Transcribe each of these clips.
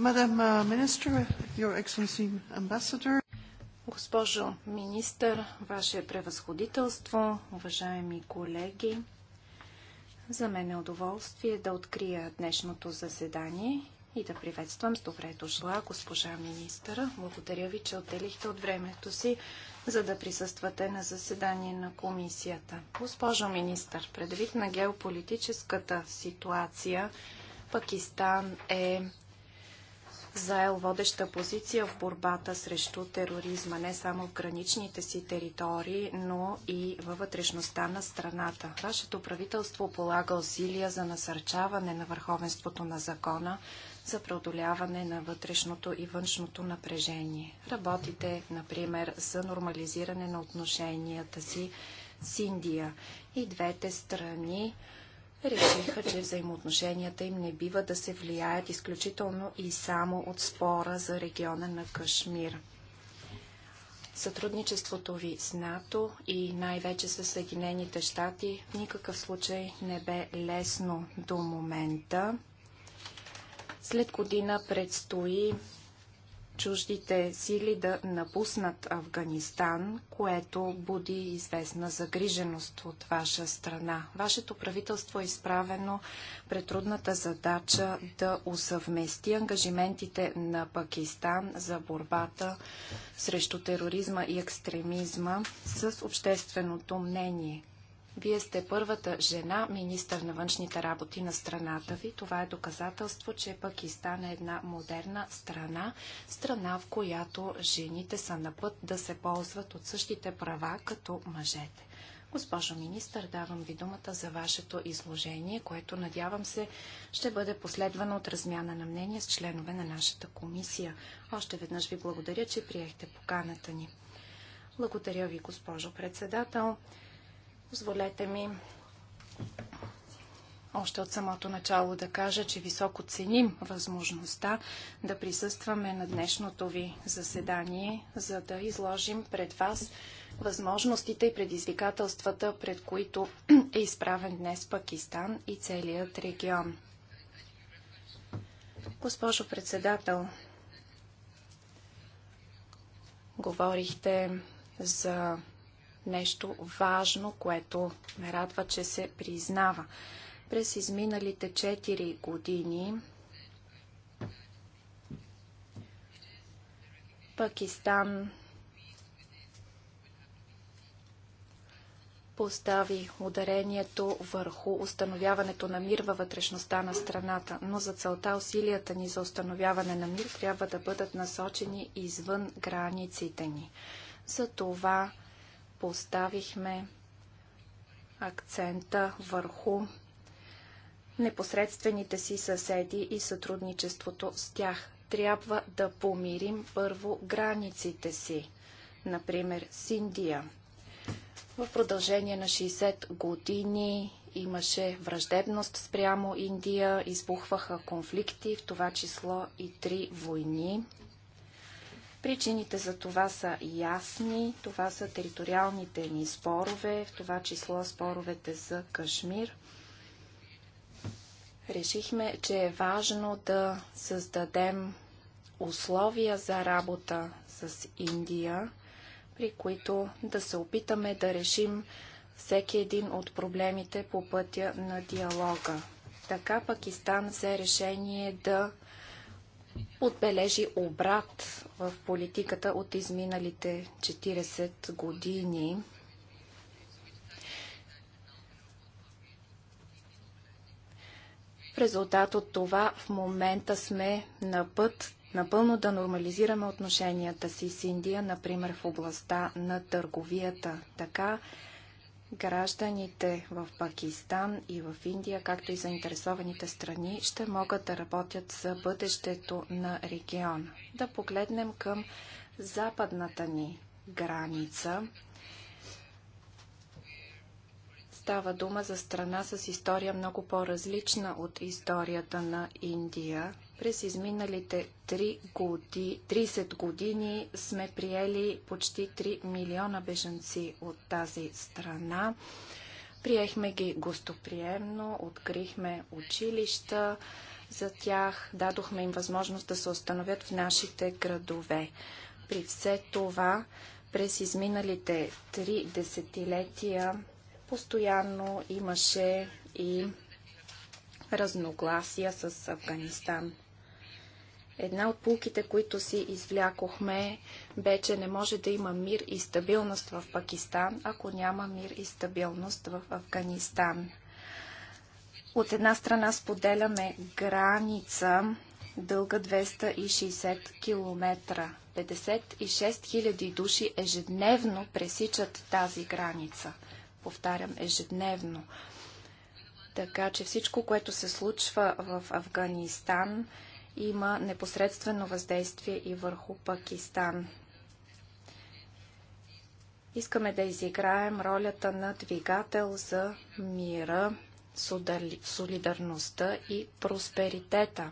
Uh, Госпожо министър, Ваше превъзходителство, уважаеми колеги, за мен е удоволствие да открия днешното заседание и да приветствам с добре дошла госпожа министъра. Благодаря ви, че отделихте от времето си, за да присъствате на заседание на комисията. Госпожо министър, предвид на геополитическата ситуация, Пакистан е заел водеща позиция в борбата срещу тероризма, не само в граничните си територии, но и във вътрешността на страната. Вашето правителство полага усилия за насърчаване на върховенството на закона, за преодоляване на вътрешното и външното напрежение. Работите, например, за нормализиране на отношенията си с Индия. И двете страни решиха, че взаимоотношенията им не бива да се влияят изключително и само от спора за региона на Кашмир. Сътрудничеството ви с НАТО и най-вече с Съединените щати в никакъв случай не бе лесно до момента. След година предстои чуждите сили да напуснат Афганистан, което буди известна загриженост от ваша страна. Вашето правителство е изправено пред трудната задача да усъвмести ангажиментите на Пакистан за борбата срещу тероризма и екстремизма с общественото мнение. Вие сте първата жена министър на външните работи на страната ви. Това е доказателство, че Пакистан е една модерна страна, страна в която жените са на път да се ползват от същите права като мъжете. Госпожо министър, давам ви думата за вашето изложение, което надявам се ще бъде последвано от размяна на мнение с членове на нашата комисия. Още веднъж ви благодаря, че приехте поканата ни. Благодаря ви, госпожо председател. Позволете ми още от самото начало да кажа, че високо ценим възможността да присъстваме на днешното ви заседание, за да изложим пред вас възможностите и предизвикателствата, пред които е изправен днес Пакистан и целият регион. Госпожо председател, говорихте за нещо важно, което ме радва, че се признава. През изминалите 4 години Пакистан постави ударението върху установяването на мир във вътрешността на страната, но за целта усилията ни за установяване на мир трябва да бъдат насочени извън границите ни. За това поставихме акцента върху непосредствените си съседи и сътрудничеството с тях. Трябва да помирим първо границите си, например с Индия. В продължение на 60 години имаше враждебност спрямо Индия, избухваха конфликти, в това число и три войни. Причините за това са ясни. Това са териториалните ни спорове, в това число споровете за Кашмир. Решихме, че е важно да създадем условия за работа с Индия, при които да се опитаме да решим всеки един от проблемите по пътя на диалога. Така Пакистан взе решение да отбележи обрат в политиката от изминалите 40 години. В резултат от това в момента сме на път напълно да нормализираме отношенията си с Индия, например в областта на търговията. Така гражданите в Пакистан и в Индия, както и заинтересованите страни, ще могат да работят за бъдещето на региона. Да погледнем към западната ни граница. Става дума за страна с история много по-различна от историята на Индия. През изминалите 3 годи, 30 години сме приели почти 3 милиона бежанци от тази страна. Приехме ги гостоприемно, открихме училища за тях, дадохме им възможност да се установят в нашите градове. При все това, през изминалите три десетилетия постоянно имаше и разногласия с Афганистан. Една от пулките, които си извлякохме, бе, че не може да има мир и стабилност в Пакистан, ако няма мир и стабилност в Афганистан. От една страна споделяме граница дълга 260 км. 56 000 души ежедневно пресичат тази граница. Повтарям, ежедневно. Така че всичко, което се случва в Афганистан, има непосредствено въздействие и върху Пакистан. Искаме да изиграем ролята на двигател за мира, солидарността и просперитета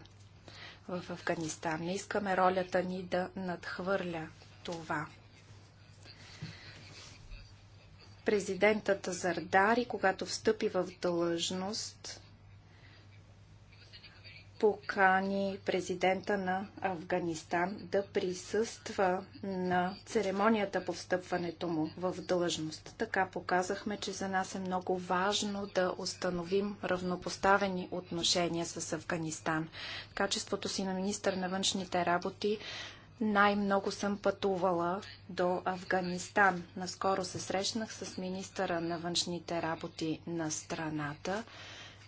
в Афганистан. Не искаме ролята ни да надхвърля това. Президентът Зардари, когато встъпи в длъжност, покани президента на Афганистан да присъства на церемонията по встъпването му в длъжност. Така показахме, че за нас е много важно да установим равнопоставени отношения с Афганистан. В качеството си на министър на външните работи най-много съм пътувала до Афганистан. Наскоро се срещнах с министъра на външните работи на страната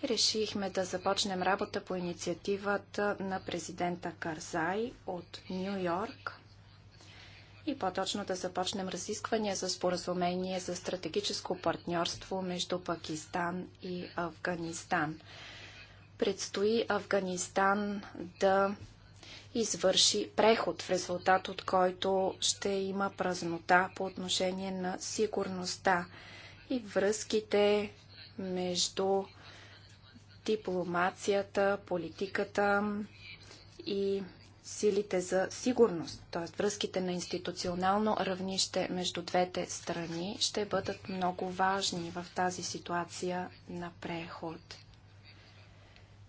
решихме да започнем работа по инициативата на президента Карзай от Нью Йорк и по-точно да започнем разисквания за споразумение за стратегическо партньорство между Пакистан и Афганистан. Предстои Афганистан да извърши преход, в резултат от който ще има празнота по отношение на сигурността и връзките между дипломацията, политиката и силите за сигурност, т.е. връзките на институционално равнище между двете страни, ще бъдат много важни в тази ситуация на преход.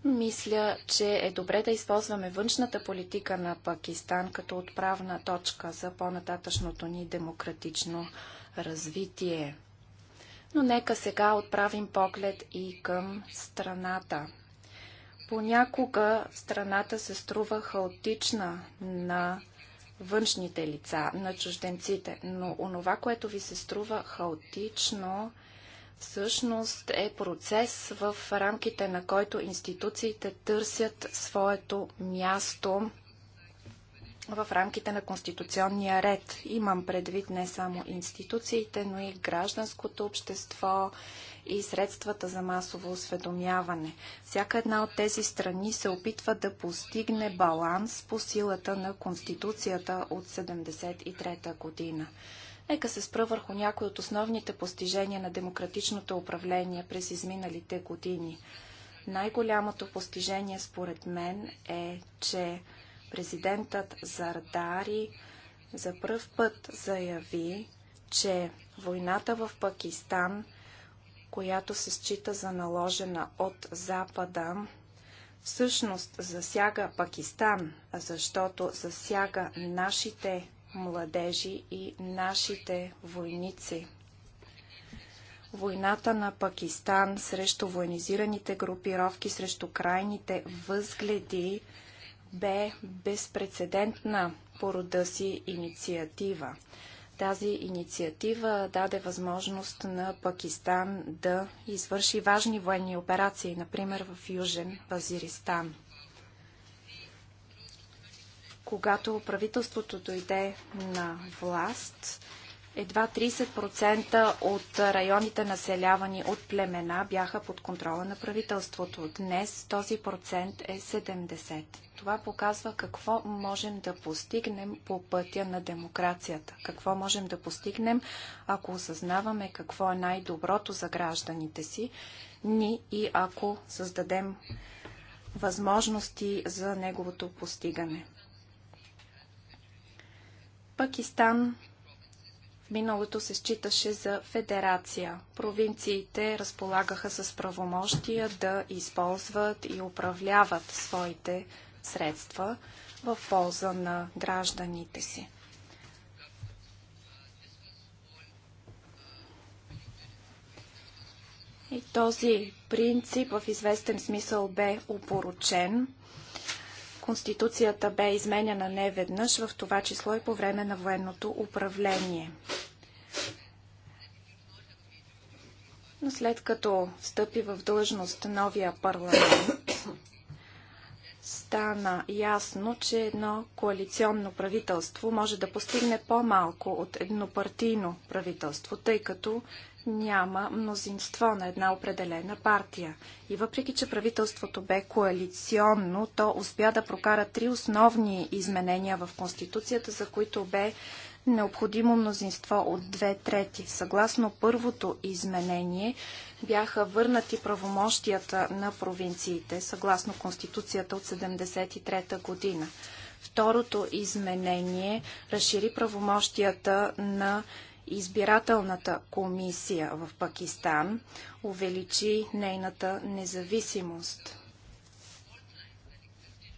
Мисля, че е добре да използваме външната политика на Пакистан като отправна точка за по-нататъчното ни демократично развитие. Но нека сега отправим поглед и към страната. Понякога страната се струва хаотична на външните лица, на чужденците, но онова, което ви се струва хаотично, всъщност е процес в рамките на който институциите търсят своето място в рамките на конституционния ред. Имам предвид не само институциите, но и гражданското общество и средствата за масово осведомяване. Всяка една от тези страни се опитва да постигне баланс по силата на Конституцията от 1973 година. Нека се спра върху някои от основните постижения на демократичното управление през изминалите години. Най-голямото постижение според мен е, че Президентът Зардари за пръв път заяви, че войната в Пакистан, която се счита за наложена от Запада, всъщност засяга Пакистан, защото засяга нашите младежи и нашите войници. Войната на Пакистан срещу военизираните групировки, срещу крайните възгледи бе безпредседентна по рода си инициатива. Тази инициатива даде възможност на Пакистан да извърши важни военни операции, например в Южен Вазиристан. Когато правителството дойде на власт, едва 30% от районите населявани от племена бяха под контрола на правителството. Днес този процент е 70. Това показва какво можем да постигнем по пътя на демокрацията. Какво можем да постигнем, ако осъзнаваме какво е най-доброто за гражданите си, ни и ако създадем възможности за неговото постигане. Пакистан миналото се считаше за федерация. Провинциите разполагаха с правомощия да използват и управляват своите средства в полза на гражданите си. И този принцип в известен смисъл бе опоручен – Конституцията бе изменяна веднъж в това число и по време на военното управление. Но след като встъпи в длъжност новия парламент, стана ясно, че едно коалиционно правителство може да постигне по-малко от еднопартийно правителство, тъй като няма мнозинство на една определена партия. И въпреки, че правителството бе коалиционно, то успя да прокара три основни изменения в Конституцията, за които бе необходимо мнозинство от две трети. Съгласно първото изменение бяха върнати правомощията на провинциите, съгласно Конституцията от 1973 година. Второто изменение разшири правомощията на избирателната комисия в Пакистан увеличи нейната независимост.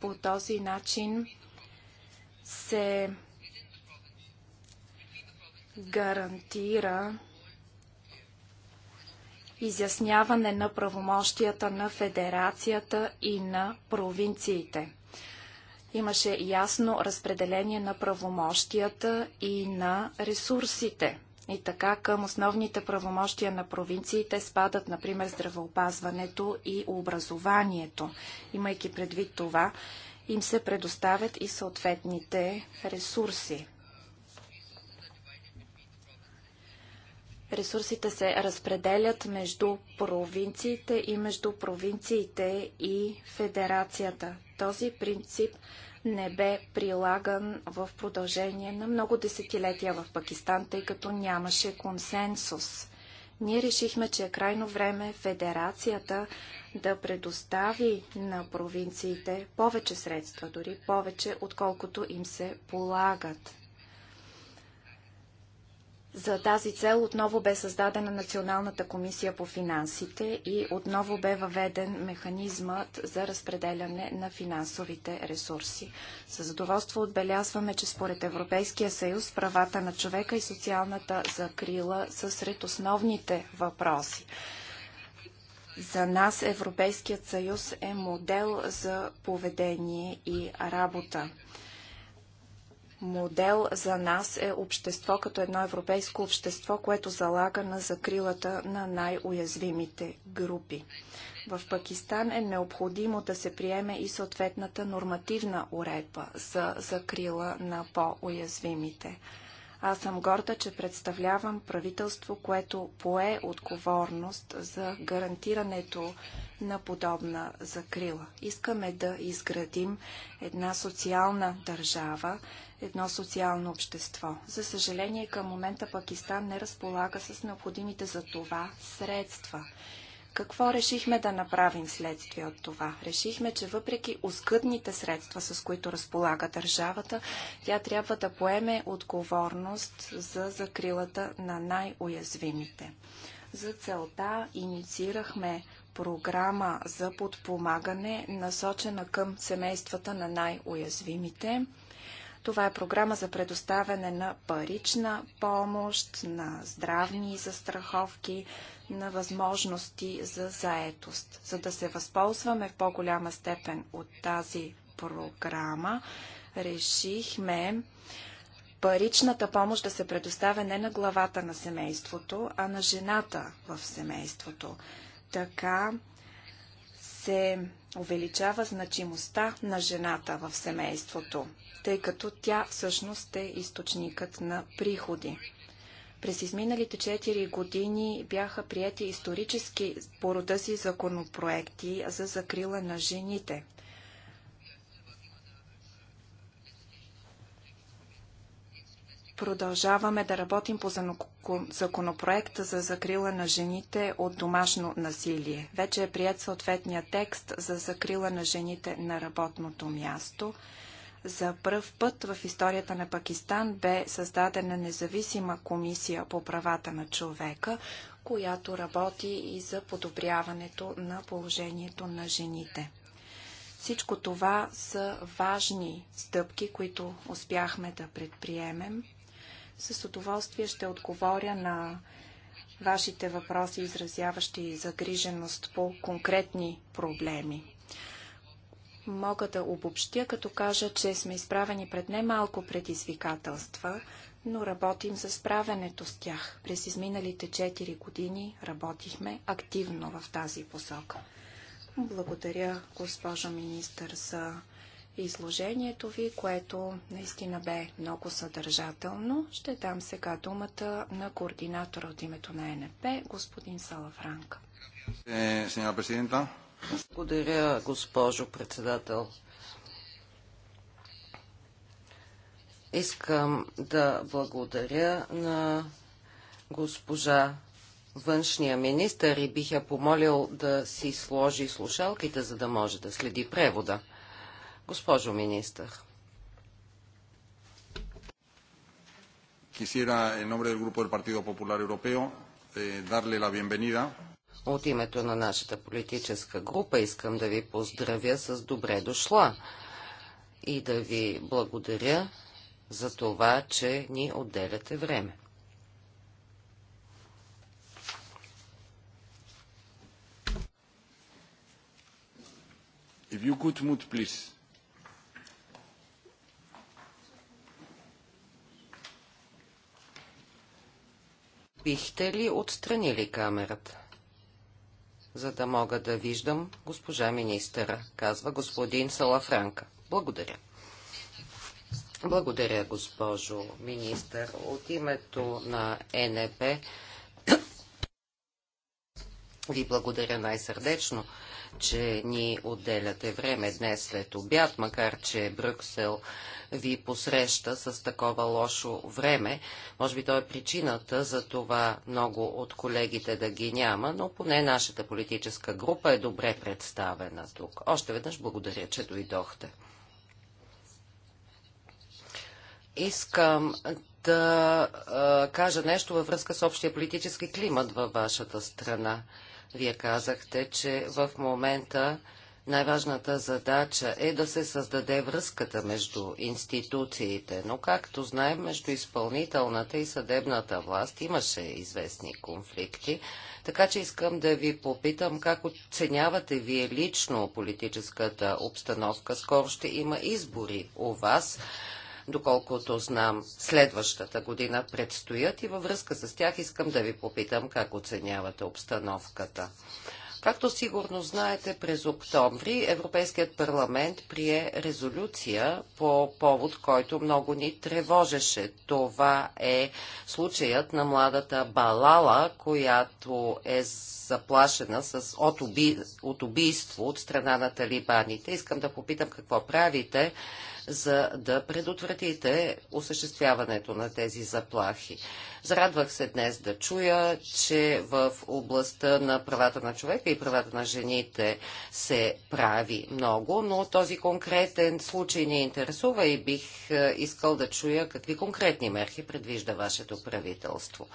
По този начин се гарантира изясняване на правомощията на федерацията и на провинциите. Имаше ясно разпределение на правомощията и на ресурсите. И така към основните правомощия на провинциите спадат, например, здравеопазването и образованието. Имайки предвид това, им се предоставят и съответните ресурси. Ресурсите се разпределят между провинциите и между провинциите и федерацията. Този принцип не бе прилаган в продължение на много десетилетия в Пакистан, тъй като нямаше консенсус. Ние решихме, че е крайно време федерацията да предостави на провинциите повече средства, дори повече, отколкото им се полагат. За тази цел отново бе създадена Националната комисия по финансите и отново бе въведен механизмът за разпределяне на финансовите ресурси. С задоволство отбелязваме, че според Европейския съюз правата на човека и социалната закрила са сред основните въпроси. За нас Европейският съюз е модел за поведение и работа модел за нас е общество като едно европейско общество, което залага на закрилата на най-уязвимите групи. В Пакистан е необходимо да се приеме и съответната нормативна уредба за закрила на по-уязвимите. Аз съм горда, че представлявам правителство, което пое отговорност за гарантирането на подобна закрила. Искаме да изградим една социална държава, едно социално общество. За съжаление, към момента Пакистан не разполага с необходимите за това средства. Какво решихме да направим следствие от това? Решихме, че въпреки оскъдните средства, с които разполага държавата, тя трябва да поеме отговорност за закрилата на най-уязвимите. За целта инициирахме програма за подпомагане, насочена към семействата на най-уязвимите. Това е програма за предоставяне на парична помощ, на здравни застраховки, на възможности за заетост. За да се възползваме в по-голяма степен от тази програма, решихме паричната помощ да се предоставя не на главата на семейството, а на жената в семейството така се увеличава значимостта на жената в семейството, тъй като тя всъщност е източникът на приходи. През изминалите 4 години бяха прияти исторически по рода си законопроекти за закрила на жените. Продължаваме да работим по законопроекта за закрила на жените от домашно насилие. Вече е прият съответния текст за закрила на жените на работното място. За първ път в историята на Пакистан бе създадена независима комисия по правата на човека, която работи и за подобряването на положението на жените. Всичко това са важни стъпки, които успяхме да предприемем. С удоволствие ще отговоря на вашите въпроси, изразяващи загриженост по конкретни проблеми. Мога да обобщя, като кажа, че сме изправени пред немалко предизвикателства, но работим за справянето с тях. През изминалите 4 години работихме активно в тази посока. Благодаря, госпожо министър, за изложението ви, което наистина бе много съдържателно. Ще дам сега думата на координатора от името на НП, господин Салафранка. Е, благодаря, госпожо председател. Искам да благодаря на госпожа външния министър и бих я помолил да си сложи слушалките, за да може да следи превода. Госпожо министър. Quisiera, en nombre del Grupo del Partido Popular Europeo, eh, darle la bienvenida. От името на нашата политическа група искам да ви поздравя с добре дошла и да ви благодаря за това, че ни отделяте време. If you could move, please. Бихте ли отстранили камерата? За да мога да виждам госпожа министъра, казва господин Салафранка. Благодаря. Благодаря, госпожо министър. От името на НП ви благодаря най-сърдечно че ни отделяте време днес след обяд, макар че Брюксел ви посреща с такова лошо време. Може би то е причината за това много от колегите да ги няма, но поне нашата политическа група е добре представена тук. Още веднъж благодаря, че дойдохте. Искам да а, кажа нещо във връзка с общия политически климат във вашата страна. Вие казахте, че в момента най-важната задача е да се създаде връзката между институциите, но както знаем, между изпълнителната и съдебната власт имаше известни конфликти, така че искам да ви попитам как оценявате вие лично политическата обстановка. Скоро ще има избори у вас доколкото знам, следващата година предстоят и във връзка с тях искам да ви попитам как оценявате обстановката. Както сигурно знаете, през октомври Европейският парламент прие резолюция по повод, който много ни тревожеше. Това е случаят на младата Балала, която е заплашена с, от, уби, от убийство от страна на талибаните. Искам да попитам какво правите, за да предотвратите осъществяването на тези заплахи. Зарадвах се днес да чуя, че в областта на правата на човека и правата на жените се прави много, но този конкретен случай ни интересува и бих е, искал да чуя какви конкретни мерки предвижда вашето правителство.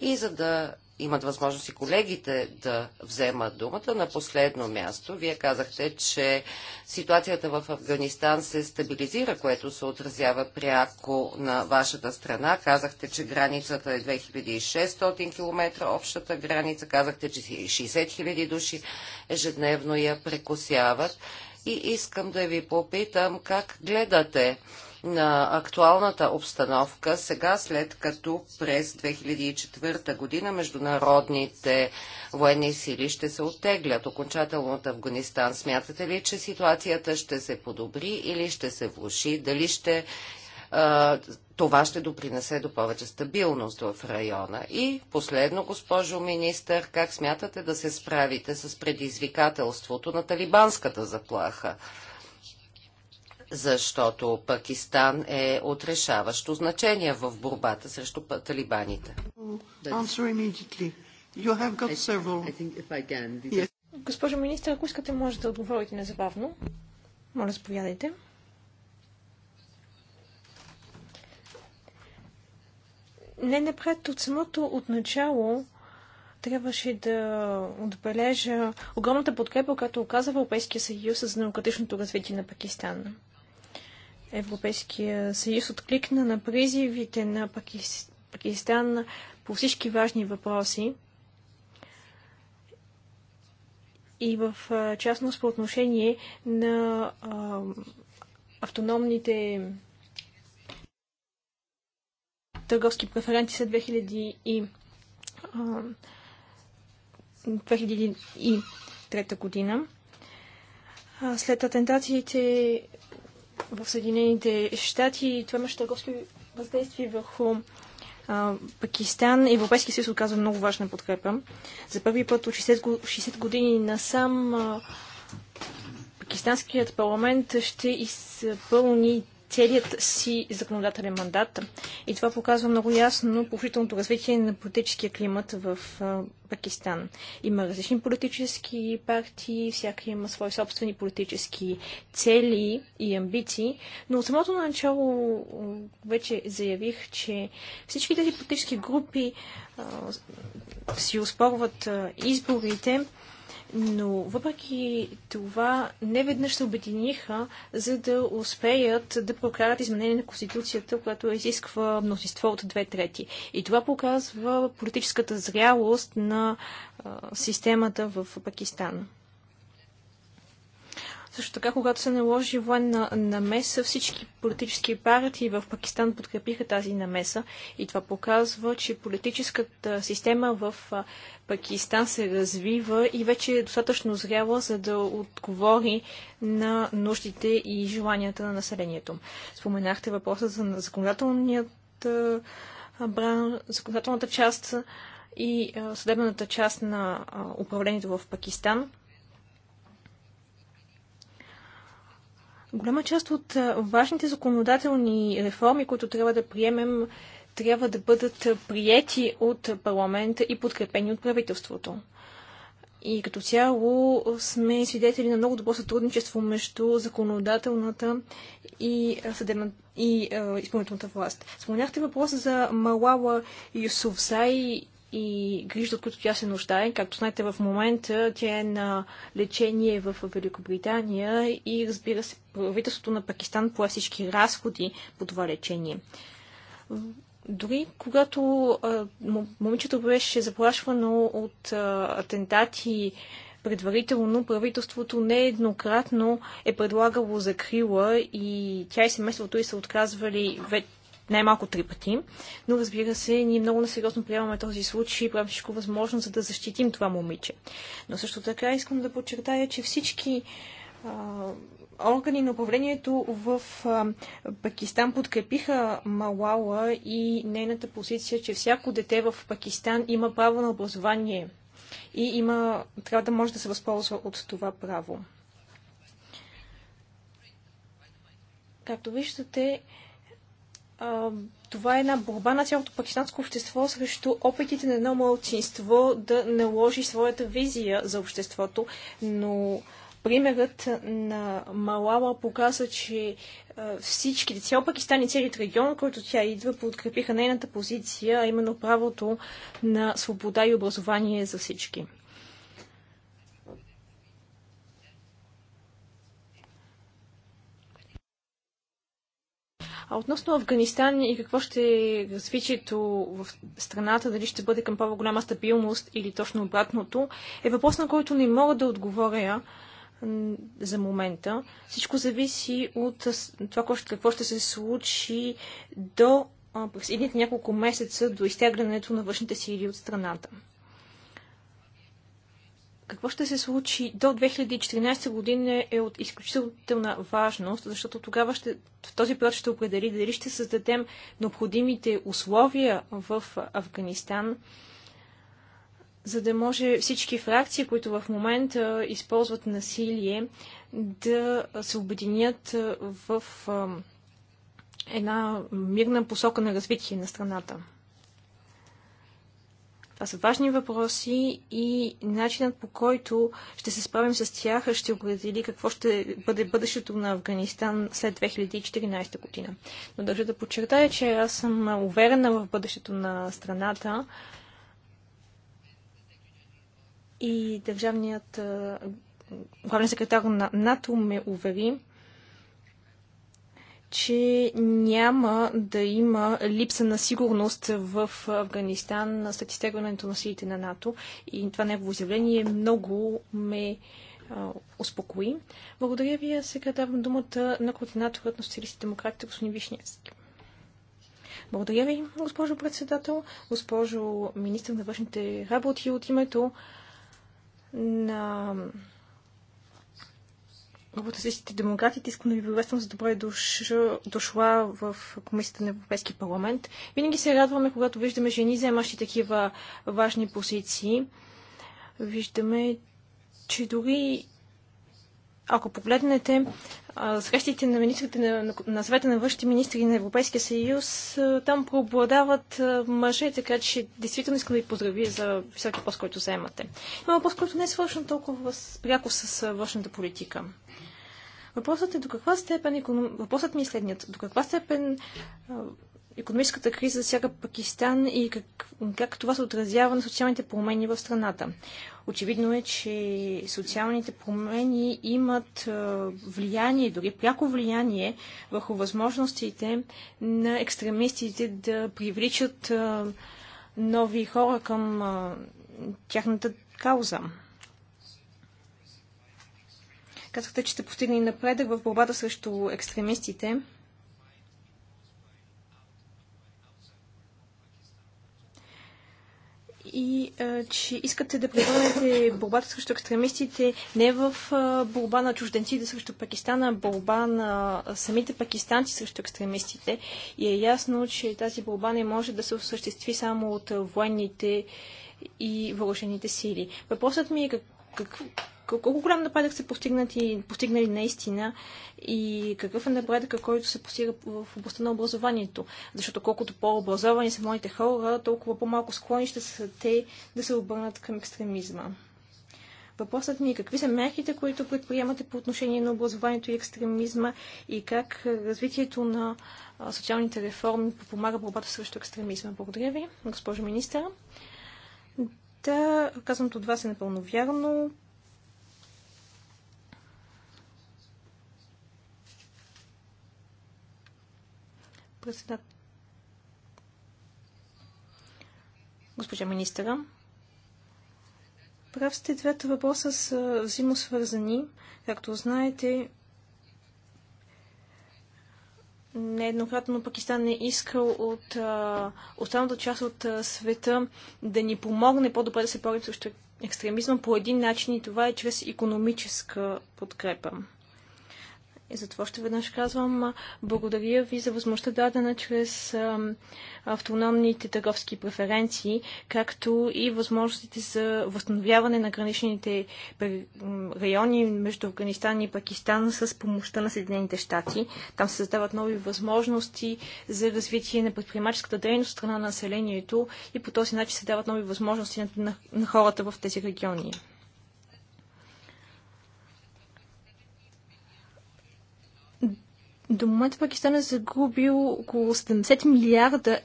И за да имат възможност и колегите да вземат думата. На последно място, вие казахте, че ситуацията в Афганистан се стабилизира, което се отразява пряко на вашата страна. Казахте, че границата е 2600 км, общата граница. Казахте, че 60 000 души ежедневно я прекусяват. И искам да ви попитам как гледате на актуалната обстановка сега, след като през 2004 година международните военни сили ще се оттеглят окончателно от Афганистан. Смятате ли, че ситуацията ще се подобри или ще се влуши? Дали ще това ще допринесе до повече стабилност в района. И последно, госпожо министър, как смятате да се справите с предизвикателството на талибанската заплаха? защото Пакистан е отрешаващо значение в борбата срещу талибаните. Госпожо министър, ако искате, може да отговорите незабавно. Моля, заповядайте. Не напред от самото от начало трябваше да отбележа огромната подкрепа, която оказа Европейския съюз за демократичното развитие на Пакистан. Европейския съюз откликна на призивите на Пакистан по всички важни въпроси и в частност по отношение на автономните търговски преференции са 2000 и, 2003 година. След атентациите в Съединените щати. Това имаше търговски въздействие върху а, Пакистан. Европейския съюз оказва много важна подкрепа. За първи път от 60, 60 години насам а, пакистанският парламент ще изпълни целият си законодателен мандат. И това показва много ясно положителното развитие на политическия климат в Пакистан. Има различни политически партии, всяка има свои собствени политически цели и амбиции, но от самото начало вече заявих, че всички тези политически групи а, си успорват изборите, но въпреки това не веднъж се обединиха, за да успеят да прокарат изменение на Конституцията, която изисква мнозинство от две трети. И това показва политическата зрялост на системата в Пакистан. Също така, когато се наложи военна намеса, всички политически партии в Пакистан подкрепиха тази намеса и това показва, че политическата система в Пакистан се развива и вече е достатъчно зряла, за да отговори на нуждите и желанията на населението. Споменахте въпроса за законодателният законодателната част и съдебната част на управлението в Пакистан. Голяма част от важните законодателни реформи, които трябва да приемем, трябва да бъдат приети от парламента и подкрепени от правителството. И като цяло сме свидетели на много добро сътрудничество между законодателната и, съдебна, и е, изпълнителната власт. Спомняхте въпроса за Малала Юсуфзай и грижа, от които тя се нуждае. Както знаете, в момента тя е на лечение в Великобритания и разбира се, правителството на Пакистан пое всички разходи по това лечение. Дори когато а, момичето беше заплашвано от а, атентати предварително, правителството нееднократно е предлагало закрила и тя и семейството и са отказвали най-малко три пъти. Но разбира се, ние много насериозно приемаме този случай и правим всичко възможно, за да защитим това момиче. Но също така искам да подчертая, че всички органи на управлението в а, Пакистан подкрепиха Малала и нейната позиция, че всяко дете в Пакистан има право на образование и има, трябва да може да се възползва от това право. Както виждате, това е една борба на цялото пакистанско общество срещу опитите на едно малцинство да наложи своята визия за обществото, но примерът на Малала показа, че всички, цял Пакистан и целият регион, който тя идва, подкрепиха нейната позиция, а именно правото на свобода и образование за всички. А относно Афганистан и какво ще е развитието в страната, дали ще бъде към по-голяма стабилност или точно обратното, е въпрос, на който не мога да отговоря за момента. Всичко зависи от това какво ще се случи до през едните няколко месеца до изтеглянето на външните сили от страната какво ще се случи до 2014 година е от изключителна важност, защото тогава ще, в този период ще определи дали ще създадем необходимите условия в Афганистан, за да може всички фракции, които в момента използват насилие, да се обединят в една мирна посока на развитие на страната. Това са важни въпроси и начинът по който ще се справим с тях ще определи какво ще бъде бъдещето на Афганистан след 2014 година. Но държа да подчертая, че аз съм уверена в бъдещето на страната и държавният главен секретар на НАТО ме увери, че няма да има липса на сигурност в Афганистан след изтеглянето на силите на НАТО. И това негово изявление много ме а, успокои. Благодаря ви. Сега давам думата на координаторът на социалистите демократите, господин Вишневски. Благодаря ви, госпожо председател, госпожо министр на външните работи от името на групата Социалистите демократите. Искам да ви приветствам за добре дошла в Комисията на Европейски парламент. Винаги се радваме, когато виждаме жени, заемащи такива важни позиции. Виждаме, че дори ако погледнете срещите на министрите на, на съвета на външните министри на Европейския съюз, там преобладават мъже, така че действително искам да ви поздравя за всеки пост, който заемате. Има въпрос, който не е свършен толкова пряко с външната политика. Въпросът е до каква степен, въпросът ми е следният, до каква степен економическата криза засяга Пакистан и как, как това се отразява на социалните промени в страната. Очевидно е, че социалните промени имат влияние, дори пряко влияние върху възможностите на екстремистите да привличат нови хора към тяхната кауза. Казахте, че сте постигнали напредък в борбата срещу екстремистите. и а, че искате да превърнете борбата срещу екстремистите не в а, борба на чужденците срещу Пакистана, а борба на самите пакистанци срещу екстремистите. И е ясно, че тази борба не може да се осъществи само от военните и въоръжените сили. Въпросът ми е как, как, колко голям напредък са постигнати, постигнали наистина и какъв е напредък, който се постига в областта на образованието. Защото колкото по-образовани са моите хора, толкова по-малко склонни ще са те да се обърнат към екстремизма. Въпросът ми е какви са мерките, които предприемате по отношение на образованието и екстремизма и как развитието на социалните реформи помага борбата срещу екстремизма. Благодаря ви, госпожо министър. Да, казаното от вас е напълно вярно. председател. Госпожа министра, прав сте, двете въпроса са взаимосвързани. Както знаете, нееднократно Пакистан е искал от останалата част от света да ни помогне по-добре да се борим срещу екстремизма по един начин и това е чрез економическа подкрепа. И затова още веднъж казвам, благодаря ви за възможността дадена чрез автономните търговски преференции, както и възможностите за възстановяване на граничните райони между Афганистан и Пакистан с помощта на Съединените щати. Там се създават нови възможности за развитие на предприемаческата дейност страна на населението и по този начин се дават нови възможности на, на хората в тези региони. До момента Пакистан е загубил около 70 милиарда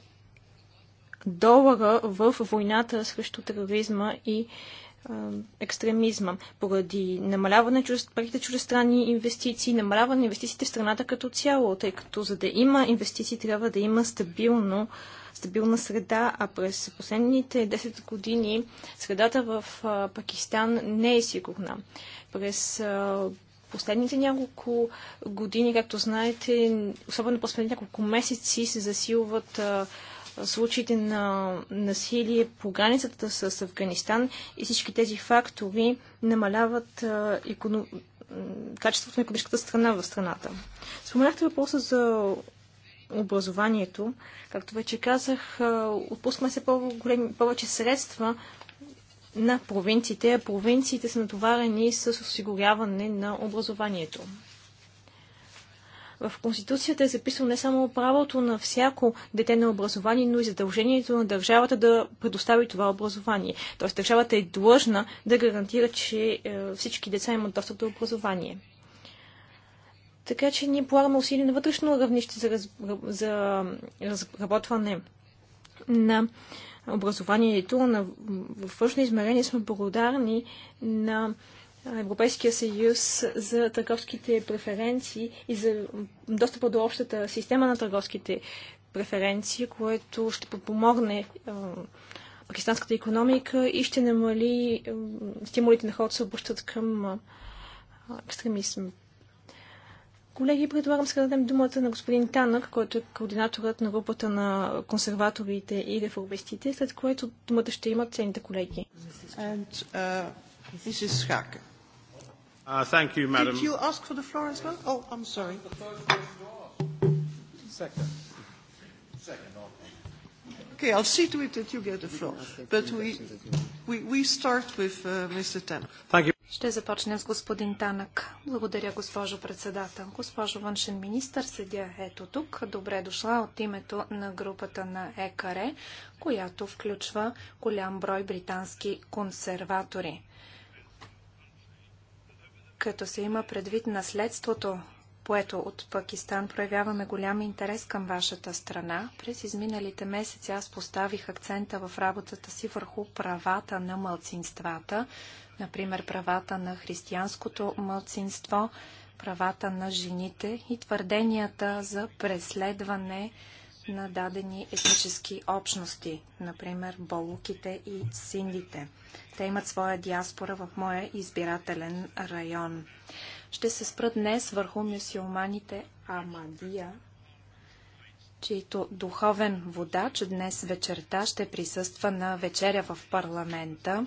долара в войната срещу тероризма и екстремизма, поради намаляване парите чуждестранни инвестиции, намаляване инвестициите в страната като цяло, тъй като за да има инвестиции трябва да има стабилно, стабилна среда, а през последните 10 години средата в Пакистан не е сигурна. През последните няколко години, както знаете, особено последните няколко месеци се засилват случаите на насилие по границата с Афганистан и всички тези фактори намаляват економ... качеството на економическата страна в страната. Споменахте въпроса за образованието. Както вече казах, отпускаме се повече средства на провинциите, а провинциите са натоварени с осигуряване на образованието. В Конституцията е записано не само правото на всяко дете на образование, но и задължението на държавата да предостави това образование. Тоест държавата е длъжна да гарантира, че е, всички деца имат достъп до образование. Така че ние полагаме усилия на вътрешно равнище за, раз... за разработване на образованието, на, във външно измерение сме благодарни на Европейския съюз за търговските преференции и за достъпа до общата система на търговските преференции, което ще подпомогне пакистанската економика и ще намали стимулите на хората да се обръщат към екстремизъм. Колеги, предлагам сега да дадем думата на господин Танък, който е координаторът на групата на консерваторите и реформистите, след което думата ще имат цените колеги. And, uh, uh, thank you, madam. Did you ask for the floor as well? Oh, I'm sorry. Second. Okay, I'll see to it that you get the floor. But we, we, we start with uh, Mr. Tanner. Thank you. Ще започнем с господин Танък. Благодаря, госпожо председател. Госпожо външен министр, седя ето тук. Добре дошла от името на групата на ЕКАРЕ, която включва голям брой британски консерватори. Като се има предвид наследството, което от Пакистан проявяваме голям интерес към вашата страна, през изминалите месеци аз поставих акцента в работата си върху правата на мълцинствата, например правата на християнското мълцинство, правата на жените и твърденията за преследване на дадени етнически общности, например болуките и синдите. Те имат своя диаспора в моя избирателен район. Ще се спра днес върху мюсюлманите Амадия, чийто духовен водач днес вечерта ще присъства на вечеря в парламента,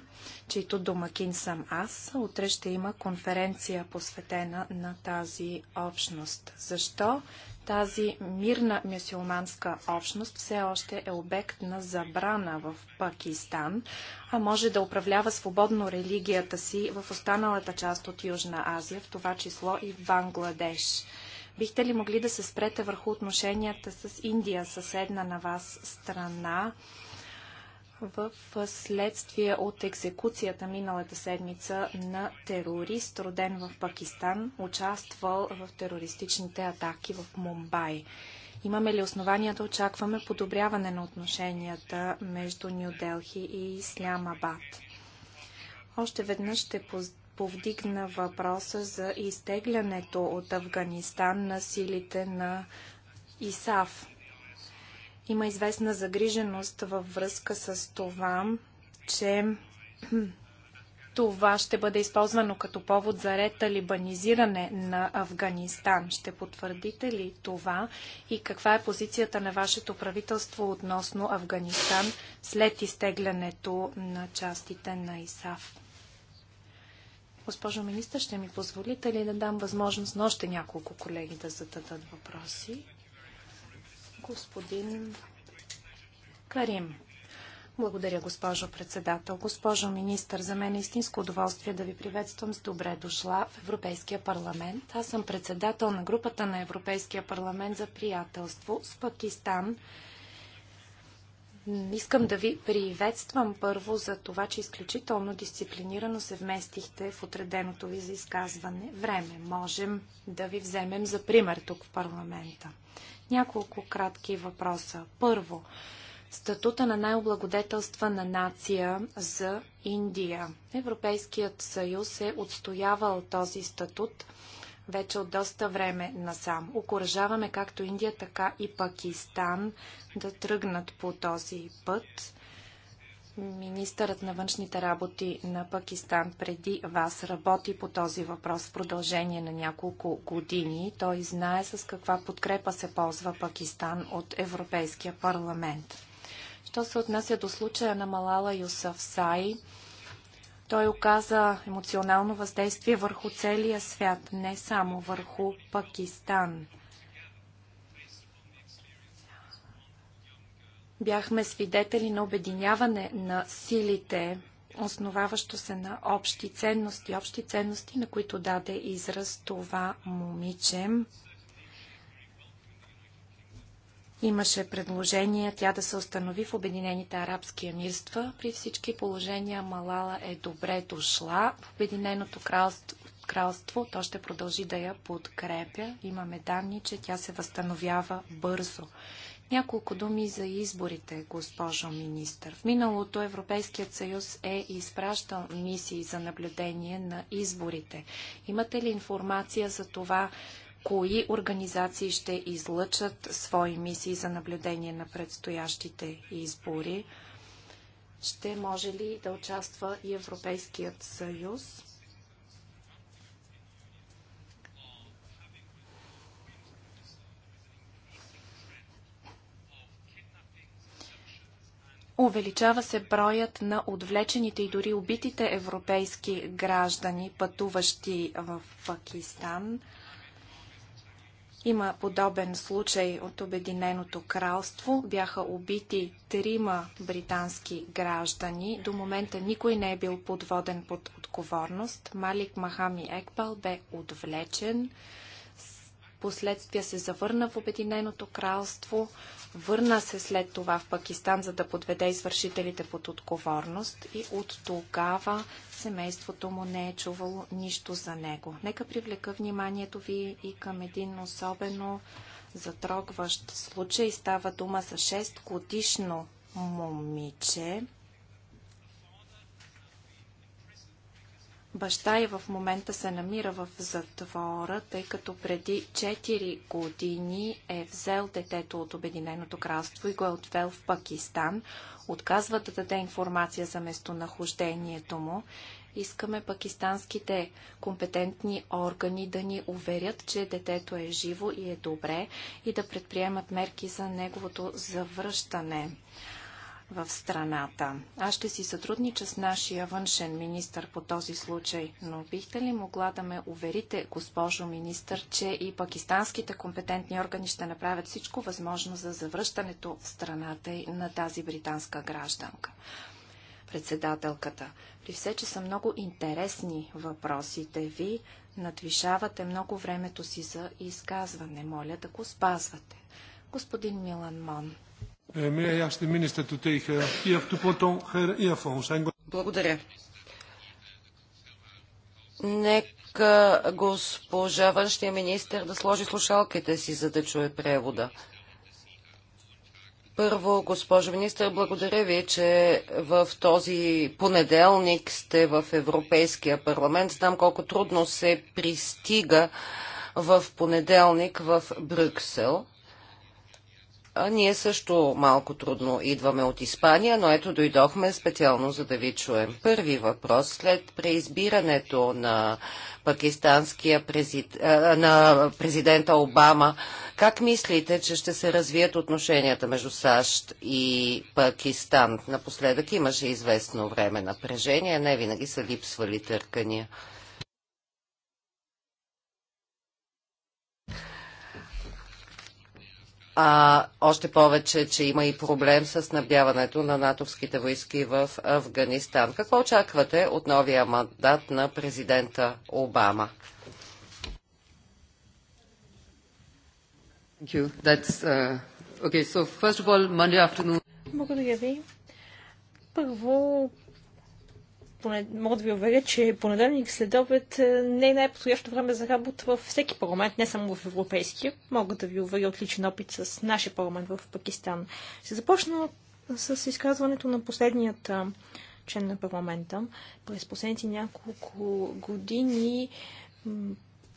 чийто домакин съм аз. Утре ще има конференция посветена на тази общност. Защо тази мирна мюсюлманска общност все още е обект на забрана в Пакистан, а може да управлява свободно религията си в останалата част от Южна Азия, в това число и в Бангладеш? Бихте ли могли да се спрете върху отношенията с Индия, съседна на вас страна, в следствие от екзекуцията миналата седмица на терорист, роден в Пакистан, участвал в терористичните атаки в Мумбай? Имаме ли основания да очакваме подобряване на отношенията между Нью Делхи и Ислямабад? Още веднъж ще поздравя повдигна въпроса за изтеглянето от Афганистан на силите на ИСАФ. Има известна загриженост във връзка с това, че това ще бъде използвано като повод за реталибанизиране на Афганистан. Ще потвърдите ли това и каква е позицията на вашето правителство относно Афганистан след изтеглянето на частите на ИСАФ? Госпожо министър, ще ми позволите ли да дам възможност на още няколко колеги да зададат въпроси? Господин Карим. Благодаря, госпожо председател. Госпожо министър, за мен е истинско удоволствие да ви приветствам с добре дошла в Европейския парламент. Аз съм председател на групата на Европейския парламент за приятелство с Пакистан – Искам да ви приветствам първо за това, че изключително дисциплинирано се вместихте в отреденото ви за изказване време. Можем да ви вземем за пример тук в парламента. Няколко кратки въпроса. Първо, статута на най-облагодетелства на нация за Индия. Европейският съюз е отстоявал този статут – вече от доста време насам. Окоръжаваме както Индия, така и Пакистан да тръгнат по този път. Министърът на външните работи на Пакистан преди вас работи по този въпрос в продължение на няколко години. Той знае с каква подкрепа се ползва Пакистан от Европейския парламент. Що се отнася до случая на Малала Юсафсай, Сай, той оказа емоционално въздействие върху целия свят, не само върху Пакистан. Бяхме свидетели на обединяване на силите, основаващо се на общи ценности, общи ценности, на които даде израз това момиче. Имаше предложение тя да се установи в Обединените арабски емирства. При всички положения Малала е добре дошла в Обединеното кралство, кралство. То ще продължи да я подкрепя. Имаме данни, че тя се възстановява бързо. Няколко думи за изборите, госпожо министър. В миналото Европейският съюз е изпращал мисии за наблюдение на изборите. Имате ли информация за това кои организации ще излъчат свои мисии за наблюдение на предстоящите избори? Ще може ли да участва и Европейският съюз? Увеличава се броят на отвлечените и дори убитите европейски граждани, пътуващи в Пакистан. Има подобен случай от Обединеното кралство. Бяха убити трима британски граждани. До момента никой не е бил подводен под отговорност. Малик Махами Екбал бе отвлечен. Последствия се завърна в Обединеното кралство. Върна се след това в Пакистан, за да подведе извършителите под отговорност. И от тогава семейството му не е чувало нищо за него. Нека привлека вниманието ви и към един особено затрогващ случай. Става дума за 6 годишно момиче, Баща и в момента се намира в затвора, тъй като преди 4 години е взел детето от Обединеното кралство и го е отвел в Пакистан. Отказва да даде информация за местонахождението му. Искаме пакистанските компетентни органи да ни уверят, че детето е живо и е добре и да предприемат мерки за неговото завръщане в страната. Аз ще си сътруднича с нашия външен министр по този случай, но бихте ли могла да ме уверите, госпожо министр, че и пакистанските компетентни органи ще направят всичко възможно за завръщането в страната и на тази британска гражданка? Председателката, при все, че са много интересни въпросите ви, надвишавате много времето си за изказване. Моля да го спазвате. Господин Милан Мон. Eh, uh, благодаря. Нека госпожа външния министр да сложи слушалките си, за да чуе превода. Първо, госпожо министър, благодаря ви, че в този понеделник сте в Европейския парламент. Знам колко трудно се пристига в понеделник в Брюксел. Ние също малко трудно идваме от Испания, но ето дойдохме специално за да ви чуем. Първи въпрос. След преизбирането на пакистанския презид... на президента Обама, как мислите, че ще се развият отношенията между САЩ и Пакистан? Напоследък имаше известно време напрежение, не винаги са липсвали търкания. А още повече, че има и проблем с снабдяването на натовските войски в Афганистан. Какво очаквате от новия мандат на президента Обама? Uh, Благодаря ви. Първо, мога да ви уверя, че понеделник след обед е, не е най-подходящо време за работа във всеки парламент, не само в европейския. Мога да ви уверя отличен опит с нашия парламент в Пакистан. Ще започна с изказването на последният член на парламента. През последните няколко години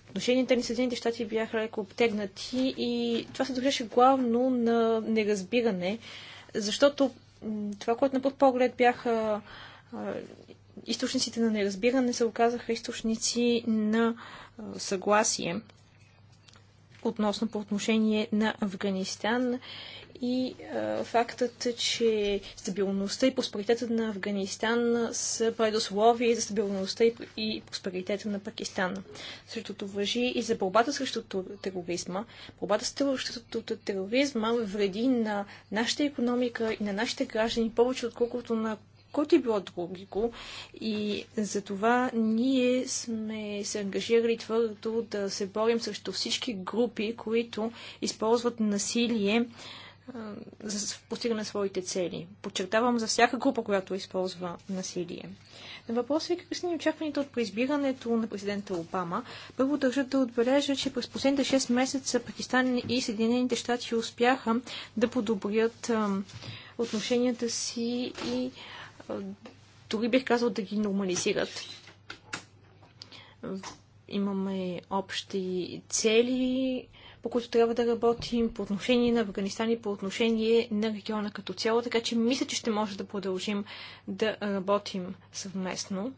отношенията ни с Съединените щати бяха леко обтегнати и това се дължеше главно на неразбиране, защото това, което на пръв поглед бяха източниците на неразбиране се оказаха източници на съгласие относно по отношение на Афганистан и а, фактът, че стабилността и просперитета на Афганистан са предусловие за стабилността и, и просперитета на Пакистан. Същото въжи и за борбата срещу тероризма. Борбата срещу тероризма вреди на нашата економика и на нашите граждани повече, отколкото на който е било другиго. И за това ние сме се ангажирали твърдо да се борим срещу всички групи, които използват насилие за постигане на своите цели. Подчертавам за всяка група, която използва насилие. На въпроса ви какви са ни очакваните от преизбирането на президента Обама, първо държа да отбележа, че през последните 6 месеца Пакистан и Съединените щати успяха да подобрят отношенията си и дори бих казал да ги нормализират. Имаме общи цели, по които трябва да работим по отношение на Афганистан и по отношение на региона като цяло, така че мисля, че ще може да продължим да работим съвместно.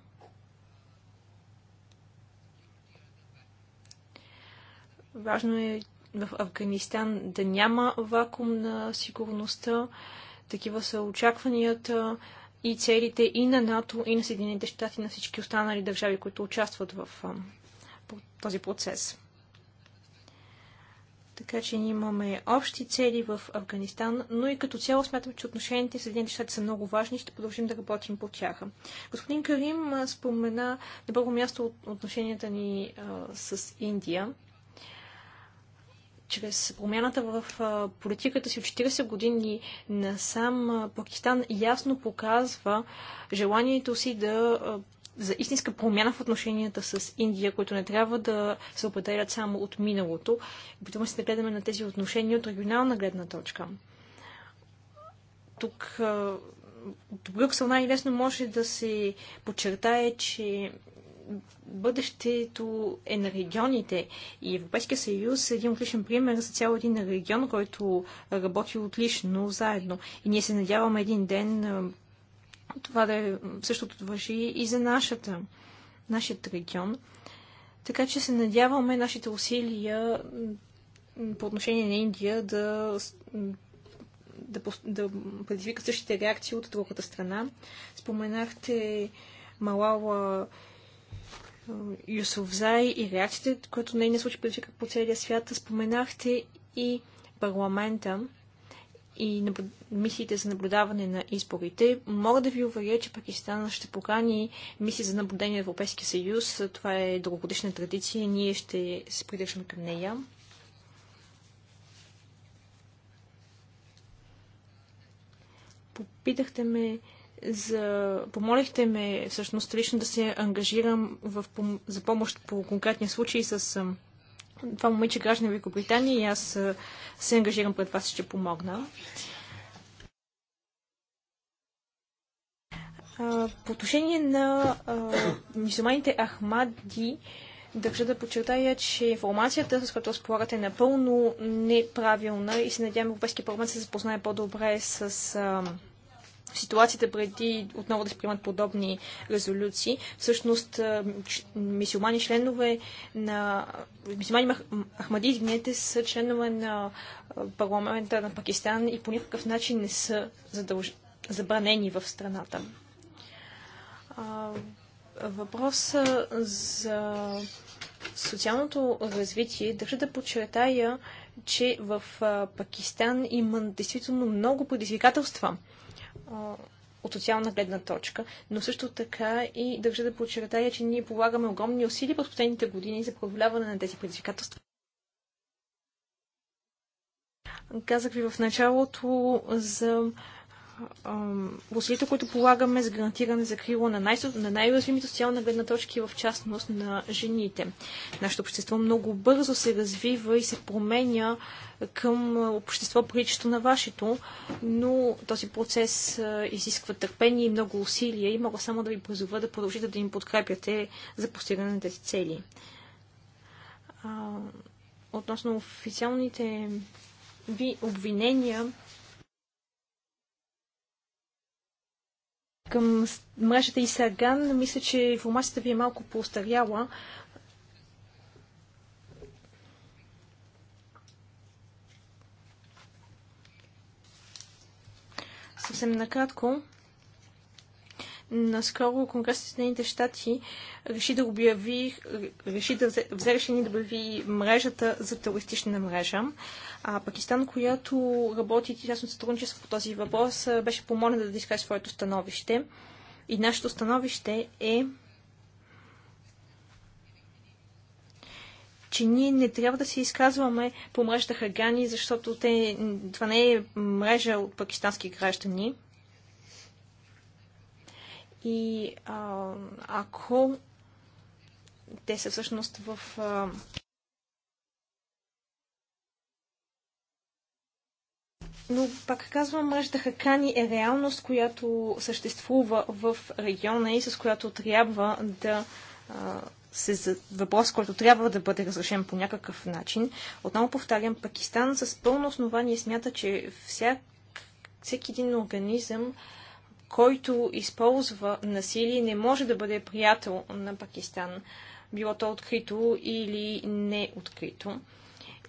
Важно е в Афганистан да няма вакуум на сигурността. Такива са очакванията и целите и на НАТО, и на Съединените щати, и на всички останали държави, които участват в този процес. Така че ние имаме общи цели в Афганистан, но и като цяло смятам, че отношенията с Съединените щати са много важни и ще продължим да работим по тях. Господин Карим спомена на първо място отношенията ни а, с Индия чрез промяната в политиката си от 40 години насам Пакистан ясно показва желанието си да за истинска промяна в отношенията с Индия, които не трябва да се определят само от миналото. потом се да гледаме на тези отношения от регионална гледна точка. Тук от Брюксел най-лесно може да се подчертае, че бъдещето е на регионите. И Европейския съюз е един отличен пример за цял един регион, който работи отлично заедно. И ние се надяваме един ден това да е, същото въжи и за нашата, нашият регион. Така че се надяваме нашите усилия по отношение на Индия да да, да предизвикат същите реакции от другата страна. Споменахте Малала Юсовзай и реакциите, които не случи предизвика по целия свят, споменахте и парламента и мисиите за наблюдаване на изборите. Мога да ви уверя, че Пакистан ще покани мисии за наблюдение на Европейския съюз. Това е дългогодишна традиция. Ние ще се придържаме към нея. Попитахте ме за... помолихте ме всъщност лично да се ангажирам в... за помощ по конкретния случай с това момиче граждани в Великобритания и аз се ангажирам пред вас, ще помогна. По отношение на мисуманите Ахмади, държа да подчертая, че информацията, с която разполагате, е напълно неправилна и се надявам Европейския парламент се запознае по-добре с ситуацията преди отново да се приемат подобни резолюции. Всъщност, мисиомани членове на... Мисиомани Ахмади, извинете, са членове на парламента на Пакистан и по никакъв начин не са задълж... забранени в страната. Въпрос за социалното развитие, държа да подчертая, че в Пакистан има действително много предизвикателства от социална гледна точка, но също така и държа да подчертая, че ние полагаме огромни усилия през последните години за преодоляване на тези предизвикателства. Казах ви в началото за усилията, които полагаме за гарантиране закрила на, най- на най-уязвимите гледна точки, в частност на жените. Нашето общество много бързо се развива и се променя към общество, приличащо на вашето, но този процес изисква търпение и много усилия и мога само да ви призова да продължите да им подкрепяте за постигане на тези цели. относно официалните ви обвинения, към мрежата и Саган, мисля, че информацията ви е малко поостаряла. Съвсем накратко, Наскоро Конгрес на Съединените щати реши да обяви, реши да взе, взе решение да обяви мрежата за терористична мрежа. А Пакистан, която работи тясно сътрудничество по този въпрос, беше помолена да изкаже своето становище. И нашето становище е че ние не трябва да се изказваме по мрежата Хагани, защото те, това не е мрежа от пакистански граждани. И а, ако те са всъщност в. А, Но, пак казвам, мрежата Хакани е реалност, която съществува в региона и с която трябва да а, се за... въпрос, който трябва да бъде разрешен по някакъв начин. Отново повтарям, Пакистан с пълно основание смята, че всяк, всеки един организъм който използва насилие, не може да бъде приятел на Пакистан, било то открито или не открито.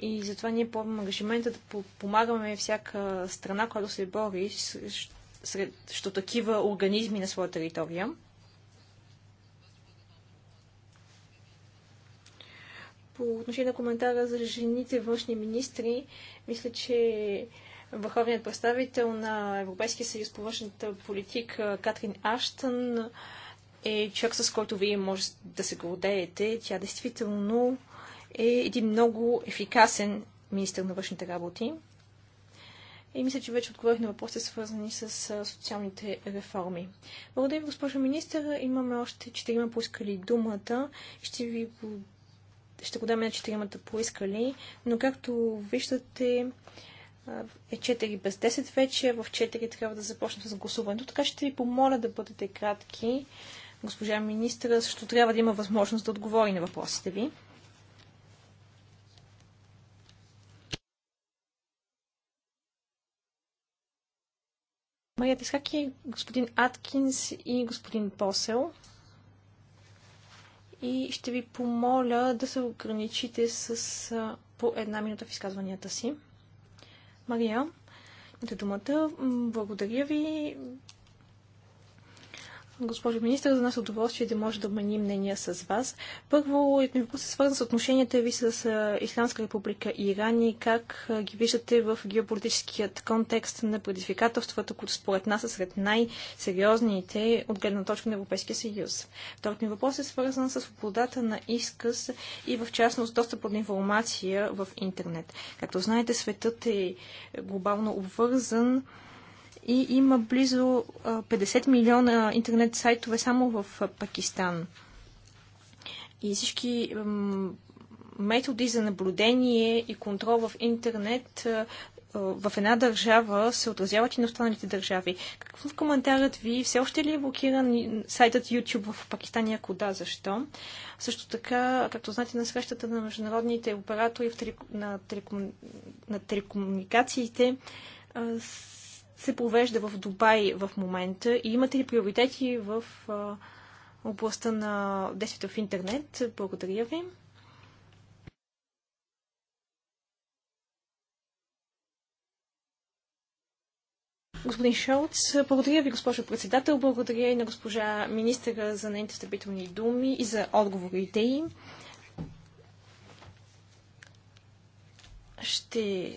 И затова ние по ангажимента да помагаме всяка страна, която се бори срещу такива организми на своя територия. По отношение на коментара за жените външни министри, мисля, че върховният представител на Европейския съюз по външната политика Катрин Аштън е човек, с който вие може да се гордеете. Тя действително е един много ефикасен министър на външните работи. И мисля, че вече отговорих на въпросите, свързани с социалните реформи. Благодаря ви, госпожо министър. Имаме още четирима поискали думата. Ще ви ще го даме на четиримата поискали, но както виждате, е 4 без 10 вече, в 4 трябва да започнем с гласуването, така ще ви помоля да бъдете кратки. Госпожа министра също трябва да има възможност да отговори на въпросите ви. Мария Тескаки, господин Аткинс и господин Посел. И ще ви помоля да се ограничите с по една минута в изказванията си. Мария, имате думата. Благодаря ви. Госпожо министър, за нас е удоволствие да може да мани мнения с вас. Първо, един въпрос е свързан с отношенията ви с Исламска република и Иран и как ги виждате в геополитическият контекст на предизвикателствата, които според нас са сред най-сериозните от гледна точка на Европейския съюз. Вторият ми въпрос е свързан с свободата на изказ и в частност достъп до информация в интернет. Както знаете, светът е, е глобално обвързан и има близо 50 милиона интернет сайтове само в Пакистан. И всички методи за наблюдение и контрол в интернет в една държава се отразяват и на останалите държави. Какъв коментарът ви? Все още ли е блокиран сайтът YouTube в Пакистан и ако да, защо? Също така, както знаете, на срещата на международните оператори на, телеком... на телекомуникациите се провежда в Дубай в момента и имате ли приоритети в областта на действието в интернет? Благодаря ви. Господин Шолц, благодаря ви, госпожо председател. Благодаря и на госпожа министъра за нейните стъпителни думи и за отговорите им. Ще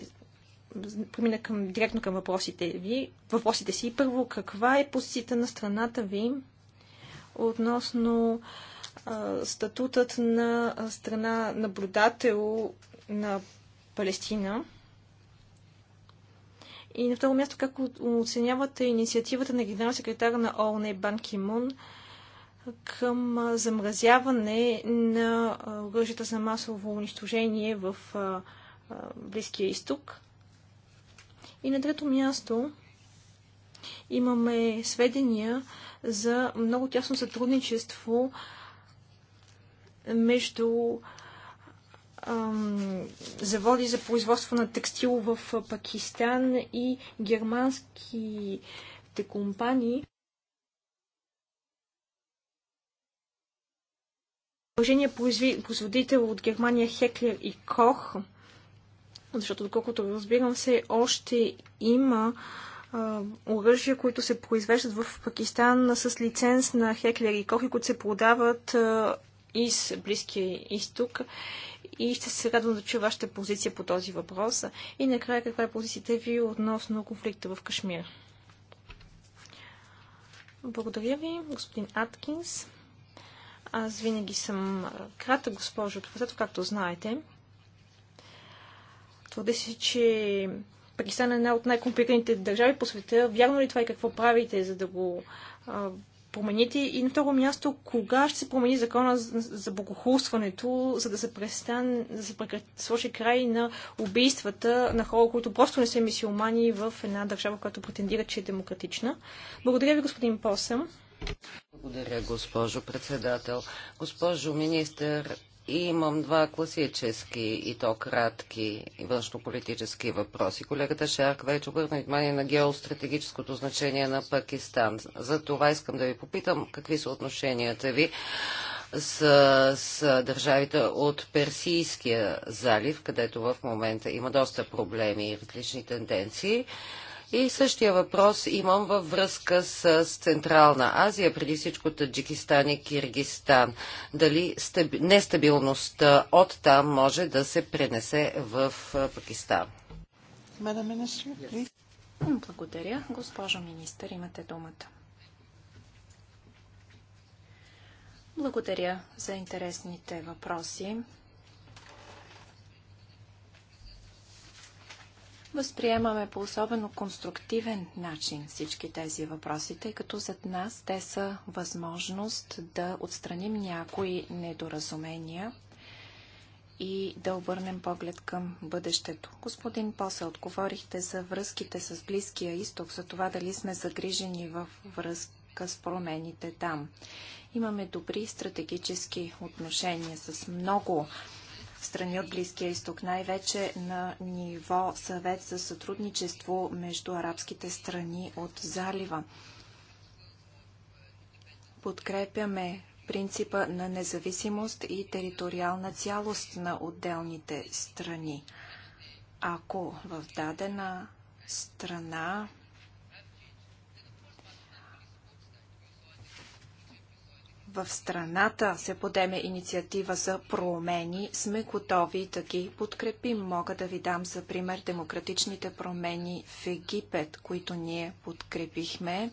премина към, директно към въпросите ви, въпросите си. Първо, каква е позицията на страната ви относно а, статутът на страна наблюдател на Палестина? И на второ място, как оценявате инициативата на генерал секретар на ООН Бан Кимун към замразяване на оръжията за масово унищожение в Близкия изток? И на трето място имаме сведения за много тясно сътрудничество между ам, заводи за производство на текстил в Пакистан и германските компании. Положение производител от Германия Хеклер и Кох защото, доколкото разбирам се, още има оръжия, които се произвеждат в Пакистан с лиценз на Хеклер и Кохи, които се продават из Близкия изток. И ще се радвам да чуя вашата позиция по този въпрос. И накрая, каква е позицията ви относно конфликта в Кашмир? Благодаря ви, господин Аткинс. Аз винаги съм кратък, госпожо както знаете. Твърди си, че Пакистан е една от най-компликираните държави по света. Вярно ли това и какво правите, за да го а, промените? И на второ място, кога ще се промени закона за, богохулстването, за да се престане, да се прекрат, сложи край на убийствата на хора, които просто не са мисиомани в една държава, която претендира, че е демократична? Благодаря ви, господин Посъм. Благодаря, госпожо председател. Госпожо министър, Имам два класически и то кратки външнополитически въпроси. Колегата Шарк вече обърна внимание на геостратегическото значение на Пакистан. За това искам да ви попитам какви са отношенията ви с, с държавите от Персийския залив, където в момента има доста проблеми и различни тенденции. И същия въпрос имам във връзка с Централна Азия, преди всичко Таджикистан и Киргистан. Дали нестабилността от там може да се пренесе в Пакистан? Благодаря. Госпожо министър, имате думата. Благодаря за интересните въпроси. възприемаме по особено конструктивен начин всички тези въпроси, тъй като зад нас те са възможност да отстраним някои недоразумения и да обърнем поглед към бъдещето. Господин Посе, отговорихте за връзките с Близкия изток, за това дали сме загрижени в връзка с промените там. Имаме добри стратегически отношения с много страни от Близкия изток, най-вече на ниво съвет за сътрудничество между арабските страни от залива. Подкрепяме принципа на независимост и териториална цялост на отделните страни. Ако в дадена страна в страната се подеме инициатива за промени, сме готови да ги подкрепим. Мога да ви дам за пример демократичните промени в Египет, които ние подкрепихме.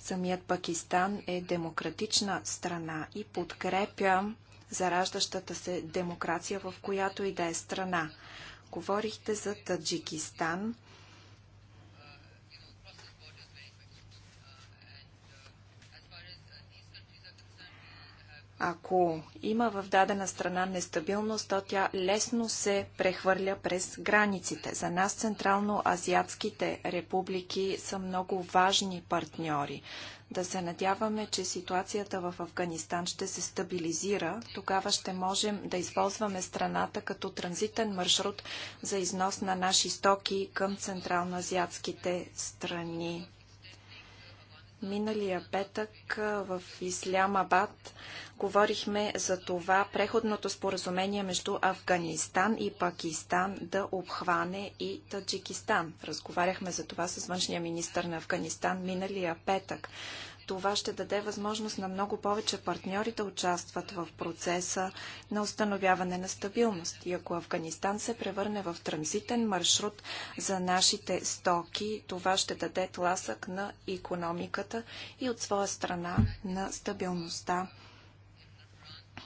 Самият Пакистан е демократична страна и подкрепя зараждащата се демокрация в която и да е страна. Говорихте за Таджикистан. Ако има в дадена страна нестабилност, то тя лесно се прехвърля през границите. За нас Централно-Азиатските републики са много важни партньори. Да се надяваме, че ситуацията в Афганистан ще се стабилизира, тогава ще можем да използваме страната като транзитен маршрут за износ на наши стоки към Централно-Азиатските страни. Миналия петък в Ислямабад Говорихме за това преходното споразумение между Афганистан и Пакистан да обхване и Таджикистан. Разговаряхме за това с външния министр на Афганистан миналия петък. Това ще даде възможност на много повече партньори да участват в процеса на установяване на стабилност. И ако Афганистан се превърне в транзитен маршрут за нашите стоки, това ще даде тласък на економиката и от своя страна на стабилността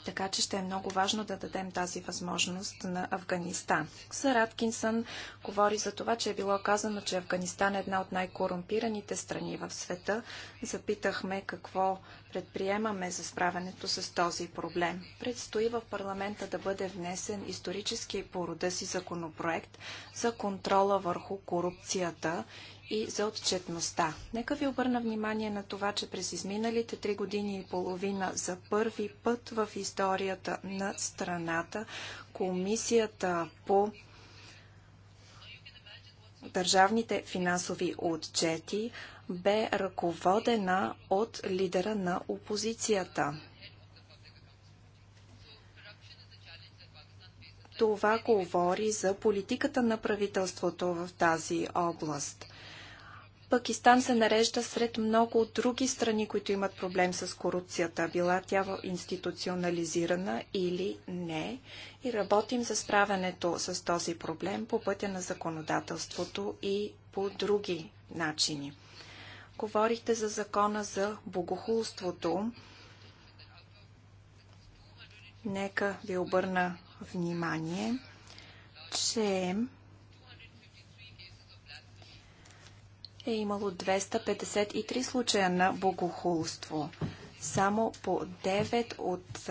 така че ще е много важно да дадем тази възможност на Афганистан. Сър Аткинсън говори за това, че е било казано, че Афганистан е една от най-корумпираните страни в света. Запитахме какво предприемаме за справянето с този проблем. Предстои в парламента да бъде внесен исторически по рода си законопроект за контрола върху корупцията и за отчетността. Нека ви обърна внимание на това, че през изминалите три години и половина за първи път в историята на страната комисията по държавните финансови отчети бе ръководена от лидера на опозицията. Това говори за политиката на правителството в тази област. Пакистан се нарежда сред много други страни, които имат проблем с корупцията, била тя институционализирана или не. И работим за справянето с този проблем по пътя на законодателството и по други начини. Говорихте за закона за богохулството. Нека ви обърна внимание, че е имало 253 случая на богохулство. Само по 9 от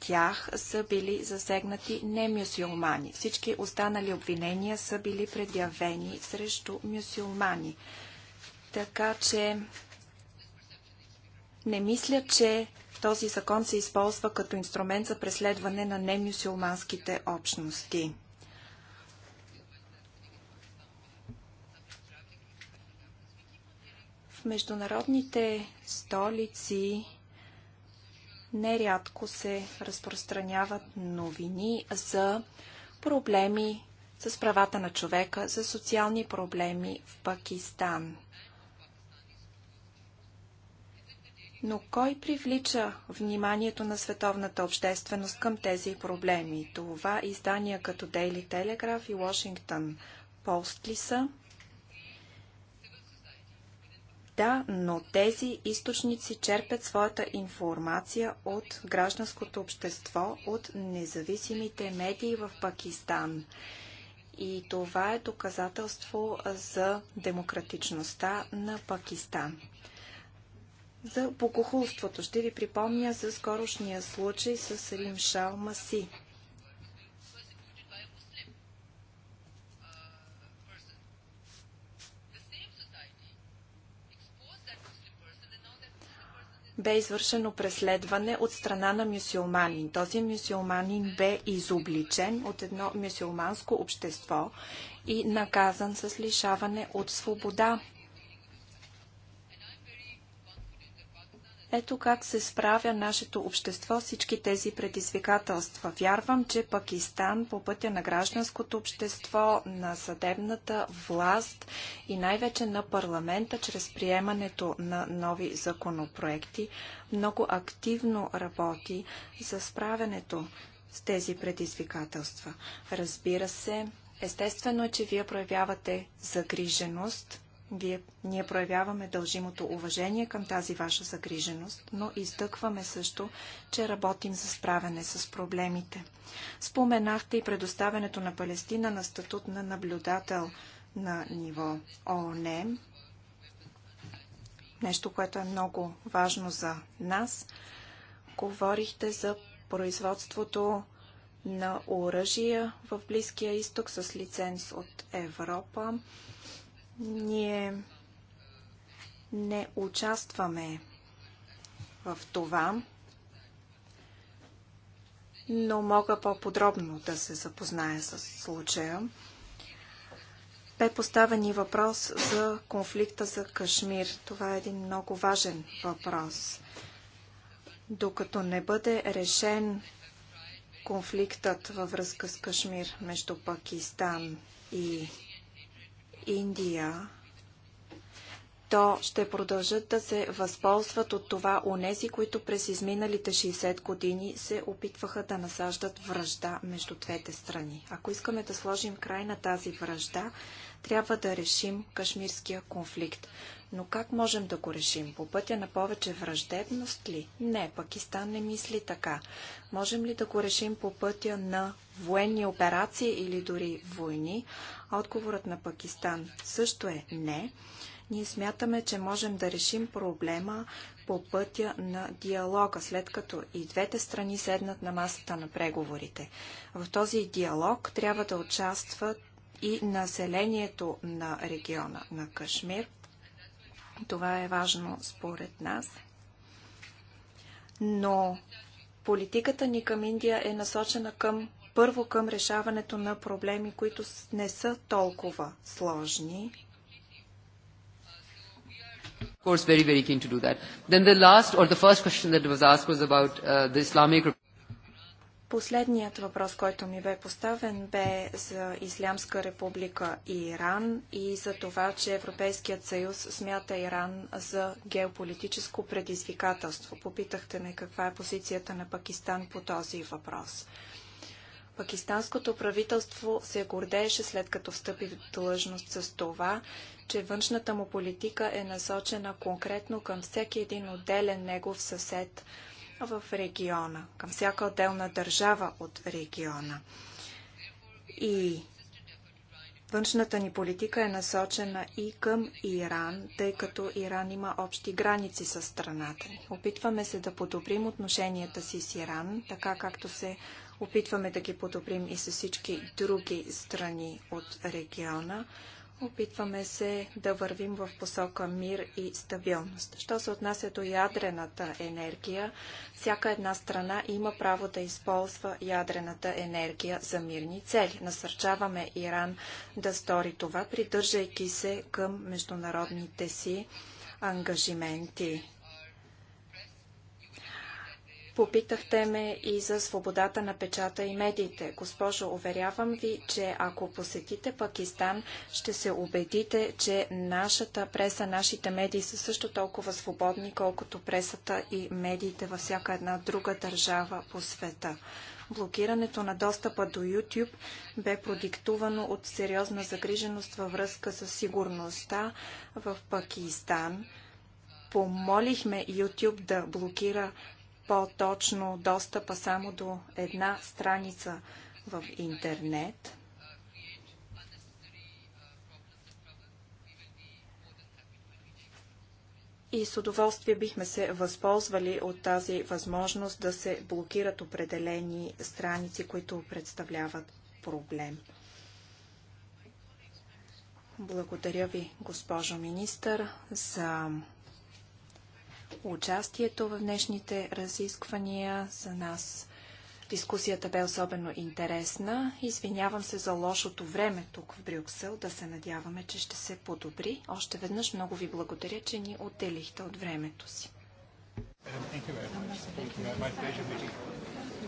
тях са били засегнати не мюсюлмани. Всички останали обвинения са били предявени срещу мюсюлмани. Така че не мисля, че този закон се използва като инструмент за преследване на немюсюлманските общности. В международните столици нерядко се разпространяват новини за проблеми с правата на човека, за социални проблеми в Пакистан. Но кой привлича вниманието на световната общественост към тези проблеми? Това издания като Daily Telegraph и Washington Post ли са? Да, но тези източници черпят своята информация от гражданското общество, от независимите медии в Пакистан. И това е доказателство за демократичността на Пакистан. За богохулството ще ви припомня за скорошния случай с Рим Маси – бе извършено преследване от страна на мюсюлманин. Този мюсюлманин бе изобличен от едно мюсюлманско общество и наказан с лишаване от свобода. Ето как се справя нашето общество всички тези предизвикателства. Вярвам, че Пакистан по пътя на гражданското общество, на съдебната власт и най-вече на парламента, чрез приемането на нови законопроекти, много активно работи за справянето с тези предизвикателства. Разбира се, естествено е, че вие проявявате загриженост вие, ние проявяваме дължимото уважение към тази ваша загриженост, но изтъкваме също, че работим за справяне с проблемите. Споменахте и предоставянето на Палестина на статут на наблюдател на ниво ООН. Нещо, което е много важно за нас. Говорихте за производството на оръжия в Близкия изток с лиценз от Европа. Ние не участваме в това, но мога по-подробно да се запозная с случая. Бе поставен и въпрос за конфликта за Кашмир. Това е един много важен въпрос. Докато не бъде решен конфликтът във връзка с Кашмир между Пакистан и Индия, то ще продължат да се възползват от това унези, които през изминалите 60 години се опитваха да насаждат връжда между двете страни. Ако искаме да сложим край на тази връжда, трябва да решим кашмирския конфликт. Но как можем да го решим? По пътя на повече враждебност ли? Не, Пакистан не мисли така. Можем ли да го решим по пътя на военни операции или дори войни? Отговорът на Пакистан също е не. Ние смятаме, че можем да решим проблема по пътя на диалога, след като и двете страни седнат на масата на преговорите. В този диалог трябва да участват и населението на региона на Кашмир. Това е важно според нас. Но политиката ни към Индия е насочена към първо към решаването на проблеми, които не са толкова сложни. Of course, very, very keen to do that. Then the last or the first question that was asked was about uh, the Islamic Последният въпрос, който ми бе поставен, бе за Ислямска република и Иран и за това, че Европейският съюз смята Иран за геополитическо предизвикателство. Попитахте ме каква е позицията на Пакистан по този въпрос. Пакистанското правителство се гордееше след като встъпи в длъжност с това, че външната му политика е насочена конкретно към всеки един отделен негов съсед – в региона, към всяка отделна държава от региона. И външната ни политика е насочена и към Иран, тъй като Иран има общи граници с страната ни. Опитваме се да подобрим отношенията си с Иран, така както се опитваме да ги подобрим и с всички други страни от региона. Опитваме се да вървим в посока мир и стабилност. Що се отнася до ядрената енергия, всяка една страна има право да използва ядрената енергия за мирни цели. Насърчаваме Иран да стори това, придържайки се към международните си ангажименти. Попитахте ме и за свободата на печата и медиите. Госпожо, уверявам ви, че ако посетите Пакистан, ще се убедите, че нашата преса, нашите медии са също толкова свободни, колкото пресата и медиите във всяка една друга държава по света. Блокирането на достъпа до YouTube бе продиктувано от сериозна загриженост във връзка с сигурността в Пакистан. Помолихме YouTube да блокира по-точно достъпа само до една страница в интернет. И с удоволствие бихме се възползвали от тази възможност да се блокират определени страници, които представляват проблем. Благодаря ви, госпожо министър, за участието в днешните разисквания. За нас дискусията бе особено интересна. Извинявам се за лошото време тук в Брюксел. Да се надяваме, че ще се подобри. Още веднъж много ви благодаря, че ни отделихте от времето си. Thank you very much. Thank you.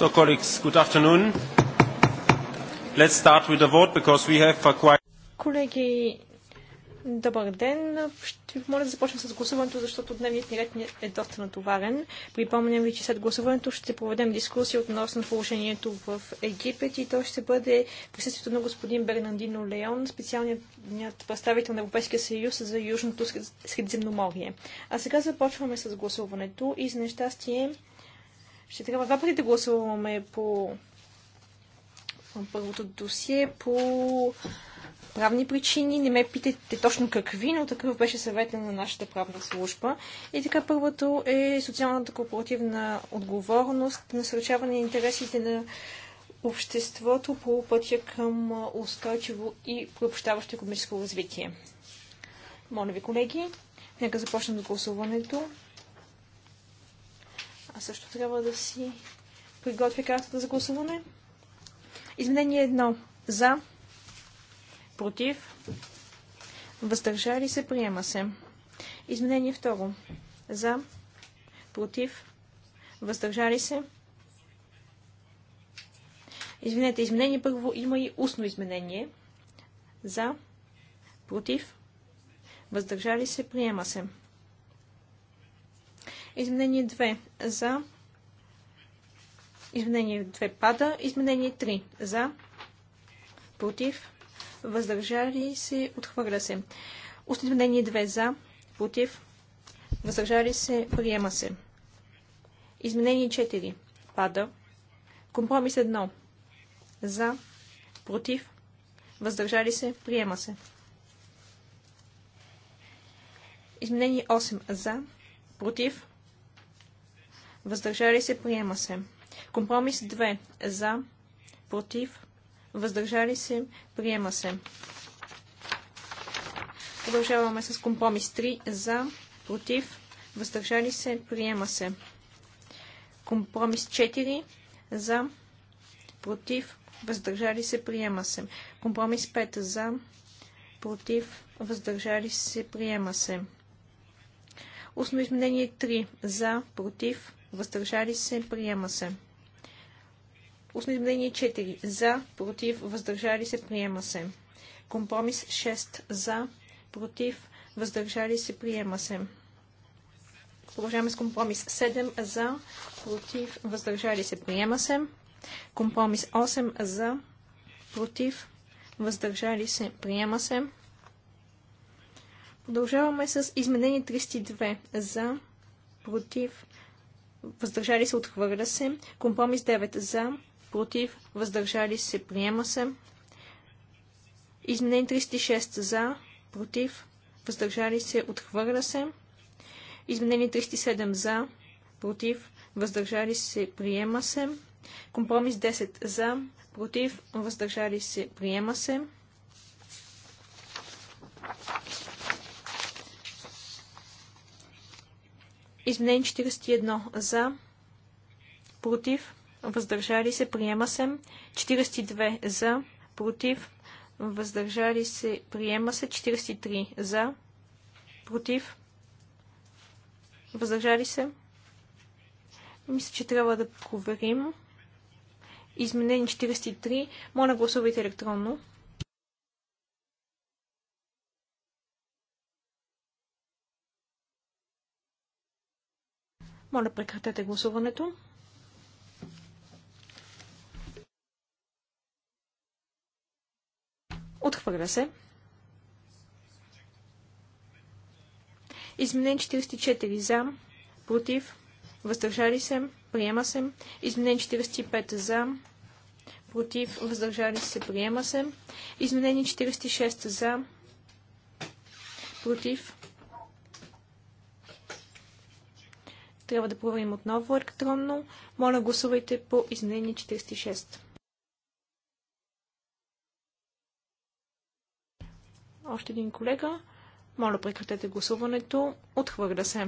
So, colleagues, good afternoon. Let's start with the vote because we have a quite... Колеги, добър ден. Ще ви моля да започнем с гласуването, защото дневният ни ред е доста натоварен. Припомням ви, че след гласуването ще проведем дискусия относно положението в Египет и то ще бъде присъствието на господин Бернандино Леон, специалният представител на Европейския съюз за Южното Средиземноморие. А сега започваме с гласуването и за нещастие ще трябва два пъти да гласуваме по първото досие по правни причини. Не ме питайте точно какви, но такъв беше съвета на нашата правна служба. И така първото е социалната корпоративна отговорност, насърчаване на интересите на обществото по пътя към устойчиво и приобщаващо економическо развитие. Моля ви, колеги, нека започнем до гласуването също трябва да си приготвя картата за гласуване. Изменение едно. За. Против. Въздържали се. Приема се. Изменение второ. За. Против. Въздържали се. Извинете, изменение първо има и устно изменение. За. Против. Въздържали се. Приема се. Изменение 2 за. Изменение 2 пада. Изменение 3 за. Против. Въздържали се. Отхвърля се. Изменение 2 за. Против. Въздържали се. Приема се. Изменение 4 пада. Компромис 1 за. Против. Въздържали се. Приема се. Изменение 8 за. Против въздържали се, приема се. Компромис 2 за, против, въздържали се, приема се. Продължаваме с компромис 3 за, против, въздържали се, приема се. Компромис 4 за, против, въздържали се, приема се. Компромис 5 за, против, въздържали се, приема се. Устно изменение 3 за, против, въздържали се, приема се. Устно изменение 4. За, против, въздържали се, приема се. Компромис 6. За, против, въздържали се, приема се. Продължаваме с компромис 7. За, против, въздържали се, приема се. Компромис 8. За, против, въздържали се, приема се. Продължаваме с изменение 32. За, против, въздържали се, отхвърля се. Компромис 9 за, против, въздържали се, приема се. Изменение 36 за, против, въздържали се, отхвърля се. Изменение 37 за, против, въздържали се, приема се. Компромис 10 за, против, въздържали се, приема се. Изменение 41 за, против, въздържали се, приема се. 42 за, против, въздържали се, приема се. 43 за, против, въздържали се. Мисля, че трябва да проверим. Изменение 43. Моля, гласувайте електронно. Моля, прекратете гласуването. Отхвърля се. Изменен 44 за, против, въздържали се, приема се. Изменен 45 за, против, въздържали се, приема се. Изменен 46 за, против, Трябва да проверим отново електронно. Моля, гласувайте по изменение 46. Още един колега. Моля, прекратете гласуването. Отхвърля се.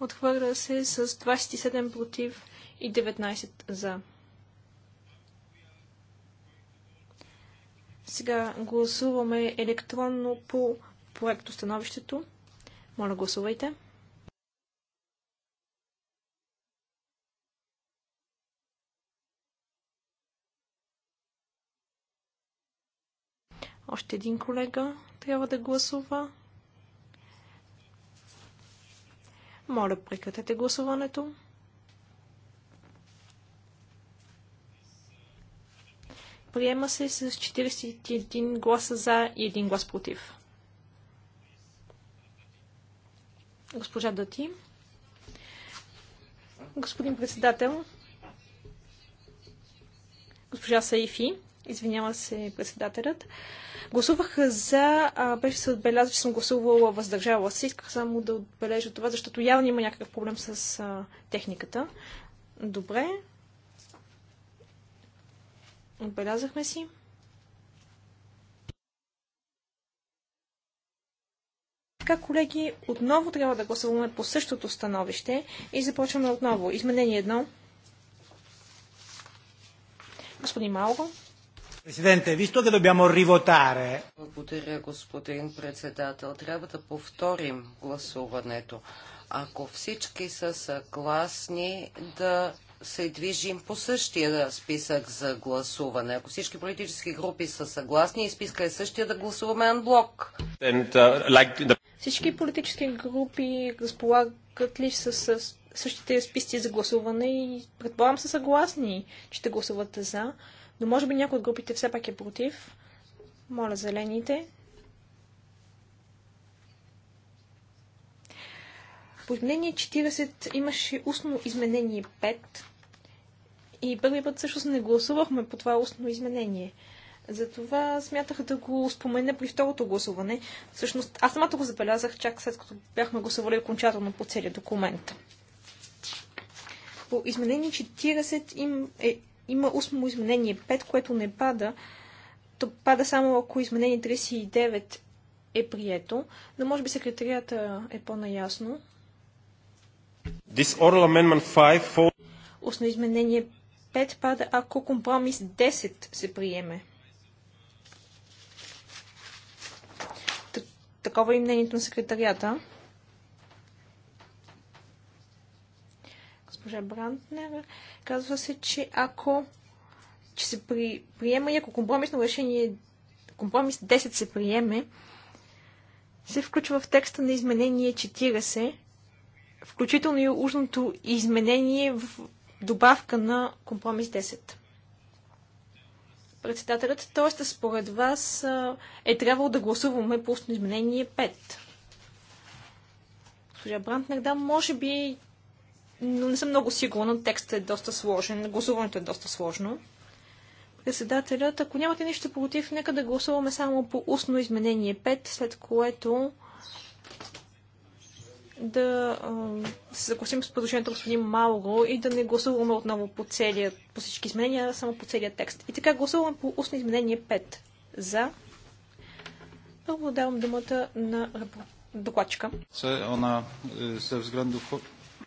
Отхвърля се с 27 против и 19 за. Сега гласуваме електронно по проекто становището. Моля, гласувайте. Още един колега трябва да гласува. Моля, прекратете гласуването. Приема се с 41 гласа за и 1 глас против. Госпожа Дати. Господин председател. Госпожа Саифи. Извинява се председателят. Гласувах за, а, беше се отбелязва, че съм гласувала въздържала се. Исках само да отбележа това, защото явно има някакъв проблем с а, техниката. Добре, Отбелязахме си. Така, колеги, отново трябва да гласуваме по същото становище и започваме отново. Изменение едно. Господин Малго. Президенте, висто да dobbiamo ривотаре. Благодаря, господин председател. Трябва да повторим гласуването. Ако всички са съгласни да се движим по същия списък за гласуване. Ако всички политически групи са съгласни и списка е същия, да гласуваме анблок. And, uh, like the... Всички политически групи разполагат ли с, с същите списъци за гласуване и предполагам са съгласни, че ще гласуват за, но може би някои от групите все пак е против. Моля зелените. По изменение 40 имаше устно изменение 5 и първи път всъщност не гласувахме по това устно изменение. Затова смятах да го спомена при второто гласуване. Всъщност, аз самата го забелязах чак след като бяхме гласували окончателно по целия документ. По изменение 40 им, е, има устно изменение 5, което не пада. То пада само ако изменение 39 е прието, но може би секретарията е по-наясно. This oral amendment 5 for... изменение 5 пада, ако компромис 10 се приеме. такова е мнението на секретарията. Госпожа Брантнер казва се, че ако че се при, приема и ако компромисно решение компромис 10 се приеме, се включва в текста на изменение включително и ужното изменение в добавка на компромис 10. Председателят, т.е. според вас е трябвало да гласуваме по устно изменение 5. Госпожа Брантнер, да, може би, но не съм много сигурна, текстът е доста сложен, гласуването е доста сложно. Председателят, ако нямате нищо против, нека да гласуваме само по устно изменение 5, след което да се съгласим с предложението господин Малго и да не гласуваме отново по, целия, по всички изменения, само по целия текст. И така гласуваме по устно изменение 5. За. Първо давам думата на докладчика. Е,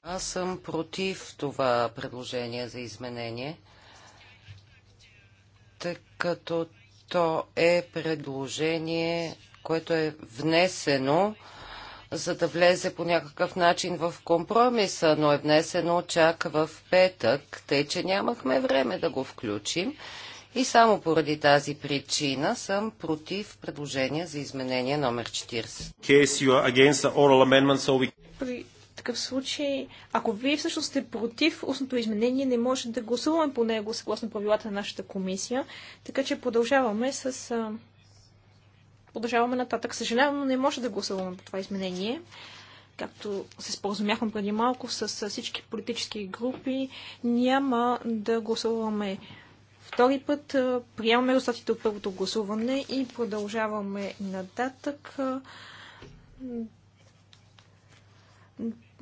Аз съм против това предложение за изменение, тъй като то е предложение, което е внесено за да влезе по някакъв начин в компромиса, но е внесено чак в петък, тъй че нямахме време да го включим. И само поради тази причина съм против предложение за изменение номер 40. При такъв случай, ако вие всъщност сте против устното изменение, не може да гласуваме по него съгласно правилата на нашата комисия, така че продължаваме с Продължаваме нататък. Съжалявам, но не може да гласуваме по това изменение. Както се споразумяхме преди малко с всички политически групи, няма да гласуваме втори път. Приемаме резултатите от първото гласуване и продължаваме нататък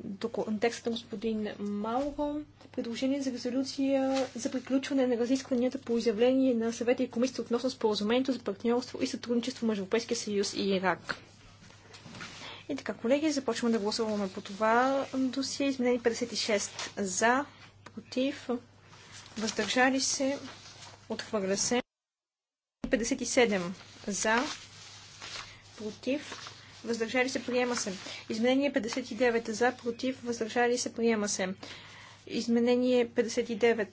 до контекста господин Малро, предложение за резолюция за приключване на разискванията по изявление на съвета и комисията относно споразумението за партньорство и сътрудничество между Европейския съюз и Ирак. И така, колеги, започваме да гласуваме по това досие. Изменени 56 за, против, въздържали се, отхвърля се. 57 за, против, въздържали се, приема се. Изменение 59 за, против, въздържали се, приема се. Изменение 59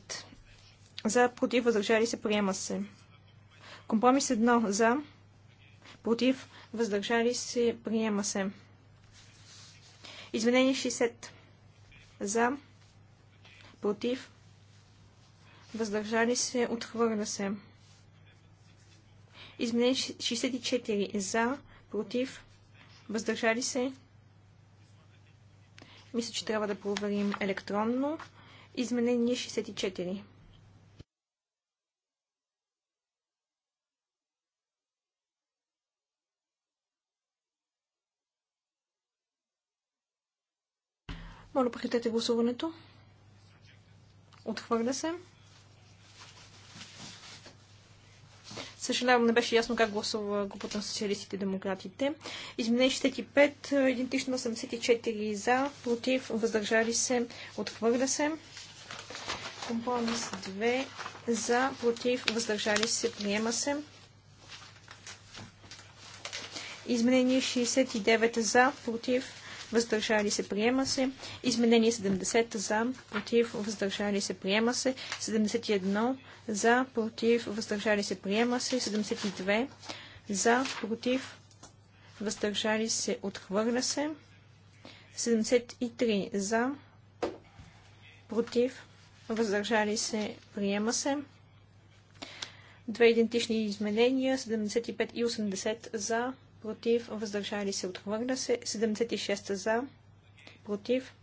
за, против, въздържали се, приема се. Компромис 1 за, против, въздържали се, приема се. Изменение 60 за, против, въздържали се, отхвърля се. Изменение 64 за, против, въздържали се. Мисля, че трябва да проверим електронно. Изменение 64. Моля, прекратете гласуването. Отхвърля се. Съжалявам, не беше ясно как гласува групата на социалистите и демократите. Изменение 65, идентично 84 за, против, въздържали се, отхвърля се. Компромис 2 за, против, въздържали се, приема се. Изменение 69 за, против, въздържали се, приема се. Изменение 70 за, против, въздържали се, приема се. 71 за, против, въздържали се, приема се. 72 за, против, въздържали се, отхвърля се. 73 за, против, въздържали се, приема се. Две идентични изменения, 75 и 80 за, против, въздържали се, отхвърля се. 76 за, против,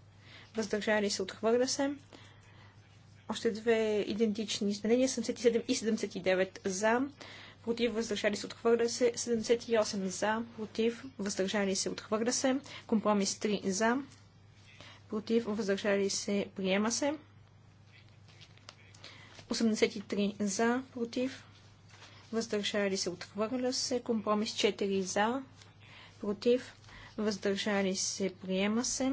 въздържали се, отхвърля се. Още две идентични изменения, 77 и 79 за, против, въздържали се, отхвърля се. 78 за, против, въздържали се, отхвърля се. Компромис 3 за, против, въздържали се, приема се. 83 за, против, въздържали се, отхвърля се. Компромис 4 за, против, въздържали се, приема се.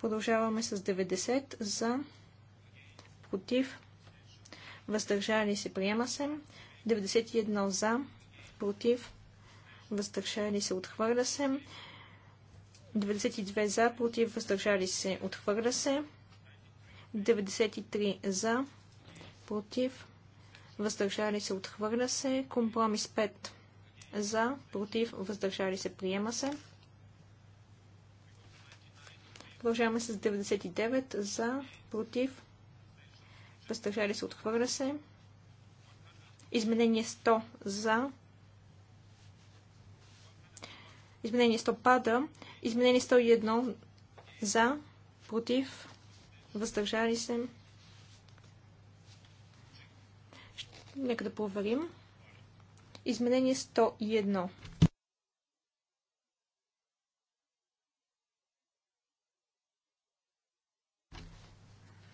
Продължаваме с 90 за, против, въздържали се, приема се. 91 за, против, въздържали се, отхвърля се. 92 за, против, въздържали се, отхвърля се. 93 за, против, въздържали се, отхвърля се. Компромис 5 за, против, въздържали се, приема се. Продължаваме с 99 за, против, въздържали се, отхвърля се. Изменение 100 за. Изменение 100 пада. Изменение 101 за, против, въздържали се, Нека да проверим. Изменение 101.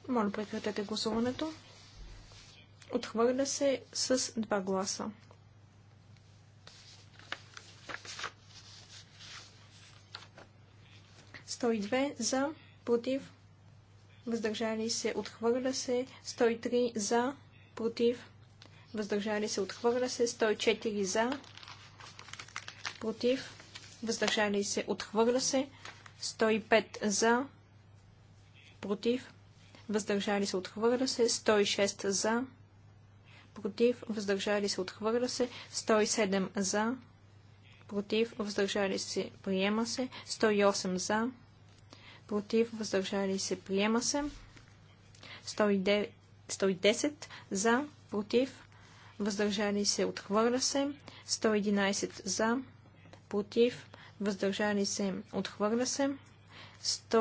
Моля, прекратете гласуването. Отхвърля се с два гласа. Сто и две за, против, въздържали се, отхвърля се. Сто и три за, против, въздържали се, отхвърля се. 104 за, против, въздържали се, отхвърля се. 105 за, против, въздържали се, отхвърля се. 106 за, против, въздържали се, отхвърля се. 107 за, против, въздържали се, приема се. 108 за, против, въздържали се, приема се. 110 за, против, въздържали се, отхвърля се. 111 за, против, въздържали се, отхвърля се. 112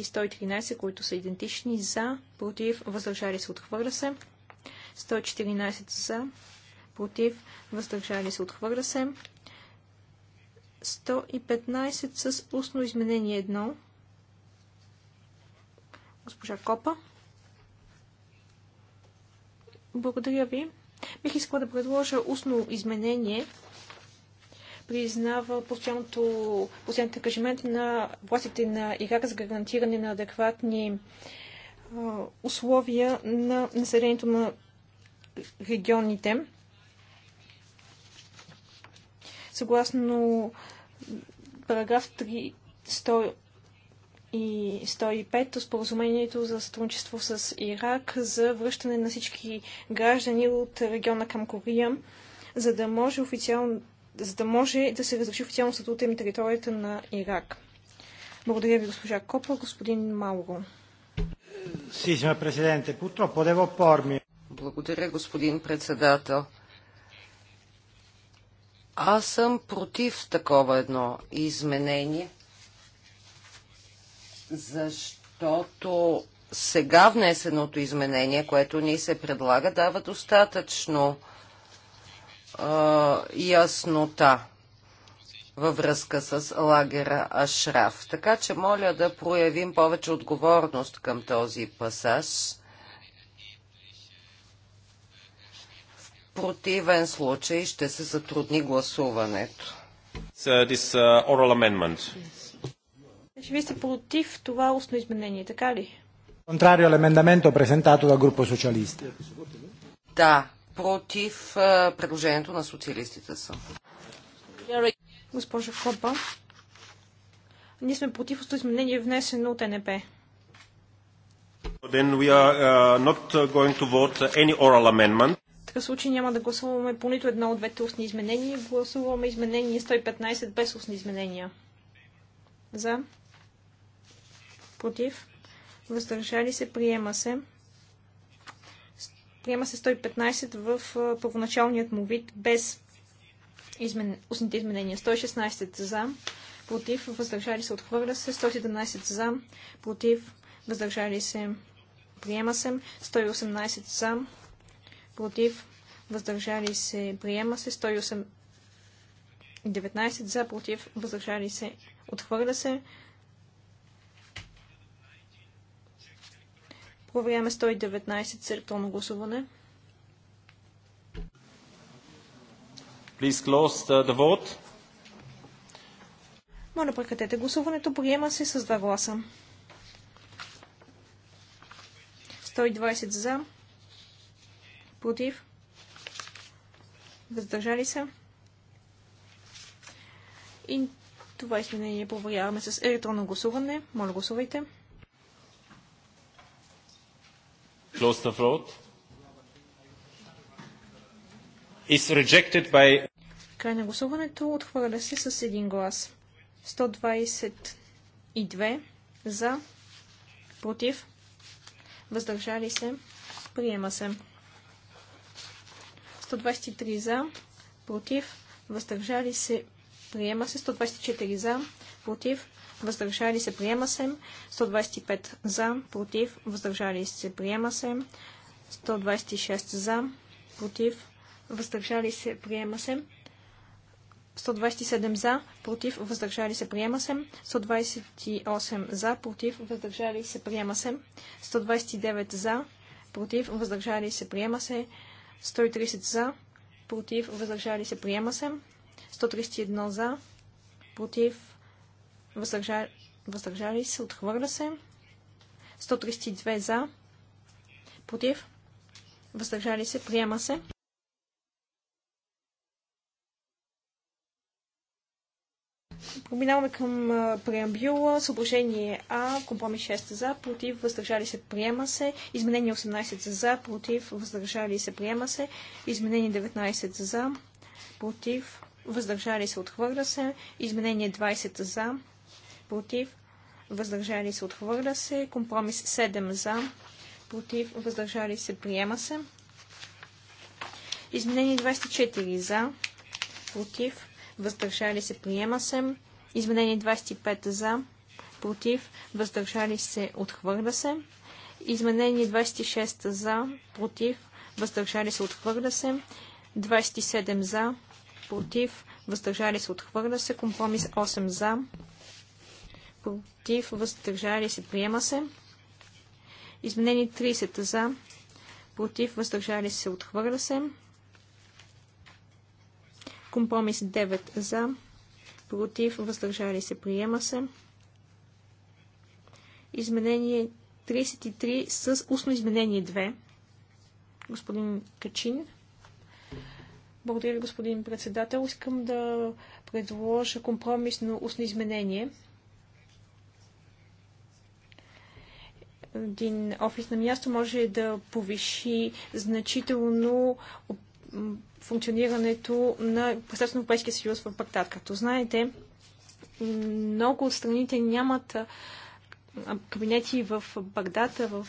и 113, които са идентични за, против, въздържали се, отхвърля се. 114 за, против, въздържали се, отхвърля се. 115 с устно изменение 1. Госпожа Копа. Благодаря ви. Бих искала да предложа устно изменение, признава постоянното, постоянното ангажимент на властите на Ирак за гарантиране на адекватни а, условия на населението на регионите. Съгласно параграф 3, и 105 споразумението за сътрудничество с Ирак за връщане на всички граждани от региона към Кория, за да може, официално, за да, може да се разреши официално статута им територията на Ирак. Благодаря ви, госпожа Копа. Господин Мауро. Благодаря, господин председател. Аз съм против такова едно изменение – защото сега внесеното изменение, което ни се предлага, дава достатъчно а, яснота във връзка с лагера Ашраф. Така че моля да проявим повече отговорност към този пасаж. В противен случай ще се затрудни гласуването. this, uh, oral amendment. Yes. Значи вие сте против това устно изменение, така ли? Контрарио l'emendamento презентато dal група социалисти. Да, против е, предложението на социалистите съм. Госпожа Копа, ние сме против устно изменение, внесено от НП. Then we are uh, not going to vote any oral amendment В такъв случай няма да гласуваме по нито едно от двете устни изменения. Гласуваме изменение 115 без устни изменения. За против, въздържали се, приема се. Приема се 115 в първоначалният му вид без измен... устните изменения. 116 за, против, въздържали се, отхвърля се. 117 за, против, въздържали се, приема се. 118 за, против, въздържали се, приема се. 108... 19 за, против, въздържали се, отхвърля се. Проверяваме 119 с електронно гласуване. Please close the vote. Моля, прекратете гласуването. Приема се с два гласа. 120 за. Против. Въздържали се. И това изменение проверяваме с електронно гласуване. Моля, гласувайте. Is rejected by... Край на гласуването отхвърля се с един глас. 122 за, против, въздържали се, приема се. 123 за, против, въздържали се, приема се. 124 за, против, въздържали се, приема се. 125 за, против, въздържали се, приема се. 126 за, против, въздържали се, приема се. 127 за, против, въздържали се, приема се. 128 за, против, въздържали се, приема се. 129 за, против, въздържали се, приема се. 130 за, против, въздържали се, приема се. 131 за, против, въздържали, се, отхвърля се. 132 за, против, въздържали се, приема се. Проминаваме към преамбюла. Съображение А. Компромис 6 за, против, въздържали се, приема се. Изменение 18 за, против, въздържали се, приема се. Изменение 19 за, против, въздържали се, отхвърля се. Изменение 20 за, против, въздържали се, отхвърля се. Компромис 7 за, против, въздържали се, приема се. Изменение 24 за, против, въздържали се, приема се. Изменение 25 за, против, въздържали се, отхвърля се. Изменение 26 за, против, въздържали се, отхвърля се. 27 за, против, въздържали се, отхвърля се. Компромис 8 за, против, въздържали се, приема се. Изменени 30 за, против, въздържали се, отхвърля се. Компромис 9 за, против, въздържали се, приема се. Изменение 33 с устно изменение 2. Господин Качин. Благодаря ви, господин председател. Искам да предложа компромисно устно изменение. Един офис на място може да повиши значително функционирането на Председателството на Европейския съюз в Бактат. Както знаете, много от страните нямат кабинети в Багдата в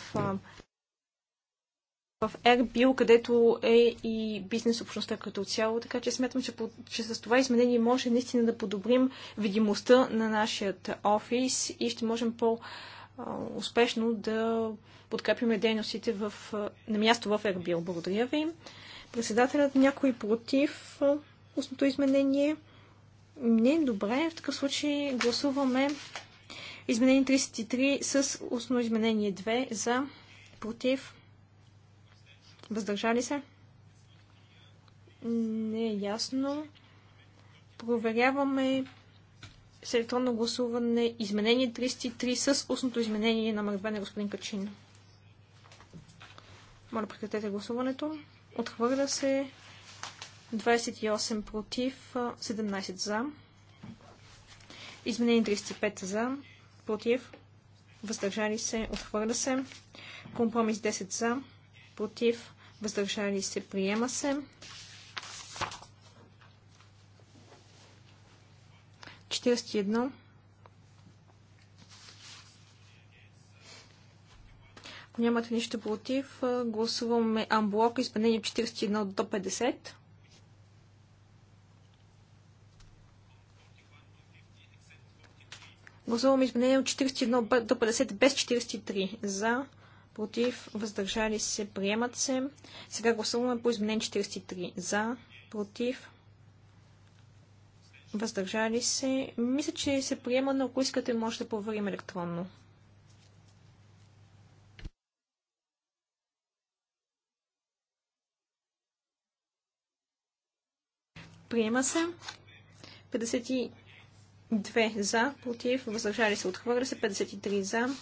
в Ербил, където е и бизнес общността като цяло. Така че смятам, че, че с това изменение може наистина да подобрим видимостта на нашия офис и ще можем по-успешно да подкрепиме дейностите в, на място в Ербил. Благодаря ви. Председателят някой против устното изменение? Не, добре. В такъв случай гласуваме изменение 33 с устно изменение 2 за против Въздържали се? Не е ясно. Проверяваме с електронно гласуване изменение 33 с устното изменение на 2 на господин Качин. Моля, прекратете гласуването. Отхвърля се 28 против, 17 за. Изменение 35 за, против, въздържали се, отхвърля се. Компромис 10 за, против, въздържали се, приема се. 41. Ако нямате нищо против, гласуваме амблок изменение 41 до 50. Гласуваме изменение от 41 до 50 без 43. За, против, въздържали се, приемат се. Сега гласуваме по изменен 43 за, против, въздържали се. Мисля, че се приема, но ако искате, може да проверим електронно. Приема се. 52 за, против, въздържали се, отхвърля се, 53 за,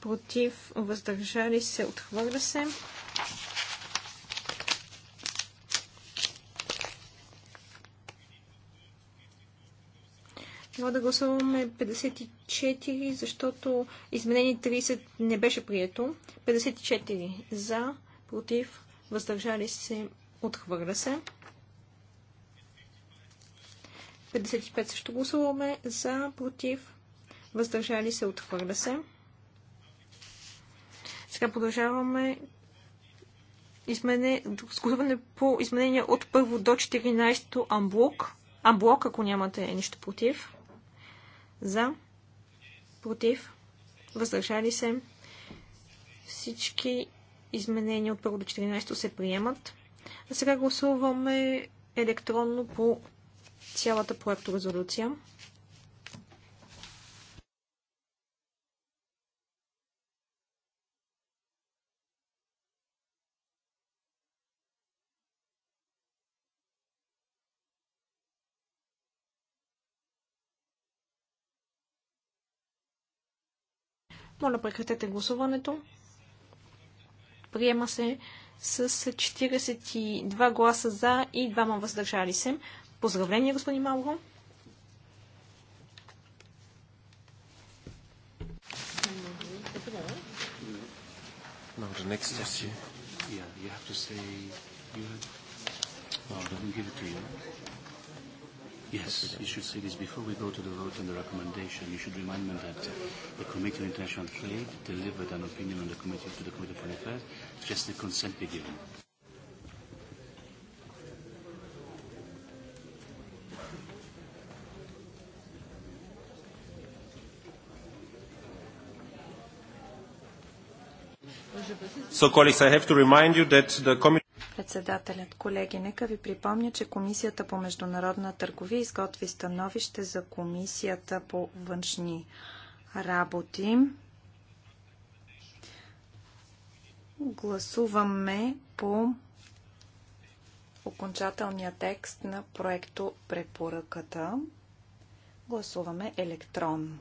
против, въздържали се, отхвърля се. Трябва да гласуваме 54, защото изменение 30 не беше прието. 54 за, против, въздържали се, отхвърля се. 55 също гласуваме за, против, въздържали се, отхвърля се. Сега продължаваме изменение, по изменения от 1 до 14 амблок. Амблок, ако нямате нищо против. За. Против. Въздържали се. Всички изменения от 1 до 14 се приемат. А сега гласуваме електронно по цялата проекторезолюция. резолюция. Моля, прекратете гласуването. Приема се с 42 гласа за и 2 въздържали се. Поздравление, господин Малко. No, the next yeah. Yes, you should say this before we go to the vote on the recommendation. You should remind me that the Committee on International Trade delivered an opinion on the committee to the Committee on Foreign Affairs. Just the consent be given. So, colleagues, I have to remind you that the committee. Председателят, колеги, нека ви припомня, че Комисията по международна търговия изготви становище за Комисията по външни работи. Гласуваме по окончателния текст на проекто препоръката. Гласуваме електронно.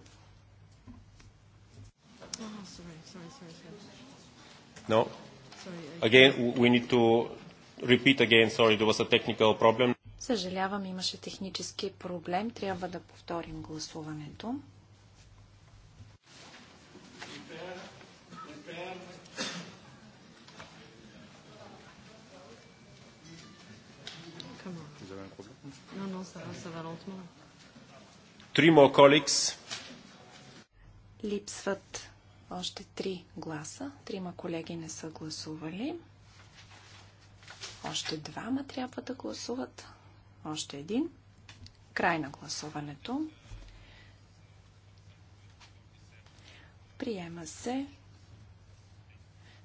No. Again, we need to repeat again, sorry, there was a technical problem. Съжалявам, имаше технически проблем. Трябва да повторим гласуването. Липсват още три гласа. Трима колеги не са гласували. Още двама трябва да гласуват. Още един. Край на гласуването. Приема се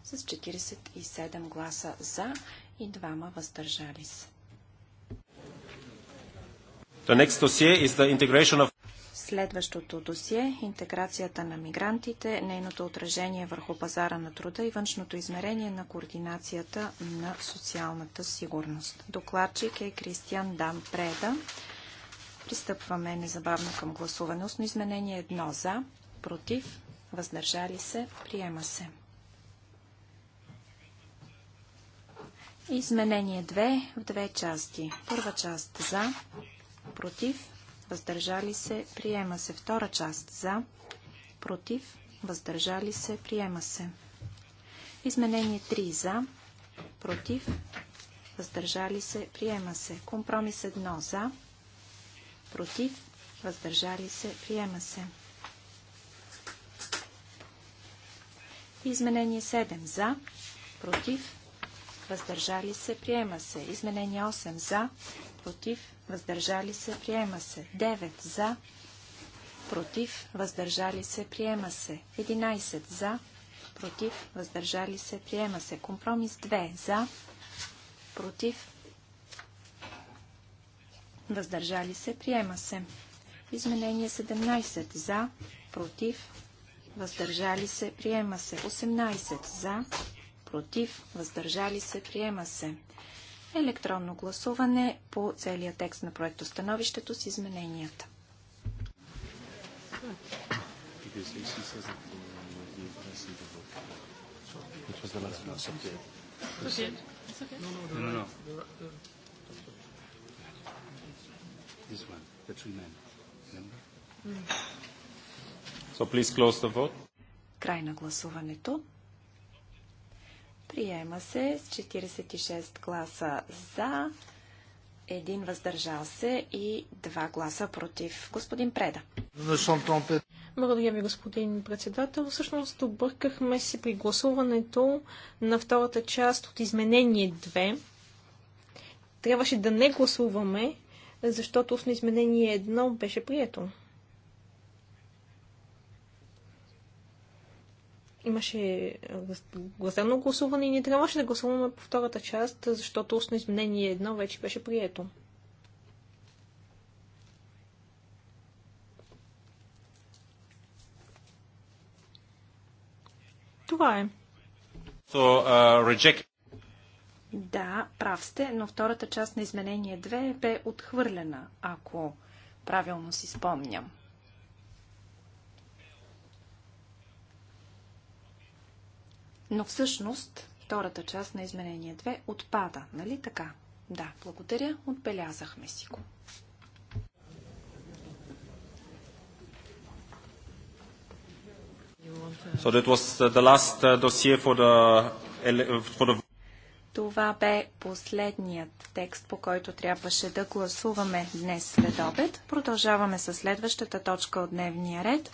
с 47 гласа за и двама въздържали се. The next dossier is the integration of Следващото досие – интеграцията на мигрантите, нейното отражение върху пазара на труда и външното измерение на координацията на социалната сигурност. Докладчик е Кристиан Дан Преда. Пристъпваме незабавно към гласуване. Осно изменение едно за, против, въздържали се, приема се. Изменение 2 в две части. Първа част за, против, въздържали се, приема се. Втора част за, против, въздържали се, приема се. Изменение 3 за, против, въздържали се, приема се. Компромис 1 за, против, въздържали се, приема се. Изменение 7 за, против, въздържали се, приема се. Изменение 8 за, против, въздържали се, приема се. 9 за, против, въздържали се, приема се. 11 за, против, въздържали се, приема се. Компромис 2 за, против, въздържали се, приема се. Изменение 17 за, против, въздържали се, приема се. 18 за, против, въздържали се, приема се електронно гласуване по целия текст на проекто становището с измененията. Край на гласуването. Приема се с 46 гласа за, един въздържал се и два гласа против. Господин Преда. Благодаря ви, господин председател. Всъщност объркахме се при гласуването на втората част от изменение 2. Трябваше да не гласуваме, защото с изменение 1 беше прието. имаше гласено гласуване и ние трябваше да гласуваме по втората част, защото устно изменение едно вече беше прието. Това е. So, uh, Да, прав сте, но втората част на изменение 2 бе е отхвърлена, ако правилно си спомням. Но всъщност втората част на изменение 2 отпада, нали така? Да, благодаря, отбелязахме си го. So that was uh, the last uh, dossier for the, uh, for the... Това бе последният текст, по който трябваше да гласуваме днес след обед. Продължаваме с следващата точка от дневния ред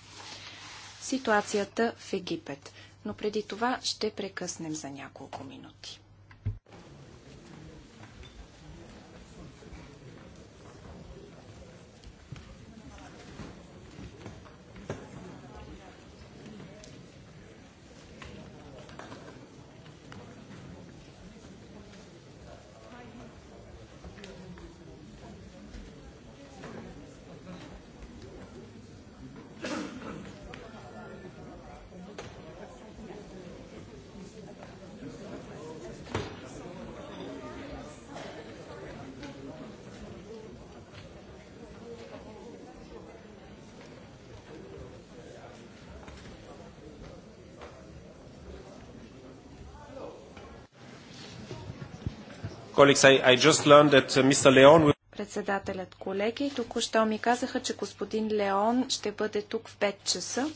– ситуацията в Египет но преди това ще прекъснем за няколко минути. Uh, председателят. Колеги, току-що ми казаха, че господин Леон ще бъде тук в 5 часа.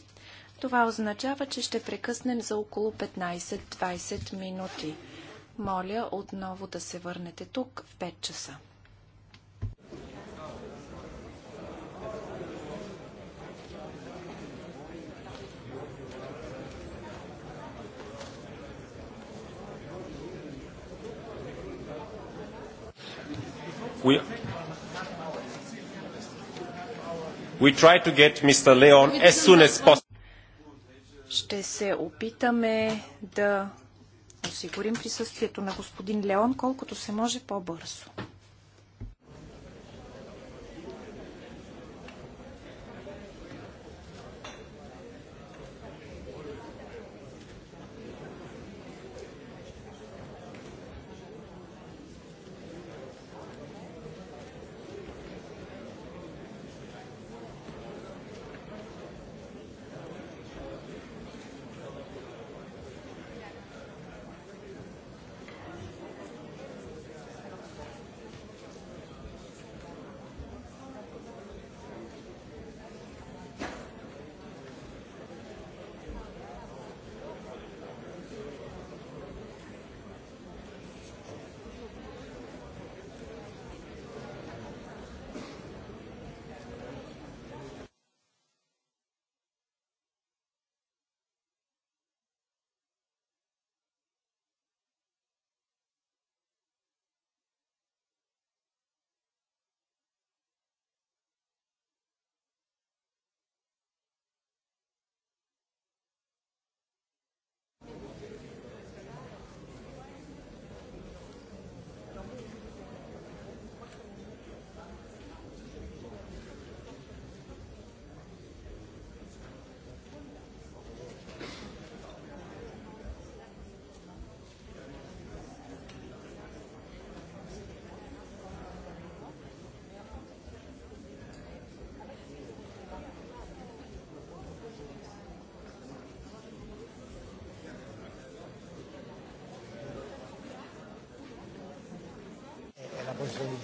Това означава, че ще прекъснем за около 15-20 минути. Моля отново да се върнете тук в 5 часа. we try to get Mr. Leon as soon as possible. Ще се опитаме да осигурим присъствието на господин Леон колкото се може по-бързо. Thank you.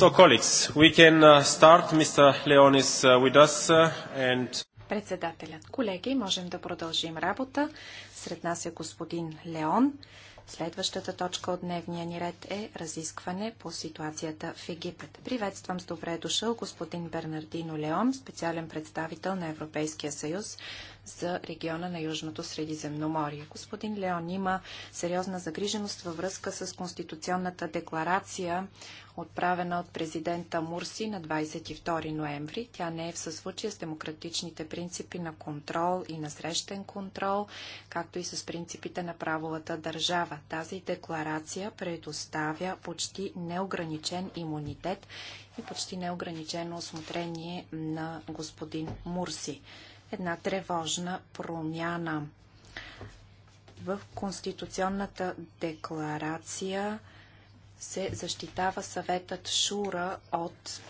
Uh, uh, uh, Председателят. Колеги, можем да продължим работа. Сред нас е господин Леон. Следващата точка от дневния ни ред е разискване по ситуацията в Египет. Приветствам с добре е дошъл господин Бернардино Леон, специален представител на Европейския съюз за региона на Южното Средиземноморие. Господин Леон има сериозна загриженост във връзка с Конституционната декларация, отправена от президента Мурси на 22 ноември. Тя не е в съзвучие с демократичните принципи на контрол и на срещен контрол, както и с принципите на правовата държава. Тази декларация предоставя почти неограничен имунитет и почти неограничено осмотрение на господин Мурси една тревожна промяна. В Конституционната декларация се защитава съветът Шура от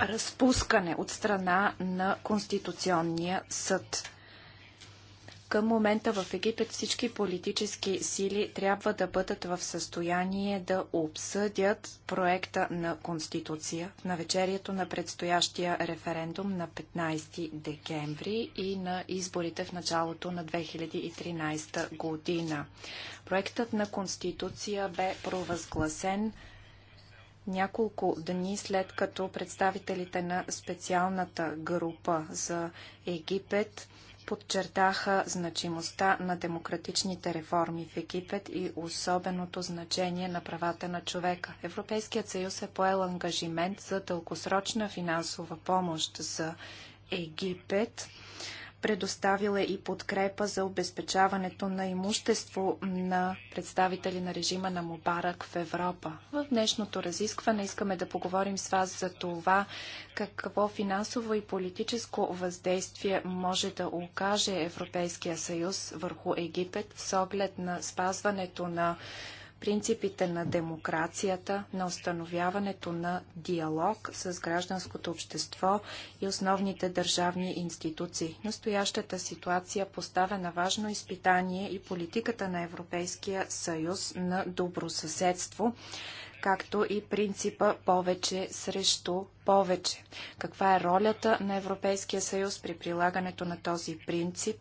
разпускане от страна на Конституционния съд. Към момента в Египет всички политически сили трябва да бъдат в състояние да обсъдят проекта на Конституция в навечерието на предстоящия референдум на 15 декември и на изборите в началото на 2013 година. Проектът на Конституция бе провъзгласен няколко дни след като представителите на специалната група за Египет подчертаха значимостта на демократичните реформи в Египет и особеното значение на правата на човека. Европейският съюз е поел ангажимент за дългосрочна финансова помощ за Египет Предоставил е и подкрепа за обезпечаването на имущество на представители на режима на Мубарак в Европа. В днешното разискване искаме да поговорим с вас за това какво финансово и политическо въздействие може да окаже Европейския съюз върху Египет с оглед на спазването на принципите на демокрацията, на установяването на диалог с гражданското общество и основните държавни институции. Настоящата ситуация поставя на важно изпитание и политиката на Европейския съюз на добросъседство, както и принципа повече срещу повече. Каква е ролята на Европейския съюз при прилагането на този принцип?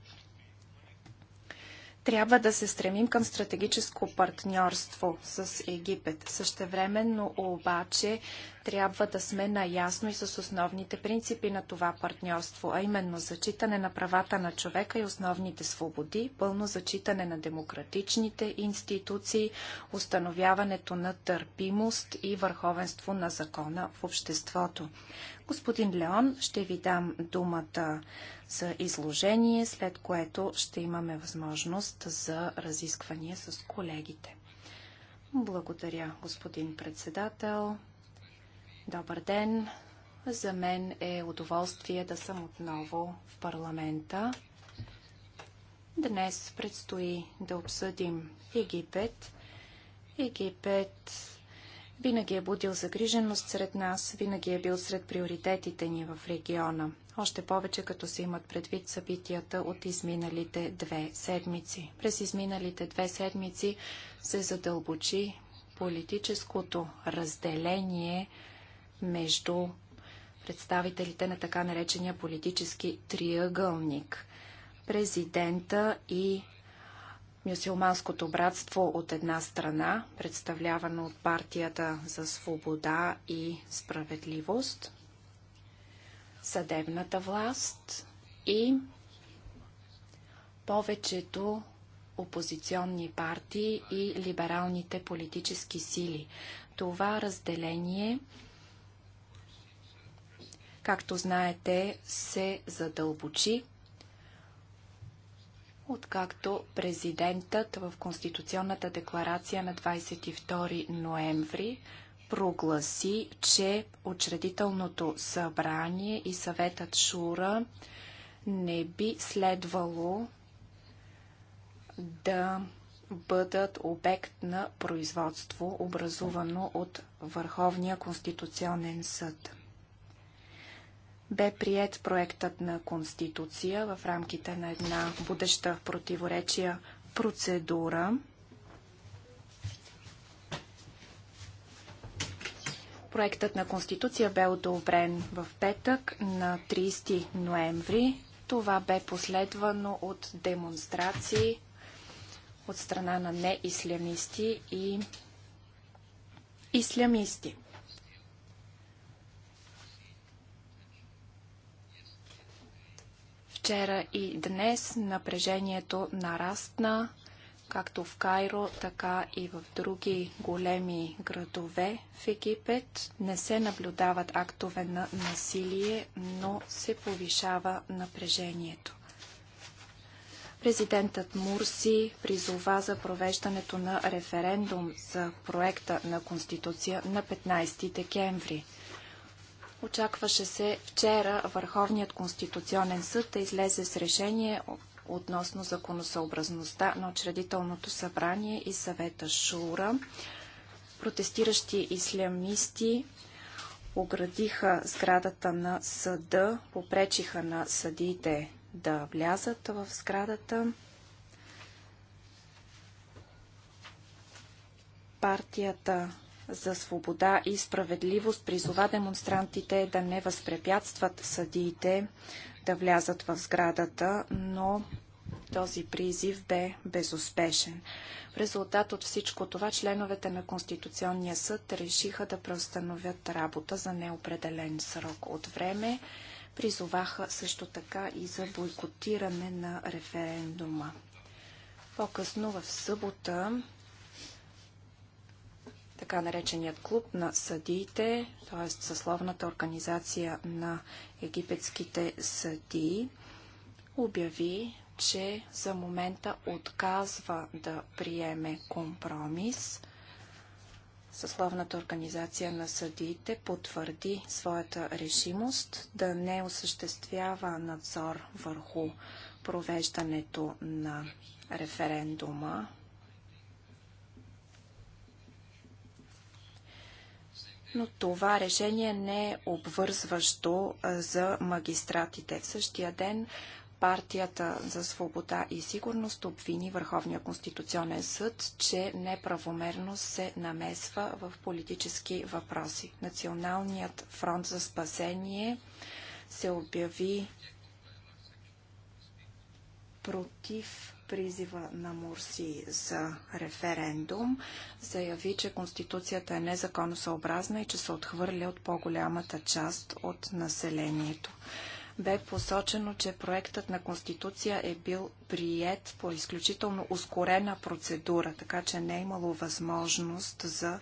Трябва да се стремим към стратегическо партньорство с Египет. Същевременно обаче трябва да сме наясно и с основните принципи на това партньорство, а именно зачитане на правата на човека и основните свободи, пълно зачитане на демократичните институции, установяването на търпимост и върховенство на закона в обществото. Господин Леон, ще ви дам думата за изложение, след което ще имаме възможност за разисквания с колегите. Благодаря, господин председател. Добър ден! За мен е удоволствие да съм отново в парламента. Днес предстои да обсъдим Египет. Египет винаги е будил загриженост сред нас, винаги е бил сред приоритетите ни в региона. Още повече като се имат предвид събитията от изминалите две седмици. През изминалите две седмици се задълбочи политическото разделение между представителите на така наречения политически триъгълник – президента и Мюсюлманското братство от една страна, представлявано от партията за свобода и справедливост, съдебната власт и повечето опозиционни партии и либералните политически сили. Това разделение, както знаете, се задълбочи откакто президентът в Конституционната декларация на 22 ноември прогласи, че учредителното събрание и съветът Шура не би следвало да бъдат обект на производство, образувано от Върховния конституционен съд бе прият проектът на Конституция в рамките на една будеща в противоречия процедура. Проектът на Конституция бе одобрен в петък на 30 ноември. Това бе последвано от демонстрации от страна на неислямисти и ислямисти. Вчера и днес напрежението нарастна, както в Кайро, така и в други големи градове в Египет. Не се наблюдават актове на насилие, но се повишава напрежението. Президентът Мурси призова за провеждането на референдум за проекта на Конституция на 15 декември – Очакваше се вчера Върховният конституционен съд да излезе с решение относно законосъобразността на учредителното събрание и съвета Шура. Протестиращи ислямисти оградиха сградата на съда, попречиха на съдиите да влязат в сградата. Партията за свобода и справедливост призова демонстрантите да не възпрепятстват съдиите да влязат в сградата, но този призив бе безуспешен. В резултат от всичко това членовете на Конституционния съд решиха да преустановят работа за неопределен срок от време. Призоваха също така и за бойкотиране на референдума. По-късно в събота така нареченият клуб на съдиите, т.е. съсловната организация на египетските съдии, обяви, че за момента отказва да приеме компромис. Съсловната организация на съдиите потвърди своята решимост да не осъществява надзор върху провеждането на референдума но това решение не е обвързващо за магистратите. В същия ден партията за свобода и сигурност обвини Върховния конституционен съд, че неправомерно се намесва в политически въпроси. Националният фронт за спасение се обяви против призива на Мурси за референдум. Заяви, че Конституцията е незаконосъобразна и че се отхвърля от по-голямата част от населението. Бе посочено, че проектът на Конституция е бил прият по изключително ускорена процедура, така че не е имало възможност за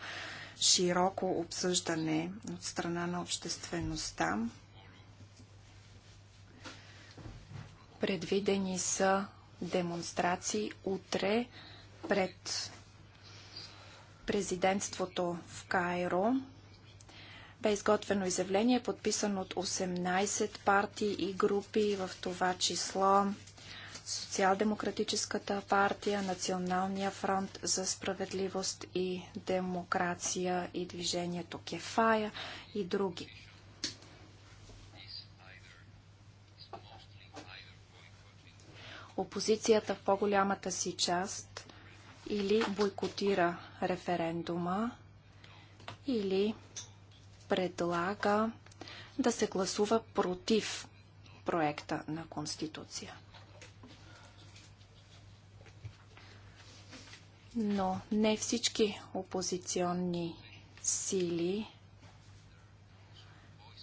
широко обсъждане от страна на обществеността. Предвидени са демонстрации утре пред президентството в Кайро. Бе изготвено изявление, подписано от 18 партии и групи, в това число Социал-демократическата партия, Националния фронт за справедливост и демокрация и движението Кефая и други. опозицията в по-голямата си част или бойкотира референдума, или предлага да се гласува против проекта на Конституция. Но не всички опозиционни сили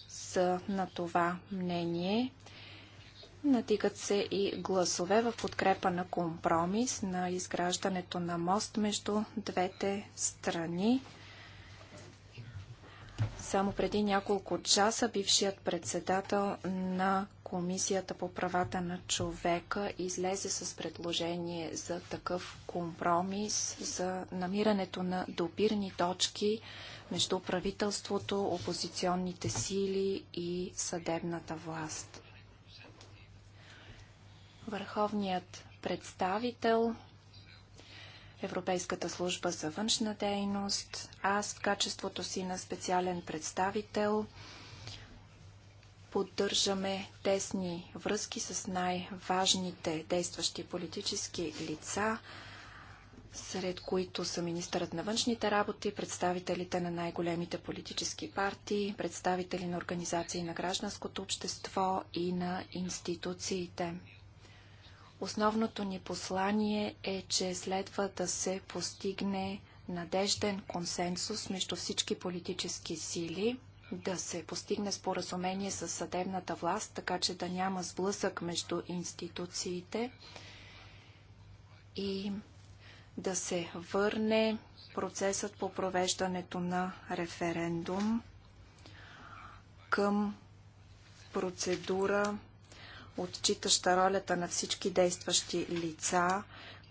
са на това мнение. Натикат се и гласове в подкрепа на компромис на изграждането на мост между двете страни. Само преди няколко часа бившият председател на Комисията по правата на човека излезе с предложение за такъв компромис, за намирането на допирни точки между правителството, опозиционните сили и съдебната власт. Върховният представител, Европейската служба за външна дейност, аз в качеството си на специален представител поддържаме тесни връзки с най-важните действащи политически лица, сред които са министърът на външните работи, представителите на най-големите политически партии, представители на организации на гражданското общество и на институциите. Основното ни послание е, че следва да се постигне надежден консенсус между всички политически сили, да се постигне споразумение с съдебната власт, така че да няма сблъсък между институциите и да се върне процесът по провеждането на референдум към процедура отчитаща ролята на всички действащи лица,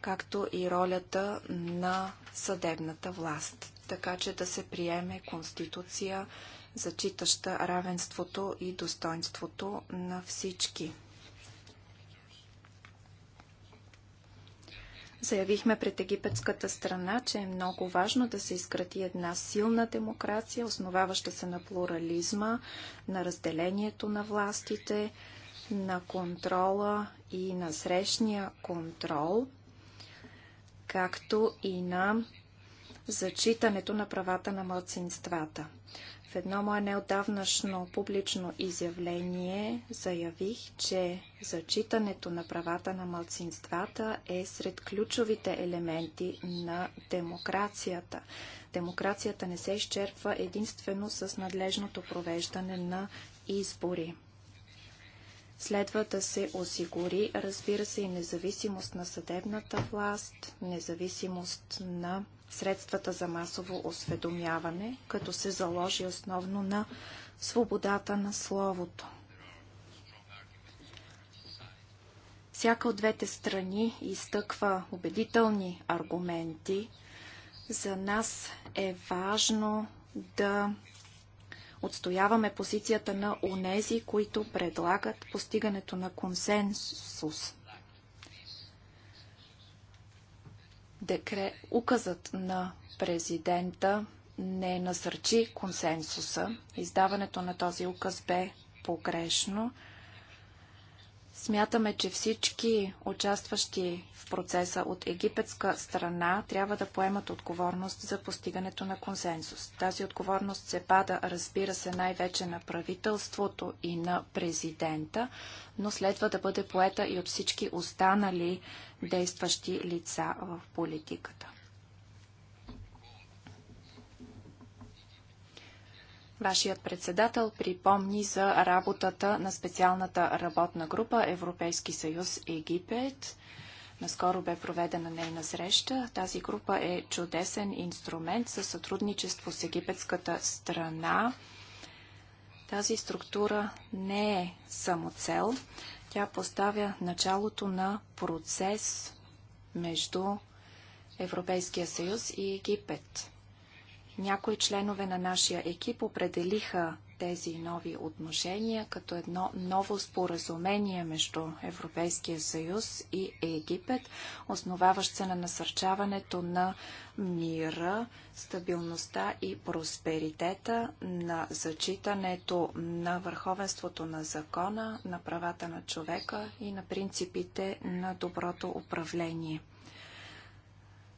както и ролята на съдебната власт, така че да се приеме конституция, зачитаща равенството и достоинството на всички. Заявихме пред египетската страна, че е много важно да се изгради една силна демокрация, основаваща се на плурализма, на разделението на властите, на контрола и на срещния контрол, както и на зачитането на правата на младсинствата. В едно мое неодавнашно публично изявление заявих, че зачитането на правата на младсинствата е сред ключовите елементи на демокрацията. Демокрацията не се изчерпва единствено с надлежното провеждане на избори. Следва да се осигури, разбира се, и независимост на съдебната власт, независимост на средствата за масово осведомяване, като се заложи основно на свободата на словото. Всяка от двете страни изтъква убедителни аргументи. За нас е важно да отстояваме позицията на онези, които предлагат постигането на консенсус. Декре, указът на президента не насърчи консенсуса. Издаването на този указ бе погрешно. Смятаме, че всички участващи в процеса от египетска страна трябва да поемат отговорност за постигането на консенсус. Тази отговорност се пада, разбира се, най-вече на правителството и на президента, но следва да бъде поета и от всички останали действащи лица в политиката. Вашият председател припомни за работата на специалната работна група Европейски съюз Египет. Наскоро бе проведена нейна среща. Тази група е чудесен инструмент за сътрудничество с египетската страна. Тази структура не е само цел. Тя поставя началото на процес между Европейския съюз и Египет. Някои членове на нашия екип определиха тези нови отношения като едно ново споразумение между Европейския съюз и Египет, основаващ се на насърчаването на мира, стабилността и просперитета, на зачитането на върховенството на закона, на правата на човека и на принципите на доброто управление.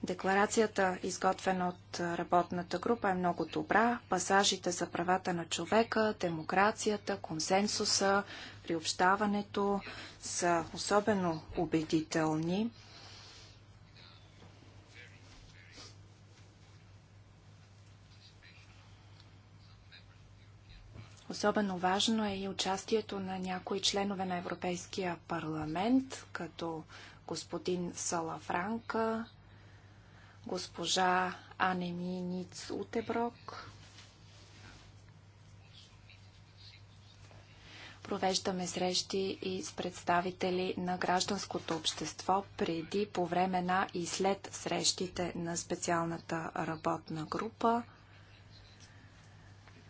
Декларацията, изготвена от работната група, е много добра. Пасажите за правата на човека, демокрацията, консенсуса, приобщаването са особено убедителни. Особено важно е и участието на някои членове на Европейския парламент, като господин Салафранка, госпожа Анеми Ниц Утеброк. Провеждаме срещи и с представители на гражданското общество преди, по време на и след срещите на специалната работна група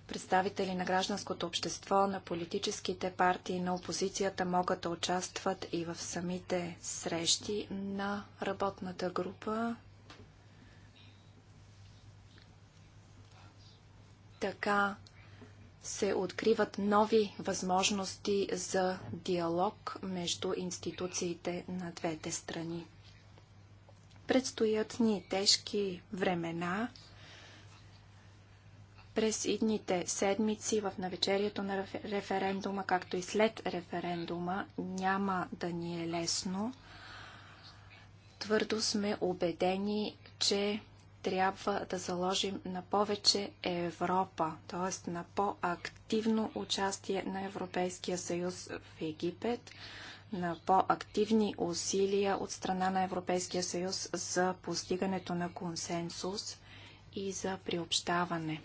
представители на гражданското общество, на политическите партии, на опозицията могат да участват и в самите срещи на работната група. Така се откриват нови възможности за диалог между институциите на двете страни. Предстоят ни тежки времена. През идните седмици, в навечерието на референдума, както и след референдума, няма да ни е лесно. Твърдо сме убедени, че трябва да заложим на повече Европа, т.е. на по-активно участие на Европейския съюз в Египет, на по-активни усилия от страна на Европейския съюз за постигането на консенсус и за приобщаване.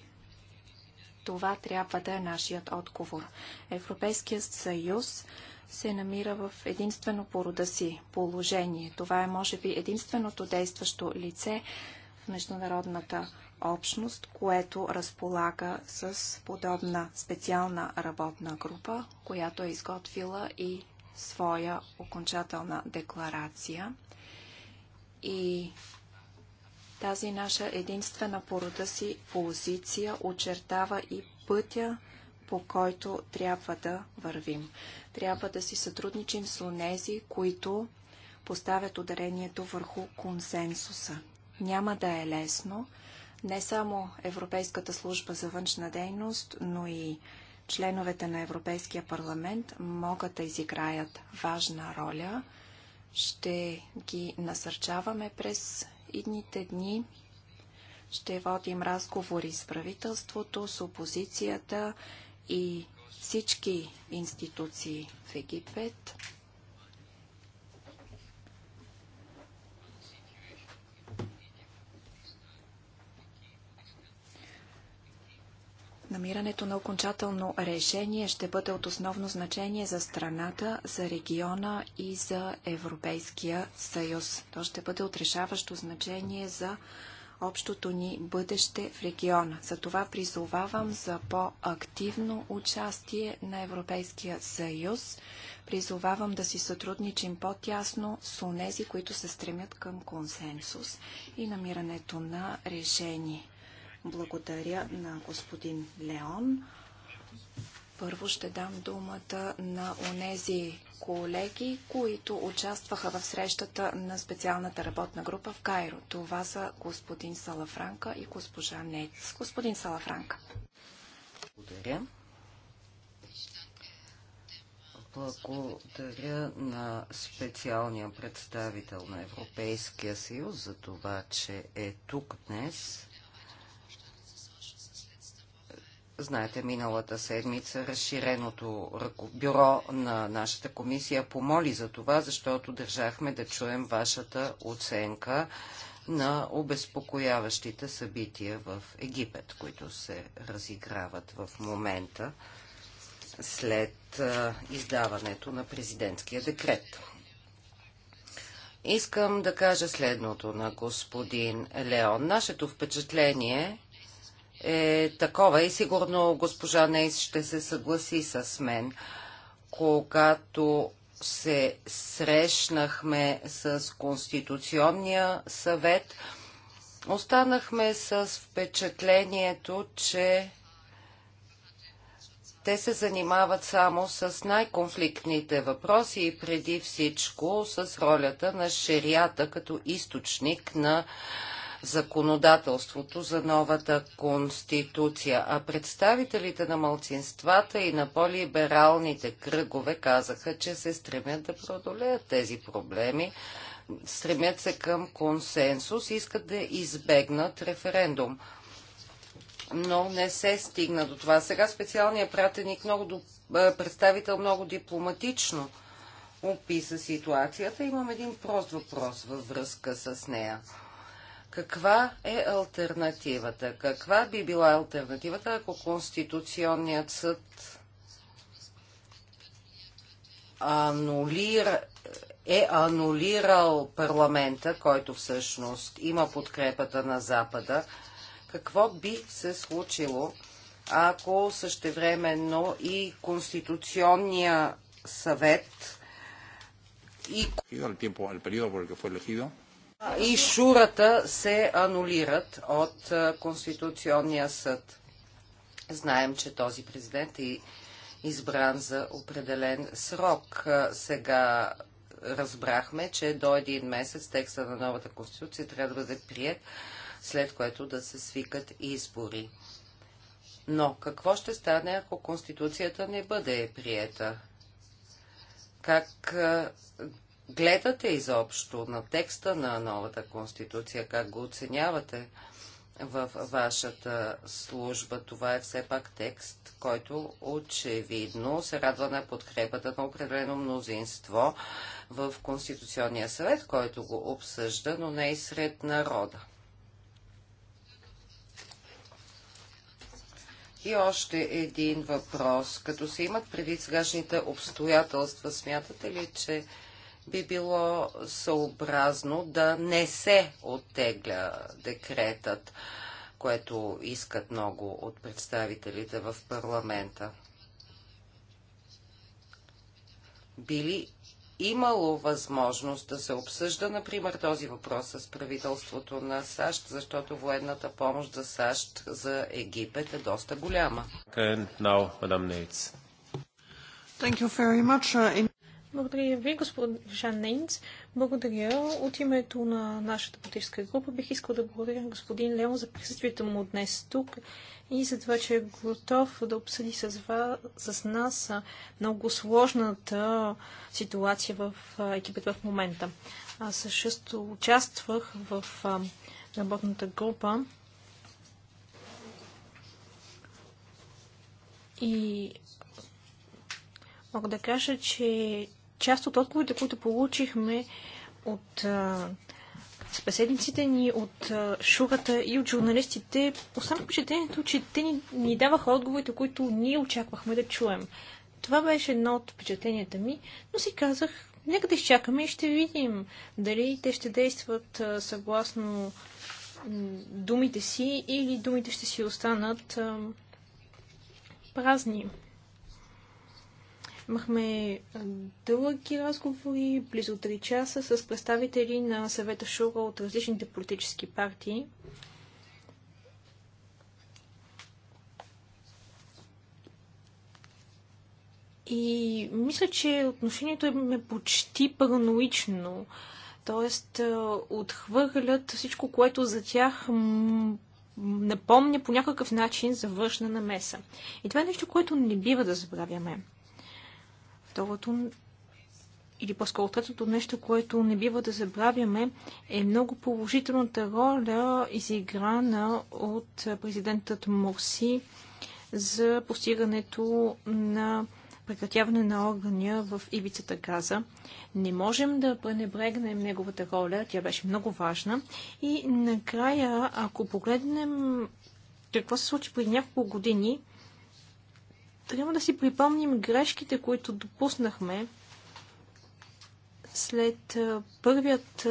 Това трябва да е нашият отговор. Европейският съюз се намира в единствено порода си положение. Това е, може би, единственото действащо лице, в международната общност, което разполага с подобна специална работна група, която е изготвила и своя окончателна декларация. И тази наша единствена порода си позиция очертава и пътя, по който трябва да вървим. Трябва да си сътрудничим с онези, които поставят ударението върху консенсуса. Няма да е лесно. Не само Европейската служба за външна дейност, но и членовете на Европейския парламент могат да изиграят важна роля. Ще ги насърчаваме през идните дни. Ще водим разговори с правителството, с опозицията и всички институции в Египет. Намирането на окончателно решение ще бъде от основно значение за страната, за региона и за Европейския съюз. То ще бъде от решаващо значение за общото ни бъдеще в региона. Затова призовавам за по-активно участие на Европейския съюз. Призовавам да си сътрудничим по-тясно с онези, които се стремят към консенсус и намирането на решение. Благодаря на господин Леон. Първо ще дам думата на онези колеги, които участваха в срещата на специалната работна група в Кайро. Това са господин Салафранка и госпожа Нец. Господин Салафранка. Благодаря. Благодаря на специалния представител на Европейския съюз за това, че е тук днес Знаете, миналата седмица разширеното бюро на нашата комисия помоли за това, защото държахме да чуем вашата оценка на обезпокояващите събития в Египет, които се разиграват в момента след издаването на президентския декрет. Искам да кажа следното на господин Леон. Нашето впечатление е такова и сигурно госпожа Нейс ще се съгласи с мен. Когато се срещнахме с Конституционния съвет, останахме с впечатлението, че те се занимават само с най-конфликтните въпроси и преди всичко с ролята на шерията като източник на законодателството за новата конституция, а представителите на малцинствата и на по-либералните кръгове казаха, че се стремят да продолеят тези проблеми, стремят се към консенсус, искат да избегнат референдум. Но не се стигна до това. Сега специалният пратеник много е, представител много дипломатично описа ситуацията. Имам един прост въпрос във връзка с нея. Каква е альтернативата? Каква би била альтернативата, ако Конституционният съд анулира, е анулирал парламента, който всъщност има подкрепата на Запада? Какво би се случило, ако същевременно и Конституционния съвет и и шурата се анулират от Конституционния съд. Знаем, че този президент е избран за определен срок. Сега разбрахме, че до един месец текста на новата конституция трябва да бъде прият, след което да се свикат избори. Но какво ще стане, ако Конституцията не бъде приета? Как гледате изобщо на текста на новата конституция, как го оценявате в вашата служба. Това е все пак текст, който очевидно се радва на подкрепата на определено мнозинство в Конституционния съвет, който го обсъжда, но не и сред народа. И още един въпрос. Като се имат предвид сегашните обстоятелства, смятате ли, че би било съобразно да не се оттегля декретът, което искат много от представителите в парламента. Били имало възможност да се обсъжда, например, този въпрос с правителството на САЩ, защото военната помощ за САЩ за Египет е доста голяма. Now, Thank you very much. Uh, благодаря ви, господин Нейнц. Благодаря. От името на нашата политическа група бих искал да благодаря господин Леон за присъствието му днес тук и за това, че е готов да обсъди с, вас, с нас много сложната ситуация в екипът в момента. Аз също участвах в работната група и мога да кажа, че част от отговорите, които получихме от спеседниците ни от шурата и от журналистите, останах впечатлението, че те ни, ни даваха отговорите, които ние очаквахме да чуем. Това беше едно от впечатленията ми, но си казах, нека да изчакаме и ще видим дали те ще действат а, съгласно думите си или думите ще си останат а, празни. Имахме дълги разговори, близо 3 часа, с представители на съвета Шура от различните политически партии. И мисля, че отношението им е почти параноично. Тоест, отхвърлят всичко, което за тях напомня по някакъв начин за външна намеса. И това е нещо, което не бива да забравяме. Второто или по-скоро третото нещо, което не бива да забравяме, е много положителната роля изиграна от президентът Морси за постигането на прекратяване на огъня в ивицата Газа. Не можем да пренебрегнем неговата роля, тя беше много важна. И накрая, ако погледнем какво се случи преди няколко години, трябва да си припомним грешките, които допуснахме след първият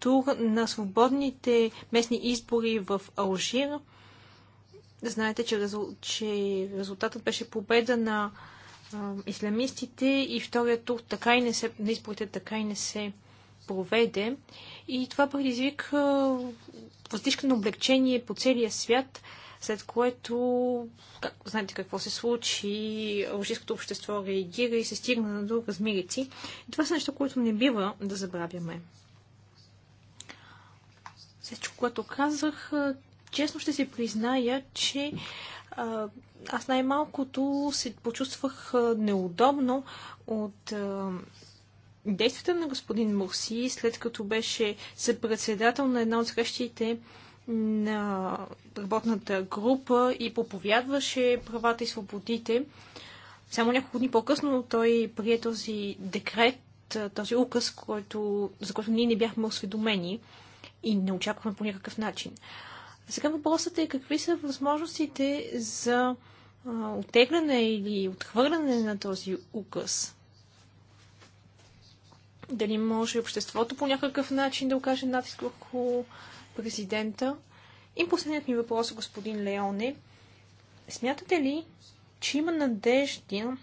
тур на свободните местни избори в Алжир. Знаете, че, резул... че резултатът беше победа на а, исламистите и вторият тур така и не се, на изборите така и не се проведе. И това предизвика въздишка на облегчение по целия свят, след което, как, знаете какво се случи, лъжиското общество реагира и се стигна до размирици. И това са неща, които не бива да забравяме. Всичко, което казах, честно ще си призная, че аз най-малкото се почувствах неудобно от действията на господин Мурси, след като беше съпредседател на една от срещите на работната група и проповядваше правата и свободите. Само няколко дни по-късно той прие този декрет, този указ, който, за който ние не бяхме осведомени и не очаквахме по някакъв начин. Сега въпросът е какви са възможностите за отегляне или отхвърляне на този указ. Дали може обществото по някакъв начин да окаже натиск върху президента. И последният ми въпрос, господин Леоне. Смятате ли, че има надежда,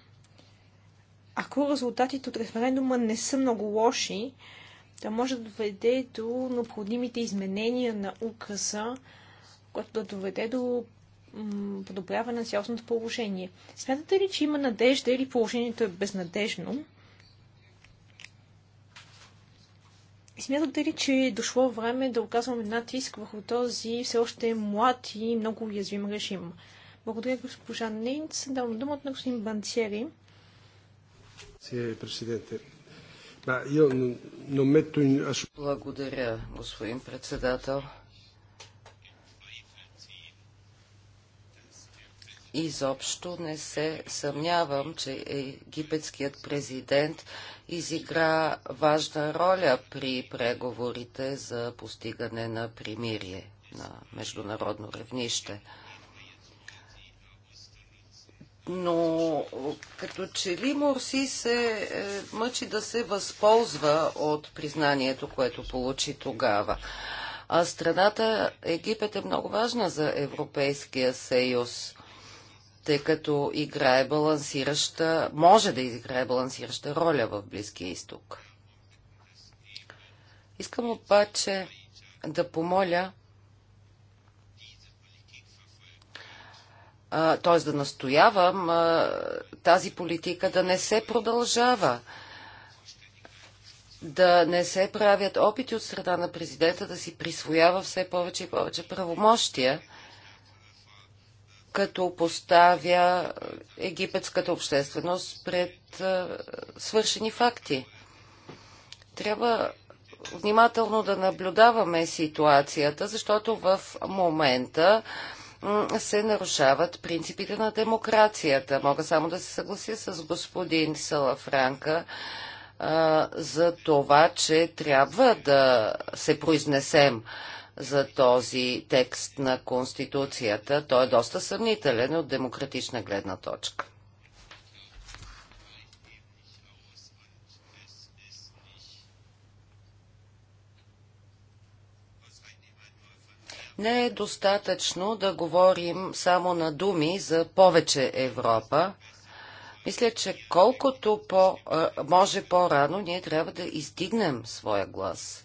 ако резултатите от референдума не са много лоши, да може да доведе до необходимите изменения на указа, което да доведе до подобряване на цялостното положение. Смятате ли, че има надежда или положението е безнадежно? Смятате ли, че е дошло време да оказваме натиск върху този все още млад и много уязвим режим? Благодаря, госпожа Нейнц. Давам думата на господин Банцери. Благодаря, господин председател. Изобщо не се съмнявам, че египетският президент изигра важна роля при преговорите за постигане на примирие на международно равнище но като че ли Морси се е, мъчи да се възползва от признанието, което получи тогава. А страната Египет е много важна за Европейския съюз тъй като играе балансираща, може да изиграе балансираща роля в Близкия изток. Искам обаче да помоля, т.е. да настоявам тази политика да не се продължава, да не се правят опити от страна на президента да си присвоява все повече и повече правомощия – като поставя египетската общественост пред свършени факти. Трябва внимателно да наблюдаваме ситуацията, защото в момента се нарушават принципите на демокрацията. Мога само да се съглася с господин Салафранка за това, че трябва да се произнесем за този текст на Конституцията. Той е доста съмнителен от демократична гледна точка. Не е достатъчно да говорим само на думи за повече Европа. Мисля, че колкото по, може по-рано ние трябва да издигнем своя глас.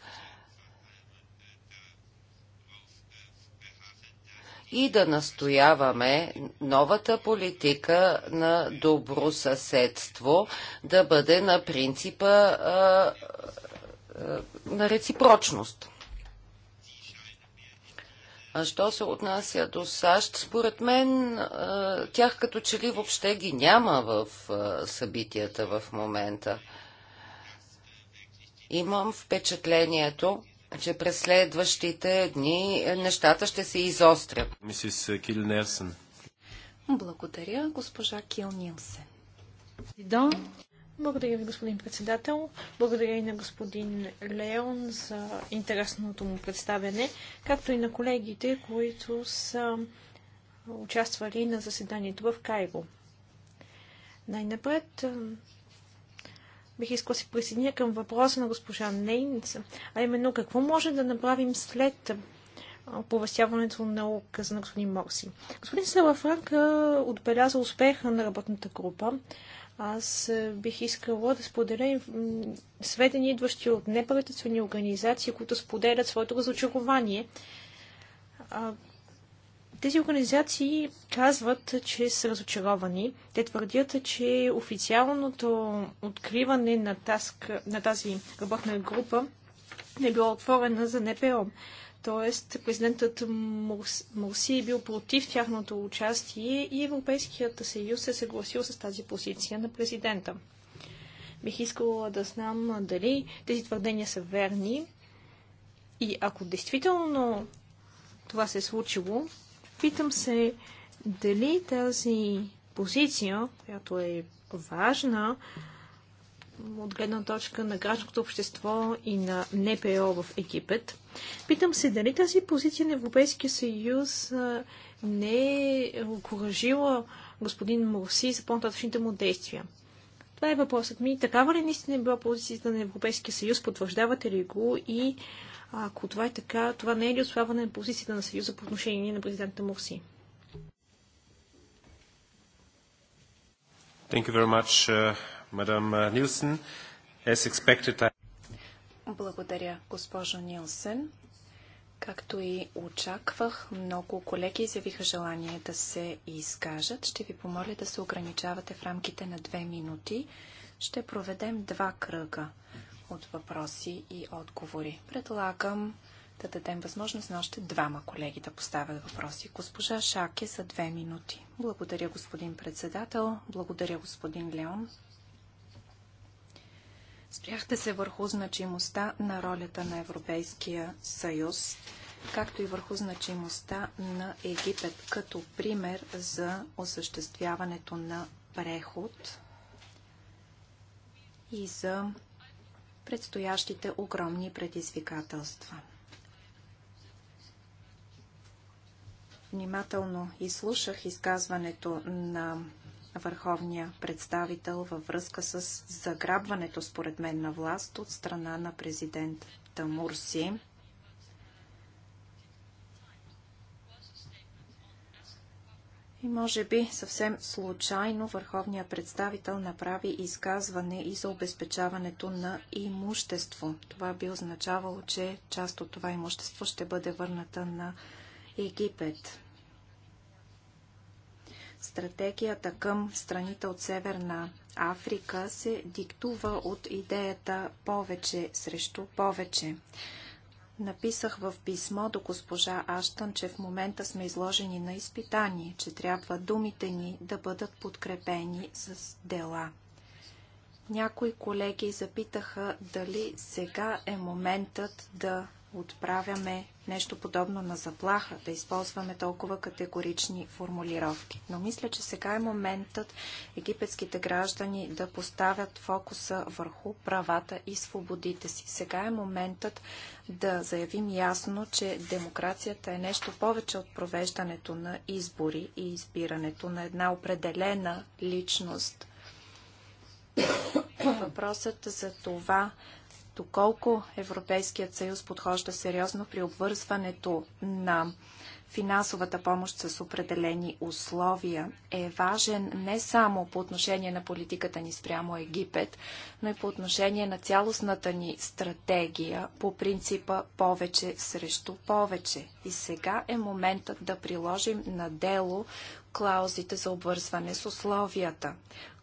и да настояваме новата политика на добро съседство да бъде на принципа а, а, на реципрочност. А що се отнася до САЩ, според мен тях като че ли въобще ги няма в събитията в момента. Имам впечатлението, че през следващите дни нещата ще се изострят. Мисис Кил Нелсен. Благодаря, госпожа Кил Нилсен. Благодаря ви, господин председател. Благодаря и на господин Леон за интересното му представяне, както и на колегите, които са участвали на заседанието в Кайго. Най-напред бих искала да се присъединя към въпроса на госпожа Нейница, а именно какво може да направим след оповестяването на указа на господин Морси. Господин Франк, отбеляза успеха на работната група. Аз бих искала да споделя сведения, идващи от неправителствени организации, които споделят своето разочарование тези организации казват, че са разочаровани. Те твърдят, че официалното откриване на, таск, на тази работна група не е била отворена за НПО. Тоест, президентът Мурси е бил против тяхното участие и Европейският съюз се е съгласил с тази позиция на президента. Бих искала да знам дали тези твърдения са верни и ако действително това се е случило, Питам се дали тази позиция, която е важна от гледна точка на гражданското общество и на НПО в Египет, питам се дали тази позиция на Европейския съюз не е окоръжила господин Морси за по-нататъчните му действия. Това е въпросът ми. Такава ли наистина е била позицията на Европейския съюз? Потвърждавате ли го и ако това е така, това не е ли ослабване на позицията на Съюза по отношение на президента Мурси? Thank you very much, uh, Madam uh, Nielsen. As expected, I... Благодаря, госпожо Нилсен. Както и очаквах, много колеги изявиха желание да се изкажат. Ще ви помоля да се ограничавате в рамките на две минути. Ще проведем два кръга от въпроси и отговори. Предлагам да дадем възможност на още двама колеги да поставят въпроси. Госпожа Шаке за две минути. Благодаря, господин председател. Благодаря, господин Леон. Спряхте се върху значимостта на ролята на Европейския съюз, както и върху значимостта на Египет като пример за осъществяването на преход и за предстоящите огромни предизвикателства. Внимателно изслушах изказването на върховния представител във връзка с заграбването, според мен, на власт от страна на президент Тамурси. И може би съвсем случайно върховният представител направи изказване и за обезпечаването на имущество. Това би означавало, че част от това имущество ще бъде върната на Египет. Стратегията към страните от Северна Африка се диктува от идеята повече срещу повече. Написах в писмо до госпожа Аштън, че в момента сме изложени на изпитание, че трябва думите ни да бъдат подкрепени с дела. Някои колеги запитаха дали сега е моментът да отправяме нещо подобно на заплаха, да използваме толкова категорични формулировки. Но мисля, че сега е моментът египетските граждани да поставят фокуса върху правата и свободите си. Сега е моментът да заявим ясно, че демокрацията е нещо повече от провеждането на избори и избирането на една определена личност. Въпросът за това, доколко Европейският съюз подхожда сериозно при обвързването на финансовата помощ с определени условия е важен не само по отношение на политиката ни спрямо Египет, но и по отношение на цялостната ни стратегия по принципа повече срещу повече. И сега е моментът да приложим на дело клаузите за обвързване с условията.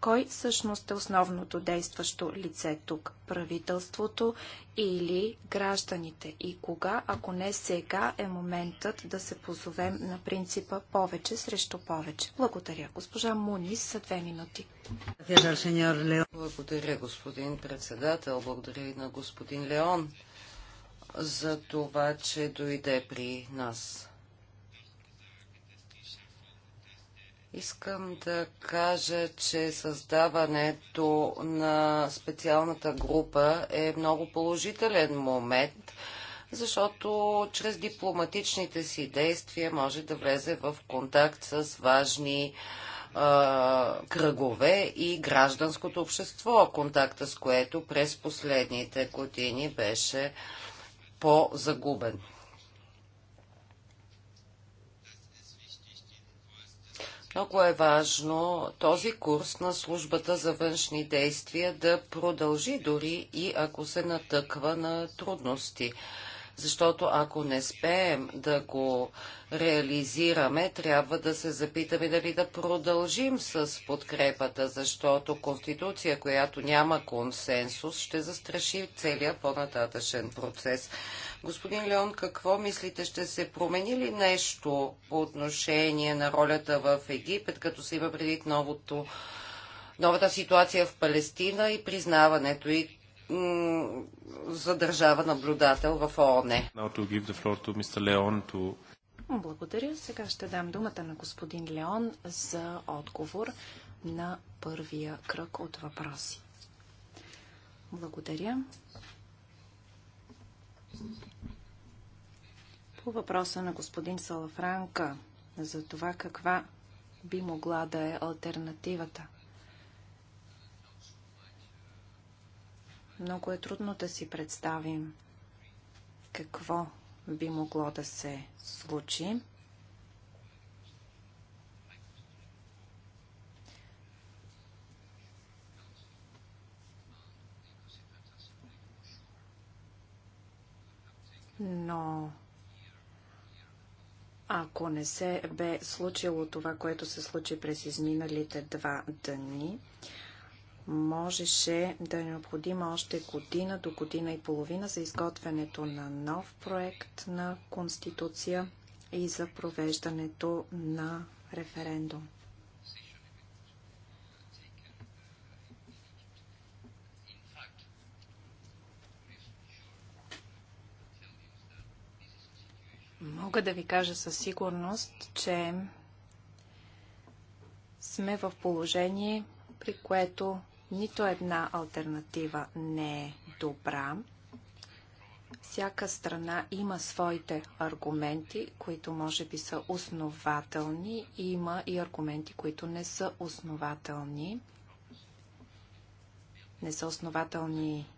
Кой всъщност е основното действащо лице тук? Правителството или гражданите? И кога, ако не сега, е моментът да се позовем на принципа повече срещу повече? Благодаря. Госпожа Мунис са две минути. Благодаря, господин председател. Благодаря и на господин Леон за това, че дойде при нас. Искам да кажа, че създаването на специалната група е много положителен момент, защото чрез дипломатичните си действия може да влезе в контакт с важни кръгове и гражданското общество, контакта с което през последните години беше по-загубен. Много е важно този курс на службата за външни действия да продължи дори и ако се натъква на трудности защото ако не спеем да го реализираме, трябва да се запитаме дали да продължим с подкрепата, защото Конституция, която няма консенсус, ще застраши целия по-нататъчен процес. Господин Леон, какво мислите, ще се промени ли нещо по отношение на ролята в Египет, като се има предвид новото новата ситуация в Палестина и признаването и за държава наблюдател в ООН. Благодаря. Сега ще дам думата на господин Леон за отговор на първия кръг от въпроси. Благодаря. По въпроса на господин Салафранка за това каква би могла да е альтернативата Много е трудно да си представим какво би могло да се случи. Но ако не се бе случило това, което се случи през изминалите два дни, можеше да е необходима още година до година и половина за изготвянето на нов проект на Конституция и за провеждането на референдум. Мога да ви кажа със сигурност, че сме в положение, при което нито една альтернатива не е добра. Всяка страна има своите аргументи, които може би са основателни, и има и аргументи, които не са основателни. Не са основателни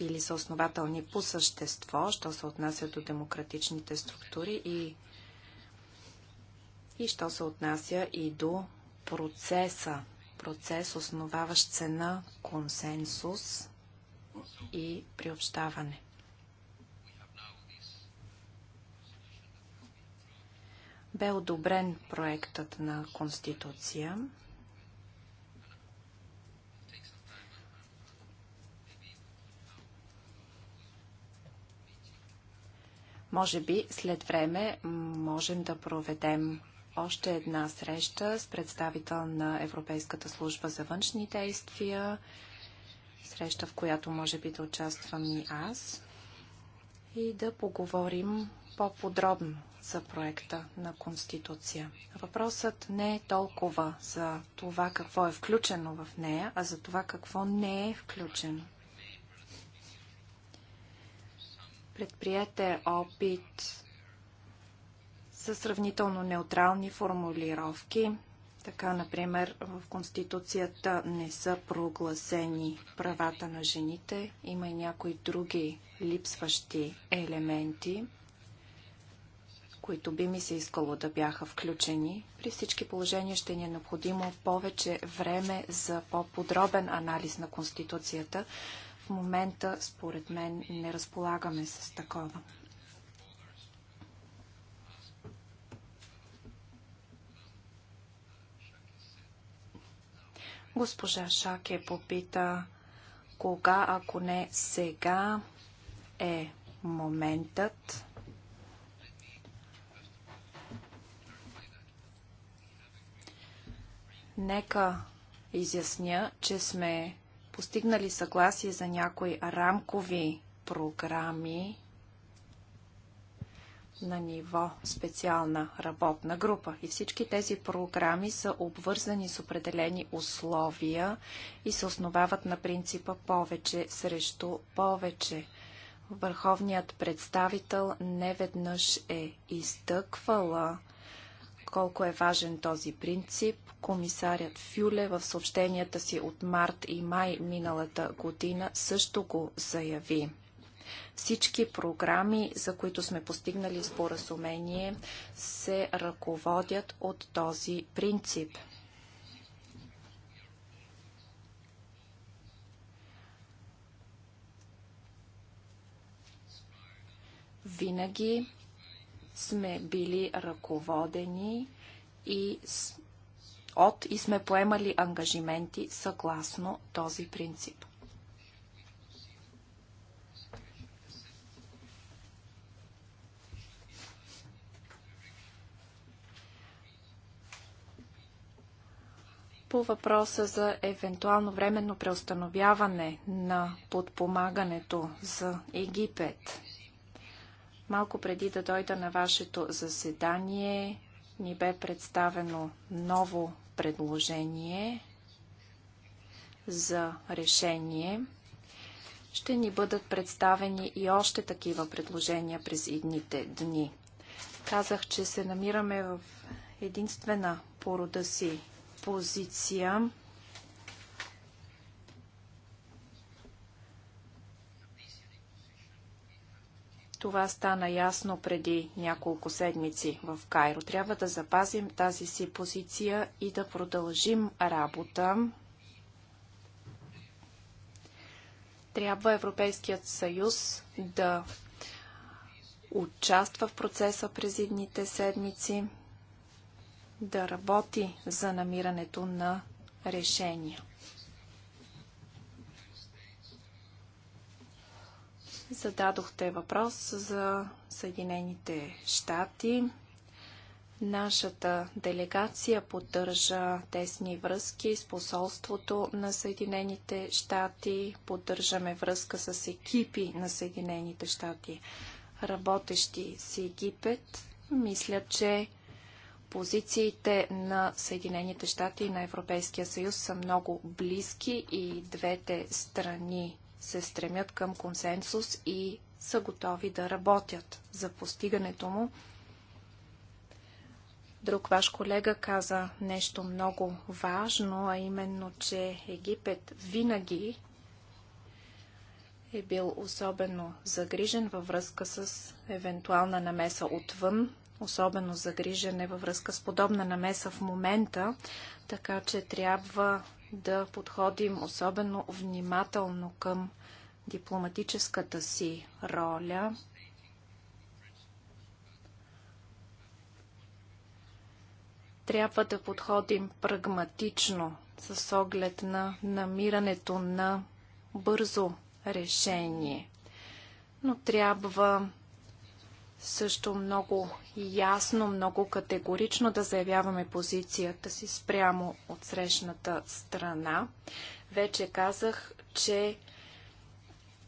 или са основателни по същество, що се отнася до демократичните структури и, и що се отнася и до процеса процес, основаващ се на консенсус и приобщаване. Бе одобрен проектът на Конституция. Може би след време можем да проведем още една среща с представител на Европейската служба за външни действия, среща, в която може би да участвам и аз, и да поговорим по-подробно за проекта на Конституция. Въпросът не е толкова за това какво е включено в нея, а за това какво не е включено. Предприете опит със сравнително неутрални формулировки. Така, например, в Конституцията не са прогласени правата на жените. Има и някои други липсващи елементи, които би ми се искало да бяха включени. При всички положения ще ни е необходимо повече време за по-подробен анализ на Конституцията. В момента, според мен, не разполагаме с такова. Госпожа Шаке попита кога, ако не сега, е моментът Нека изясня, че сме постигнали съгласие за някои рамкови програми на ниво специална работна група. И всички тези програми са обвързани с определени условия и се основават на принципа повече срещу повече. Върховният представител неведнъж е изтъквала колко е важен този принцип. Комисарят Фюле в съобщенията си от март и май миналата година също го заяви. Всички програми, за които сме постигнали споразумение, се ръководят от този принцип. Винаги сме били ръководени и от и сме поемали ангажименти съгласно този принцип. по въпроса за евентуално временно преустановяване на подпомагането за Египет. Малко преди да дойда на вашето заседание, ни бе представено ново предложение за решение. Ще ни бъдат представени и още такива предложения през идните дни. Казах, че се намираме в единствена порода си позиция. Това стана ясно преди няколко седмици в Кайро. Трябва да запазим тази си позиция и да продължим работа. Трябва Европейският съюз да участва в процеса през едните седмици да работи за намирането на решения. Зададохте въпрос за Съединените щати. Нашата делегация поддържа тесни връзки с посолството на Съединените щати. Поддържаме връзка с екипи на Съединените щати, работещи с Египет. Мисля, че Позициите на Съединените щати и на Европейския съюз са много близки и двете страни се стремят към консенсус и са готови да работят за постигането му. Друг ваш колега каза нещо много важно, а именно, че Египет винаги е бил особено загрижен във връзка с евентуална намеса отвън особено загрижене във връзка с подобна намеса в момента, така че трябва да подходим особено внимателно към дипломатическата си роля. Трябва да подходим прагматично с оглед на намирането на бързо решение. Но трябва също много ясно, много категорично да заявяваме позицията си спрямо от срещната страна. Вече казах, че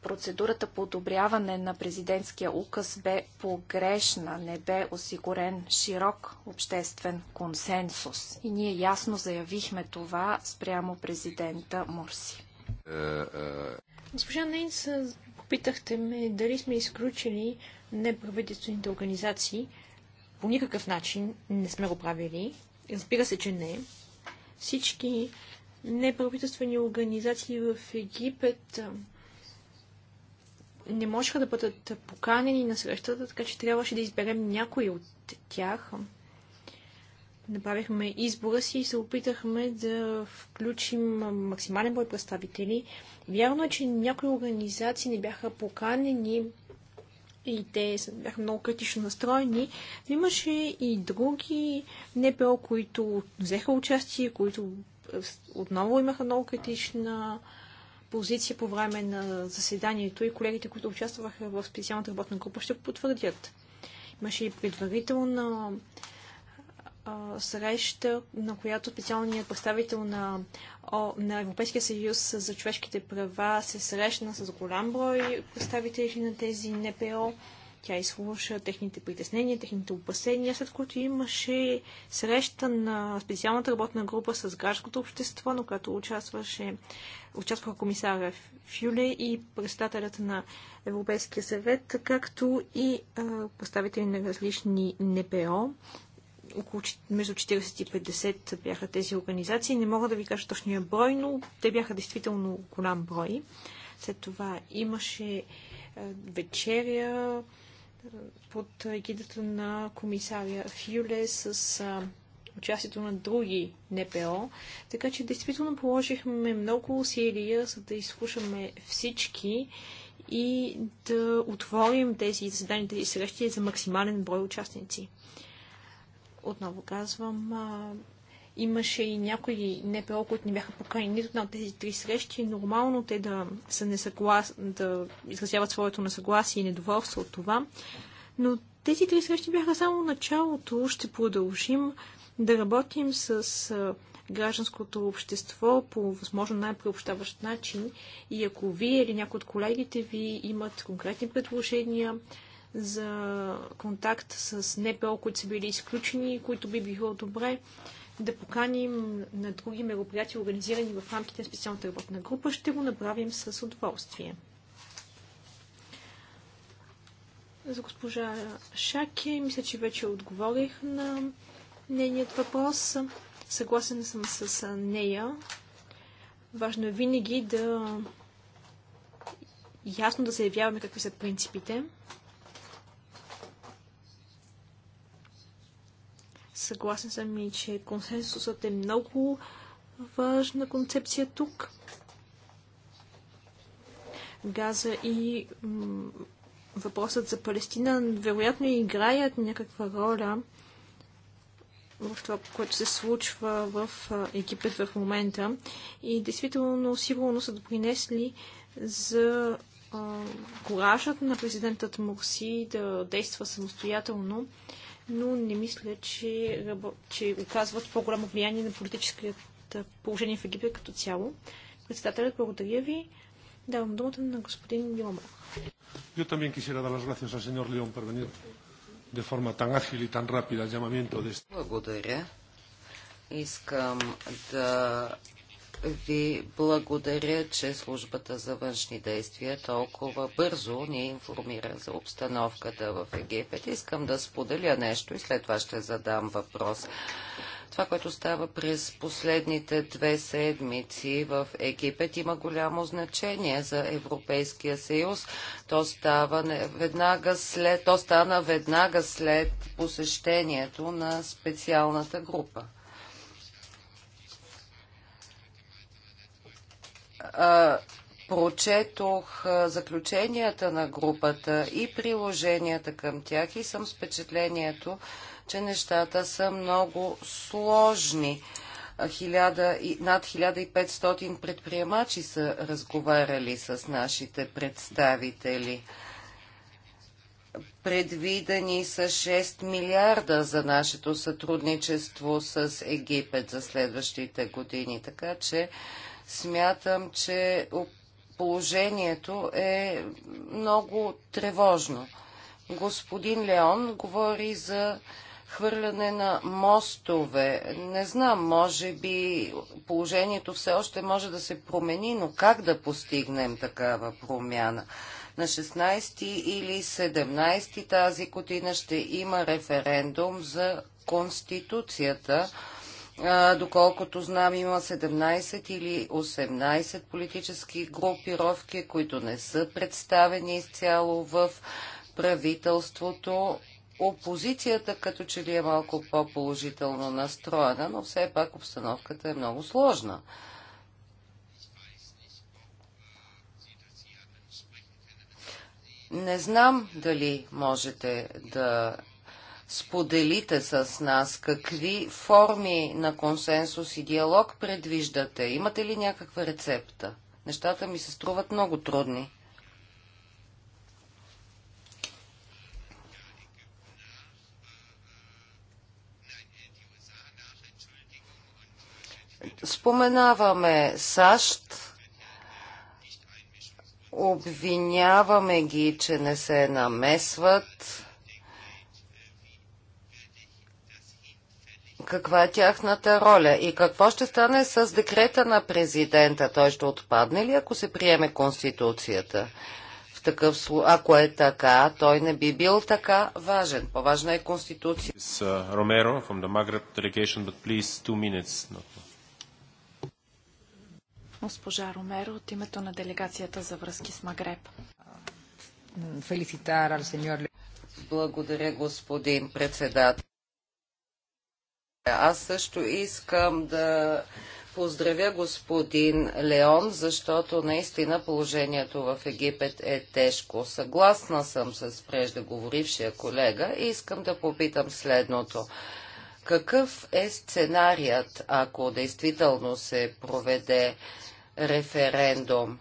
процедурата по одобряване на президентския указ бе погрешна, не бе осигурен широк обществен консенсус. И ние ясно заявихме това спрямо президента Мурси. Е, е. Госпожа Нейнс, попитахте ме дали сме изключили неправителствените организации. По никакъв начин не сме го правили. Разбира се, че не. Всички неправителствени организации в Египет не можеха да бъдат поканени на срещата, така че трябваше да изберем някой от тях. Направихме избора си и се опитахме да включим максимален брой представители. Вярно е, че някои организации не бяха поканени и те бяха много критично настроени, но имаше и други НПО, които взеха участие, които е, отново имаха много критична позиция по време на заседанието и колегите, които участваха в специалната работна група, ще потвърдят. Имаше и предварителна среща, на която специалният представител на, О, на Европейския съюз за човешките права се срещна с голям брой представители на тези НПО. Тя изслуша техните притеснения, техните опасения, след което имаше среща на специалната работна група с гражданското общество, на която участваше участваха комисаря Фюле и председателят на Европейския съвет, както и а, представители на различни НПО около, между 40 и 50 бяха тези организации. Не мога да ви кажа точния брой, но те бяха действително голям брой. След това имаше е, вечеря е, под егидата на комисаря Фюле с е, участието на други НПО. Така че действително положихме много усилия, за да изслушаме всички и да отворим тези заседания, тези срещи за максимален брой участници. Отново казвам, а, имаше и някои НПО, които не бяха покани нито на тези три срещи. Нормално те да са несъглас... да изразяват своето несъгласие и недоволство от това. Но тези три срещи бяха само началото. Ще продължим да работим с гражданското общество по възможно най преобщаващ начин. И ако вие или някои от колегите ви имат конкретни предложения, за контакт с НПО, които са били изключени, които би било добре да поканим на други мероприятия, организирани в рамките на специалната работна група. Ще го направим с удоволствие. За госпожа Шаке, мисля, че вече отговорих на нейният въпрос. Съгласен съм с нея. Важно е винаги да ясно да заявяваме какви са принципите. Съгласен съм и, че консенсусът е много важна концепция тук. Газа и въпросът за Палестина вероятно играят някаква роля в това, което се случва в Египет в момента. И действително, сигурно са допринесли за а, коражът на президентът Мурси да действа самостоятелно но не мисля, че, че оказват по-голямо влияние на политическата положение в Египет като цяло. Председателят, благодаря ви. Давам думата на господин Лиомар. Yo también quisiera dar las gracias al señor León por venir de forma tan ágil y tan rápida al llamamiento de este. Благодаря. Искам да ви благодаря, че службата за външни действия толкова бързо ни информира за обстановката в Египет. Искам да споделя нещо и след това ще задам въпрос. Това, което става през последните две седмици в Египет, има голямо значение за Европейския съюз. То, става веднага след, то стана веднага след посещението на специалната група. а, прочетох заключенията на групата и приложенията към тях и съм с впечатлението, че нещата са много сложни. над 1500 предприемачи са разговаряли с нашите представители. Предвидени са 6 милиарда за нашето сътрудничество с Египет за следващите години, така че Смятам, че положението е много тревожно. Господин Леон говори за хвърляне на мостове. Не знам, може би положението все още може да се промени, но как да постигнем такава промяна? На 16 или 17 тази година ще има референдум за Конституцията Доколкото знам, има 17 или 18 политически групировки, които не са представени изцяло в правителството. Опозицията като че ли е малко по-положително настроена, но все пак обстановката е много сложна. Не знам дали можете да споделите с нас какви форми на консенсус и диалог предвиждате? Имате ли някаква рецепта? Нещата ми се струват много трудни. Споменаваме САЩ, обвиняваме ги, че не се намесват каква е тяхната роля и какво ще стане с декрета на президента. Той ще отпадне ли, ако се приеме Конституцията? В такъв слу... Ако е така, той не би бил така важен. По-важна е Конституцията. Ромеро, Госпожа Ромеро от името на делегацията за връзки с Магреб. Благодаря, господин председател. Аз също искам да поздравя господин Леон, защото наистина положението в Египет е тежко. Съгласна съм с преждеговорившия колега и искам да попитам следното. Какъв е сценарият, ако действително се проведе референдум?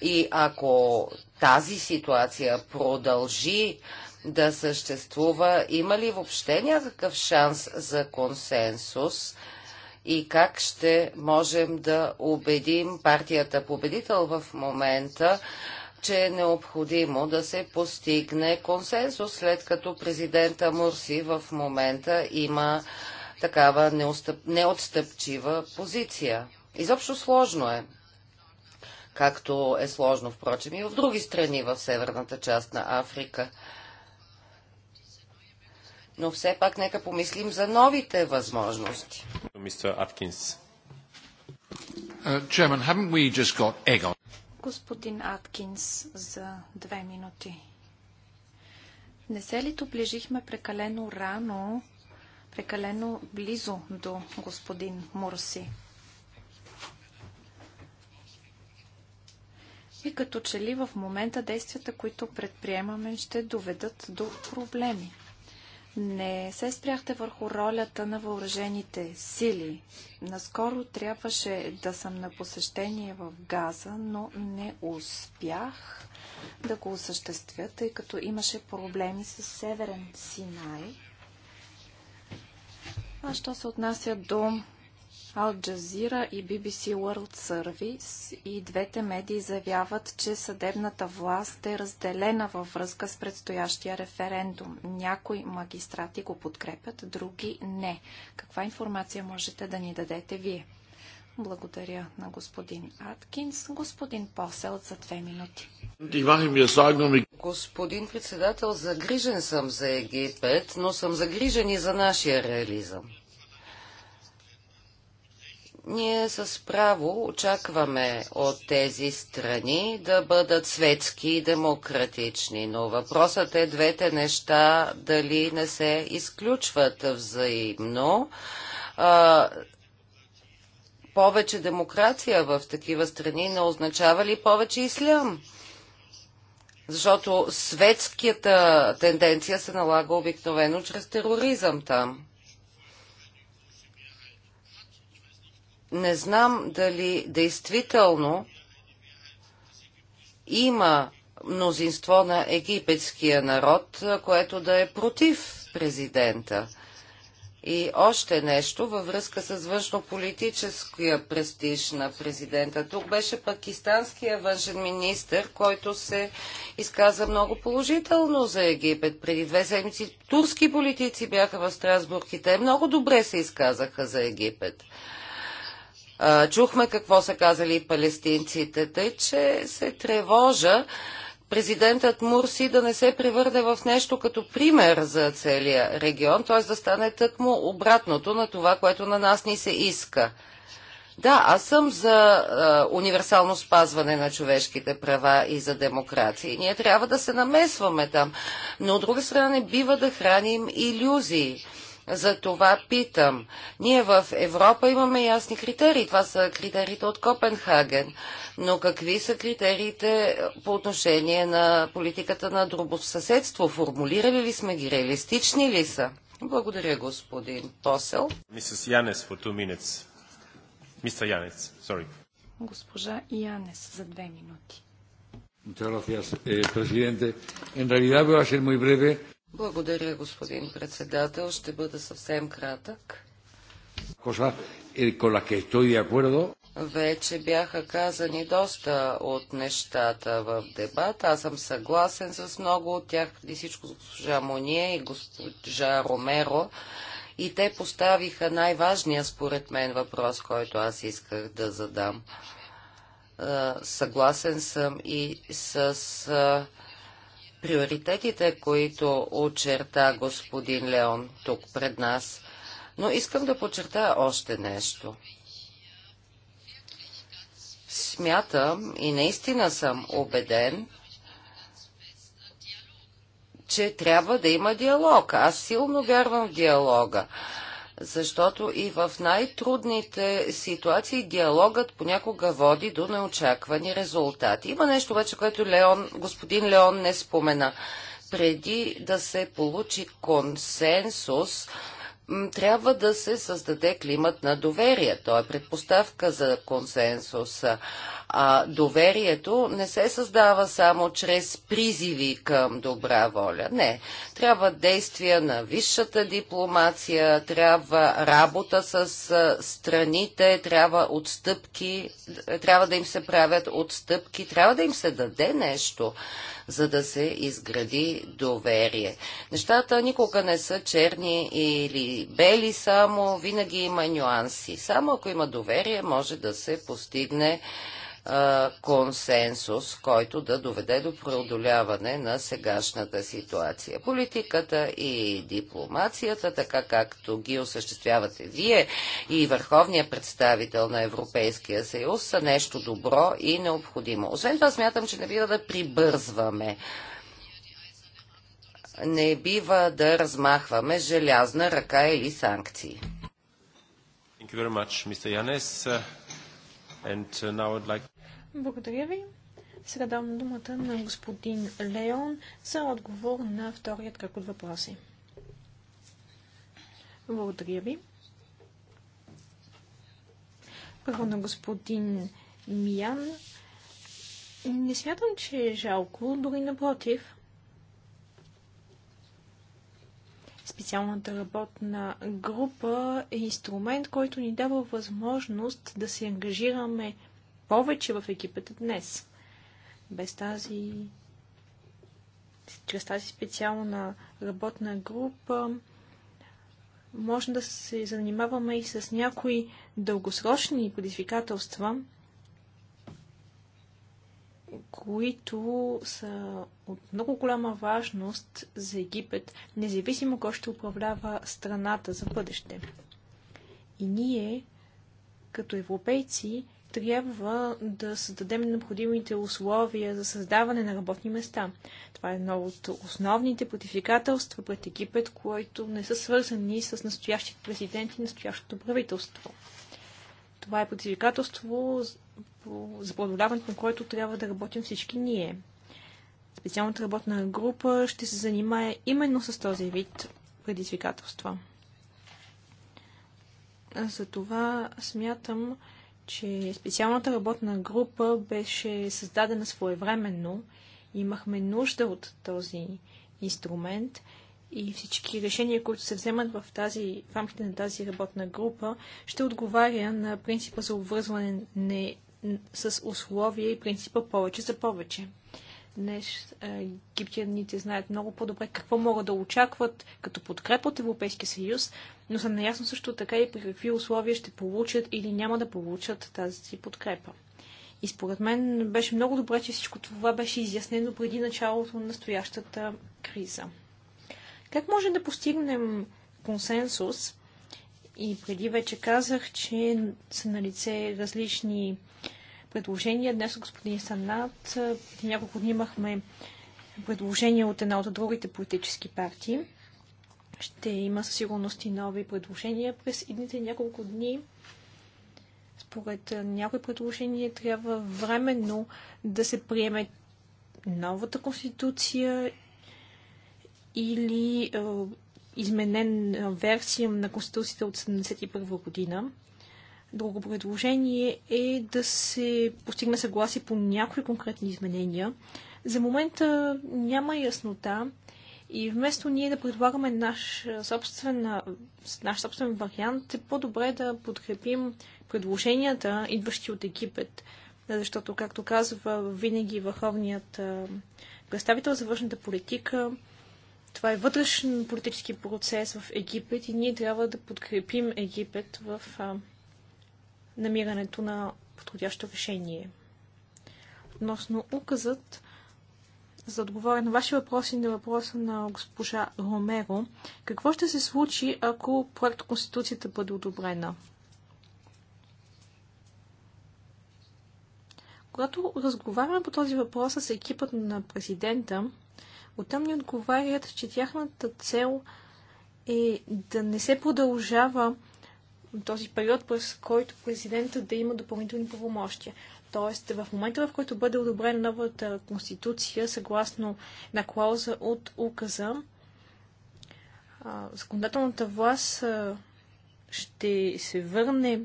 И ако тази ситуация продължи, да съществува? Има ли въобще някакъв шанс за консенсус? И как ще можем да убедим партията победител в момента, че е необходимо да се постигне консенсус, след като президента Мурси в момента има такава неустъп... неотстъпчива позиция. Изобщо сложно е. Както е сложно, впрочем, и в други страни в северната част на Африка но все пак нека помислим за новите възможности. Е, господин Аткинс, за две минути. Не се ли доближихме прекалено рано, прекалено близо до господин Мурси? И като че ли в момента действията, които предприемаме, ще доведат до проблеми. Не се спряхте върху ролята на въоръжените сили. Наскоро трябваше да съм на посещение в Газа, но не успях да го осъществя, тъй като имаше проблеми с Северен Синай. А що се отнася до Ал Джазира и BBC World Service и двете медии заявяват, че съдебната власт е разделена във връзка с предстоящия референдум. Някои магистрати го подкрепят, други не. Каква информация можете да ни дадете вие? Благодаря на господин Аткинс. Господин Посел за две минути. Господин председател, загрижен съм за Египет, но съм загрижен и за нашия реализъм. Ние с право очакваме от тези страни да бъдат светски и демократични, но въпросът е двете неща дали не се изключват взаимно. А, повече демокрация в такива страни не означава ли повече ислям? Защото светската тенденция се налага обикновено чрез тероризъм там. не знам дали действително има мнозинство на египетския народ, което да е против президента. И още нещо във връзка с външнополитическия престиж на президента. Тук беше пакистанския външен министр, който се изказа много положително за Египет. Преди две седмици турски политици бяха в Страсбург и те много добре се изказаха за Египет. Чухме какво са казали палестинците, тъй че се тревожа президентът Мурси да не се превърне в нещо като пример за целия регион, т.е. да стане тъкмо обратното на това, което на нас ни се иска. Да, аз съм за а, универсално спазване на човешките права и за демокрация. Ние трябва да се намесваме там, но от друга страна не бива да храним иллюзии. За това питам. Ние в Европа имаме ясни критерии. Това са критериите от Копенхаген. Но какви са критериите по отношение на политиката на дробосъседство? Формулирали ли сме ги? Реалистични ли са? Благодаря, господин Посел. Мисъс Янес, for two minutes. Мистер Янес, sorry. Госпожа Янес за две минути. Muchas gracias, eh, presidente. En realidad voy a ser muy breve. Благодаря, господин председател. Ще бъда съвсем кратък. Е, е Вече бяха казани доста от нещата в дебат. Аз съм съгласен с много от тях, преди всичко с госпожа Моние и госпожа Ромеро. И те поставиха най-важния, според мен, въпрос, който аз исках да задам. Е, съгласен съм и с приоритетите, които очерта господин Леон тук пред нас. Но искам да подчертая още нещо. Смятам и наистина съм убеден, че трябва да има диалог. Аз силно вярвам в диалога защото и в най-трудните ситуации диалогът понякога води до неочаквани резултати. Има нещо обаче, което Леон, господин Леон не спомена. Преди да се получи консенсус, трябва да се създаде климат на доверие. То е предпоставка за консенсус. А доверието не се създава само чрез призиви към добра воля. Не. Трябва действия на висшата дипломация, трябва работа с страните, трябва отстъпки, трябва да им се правят отстъпки, трябва да им се даде нещо за да се изгради доверие. Нещата никога не са черни или бели само, винаги има нюанси. Само ако има доверие, може да се постигне консенсус, който да доведе до преодоляване на сегашната ситуация. Политиката и дипломацията, така както ги осъществявате вие и върховният представител на Европейския съюз, са нещо добро и необходимо. Освен това, смятам, че не бива да прибързваме не бива да размахваме желязна ръка или санкции. Thank you very much, Mr. Yanes. And uh, now I'd like благодаря ви. Сега давам думата на господин Леон за отговор на вторият кръг от въпроси. Благодаря ви. Първо на господин Миян. Не смятам, че е жалко, дори напротив. Специалната работна група е инструмент, който ни дава възможност да се ангажираме повече в Египет днес. Без тази, чрез тази специална работна група, може да се занимаваме и с някои дългосрочни предизвикателства, които са от много голяма важност за Египет, независимо кой ще управлява страната за бъдеще. И ние, като европейци, трябва да създадем необходимите условия за създаване на работни места. Това е едно от основните противикателства пред Египет, които не са свързани с настоящите президенти и настоящото правителство. Това е противикателство, за преодоляването на което трябва да работим всички ние. Специалната работна група ще се занимае именно с този вид предизвикателства. Затова смятам, че специалната работна група беше създадена своевременно. Имахме нужда от този инструмент и всички решения, които се вземат в, тази, в рамките на тази работна група, ще отговаря на принципа за обвързване не, с условия и принципа повече за повече. Днес е, египтяните знаят много по-добре какво могат да очакват като подкрепа от Европейския съюз, но са наясно също така и при какви условия ще получат или няма да получат тази подкрепа. И според мен беше много добре, че всичко това беше изяснено преди началото на настоящата криза. Как може да постигнем консенсус? И преди вече казах, че са на лице различни предложения. Днес господин Санат, преди няколко дни имахме предложения от една от другите политически партии. Ще има със сигурност и нови предложения през идните няколко дни. Според някои предложения трябва временно да се приеме новата конституция или е, изменен версия на конституцията от 71 година. Друго предложение е да се постигне съгласие по някои конкретни изменения. За момента няма яснота и вместо ние да предлагаме наш собствен, наш собствен вариант, е по-добре да подкрепим предложенията, идващи от Египет. Защото, както казва винаги върховният представител за външната политика, това е вътрешен политически процес в Египет и ние трябва да подкрепим Египет в намирането на подходящо решение. Относно указът за отговоря на ваши въпроси и на въпроса на госпожа Ромеро, какво ще се случи, ако проект Конституцията бъде одобрена? Когато разговаряме по този въпрос с екипът на президента, оттам ни отговарят, че тяхната цел е да не се продължава този период, през който президента да има допълнителни правомощия. Тоест, в момента, в който бъде одобрена новата конституция, съгласно на клауза от указа, законодателната власт ще се върне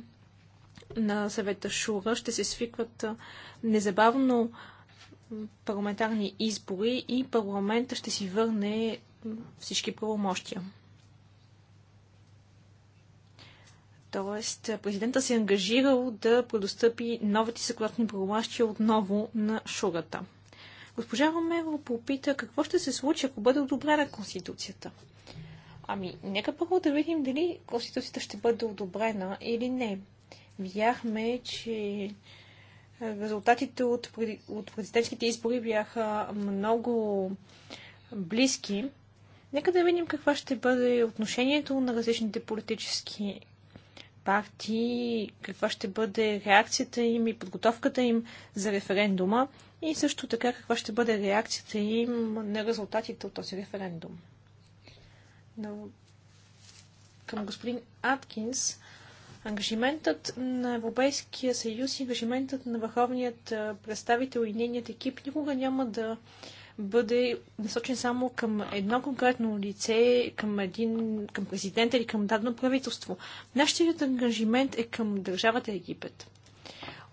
на съвета Шура, ще се свикват незабавно парламентарни избори и парламента ще си върне всички правомощия. Тоест, президента се е ангажирал да предостъпи новите съкратни правомащия отново на шурата. Госпожа Ромеро попита какво ще се случи, ако бъде одобрена Конституцията. Ами, нека първо да видим дали Конституцията ще бъде одобрена или не. Видяхме, че резултатите от, от президентските избори бяха много близки. Нека да видим каква ще бъде отношението на различните политически партии, каква ще бъде реакцията им и подготовката им за референдума и също така каква ще бъде реакцията им на резултатите от този референдум. Но към господин Аткинс, ангажиментът на Европейския съюз и ангажиментът на върховният представител и нейният екип никога няма да бъде насочен само към едно конкретно лице, към, един, към президента или към дадено правителство. Нашият ангажимент е към държавата Египет.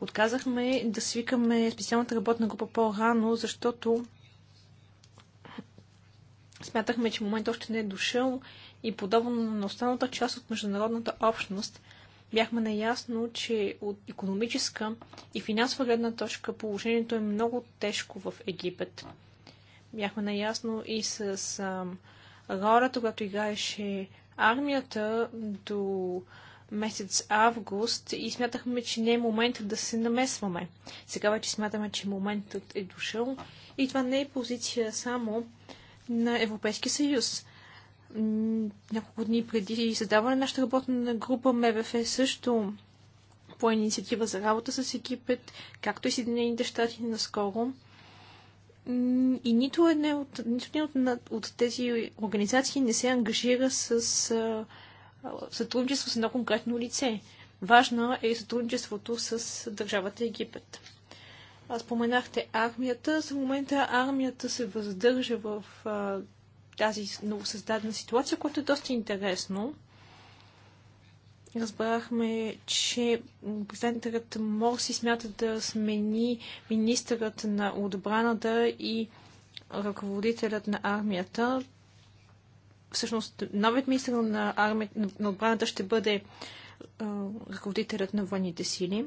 Отказахме да свикаме специалната работна група по-рано, защото смятахме, че момент още не е дошъл и подобно на останалата част от международната общност, бяхме наясно, че от економическа и финансова гледна точка положението е много тежко в Египет. Бяхме наясно и с а, ролята, когато играеше армията до месец август и смятахме, че не е моментът да се намесваме. Сега вече смятаме, че моментът е дошъл и това не е позиция само на Европейския съюз. Няколко дни преди създаване на нашата работна група МВФ също по инициатива за работа с Египет, както и Съединените щати наскоро и нито една от, нито една от, от тези организации не се ангажира с а, сътрудничество с едно конкретно лице. Важно е и сътрудничеството с държавата Египет. Аз Споменахте армията. За момента армията се въздържа в а, тази новосъздадена ситуация, което е доста интересно разбрахме, че президентът Морси смята да смени министърът на отбраната и ръководителят на армията. Всъщност, новият министър на, армия, на отбраната ще бъде а, ръководителят на военните сили.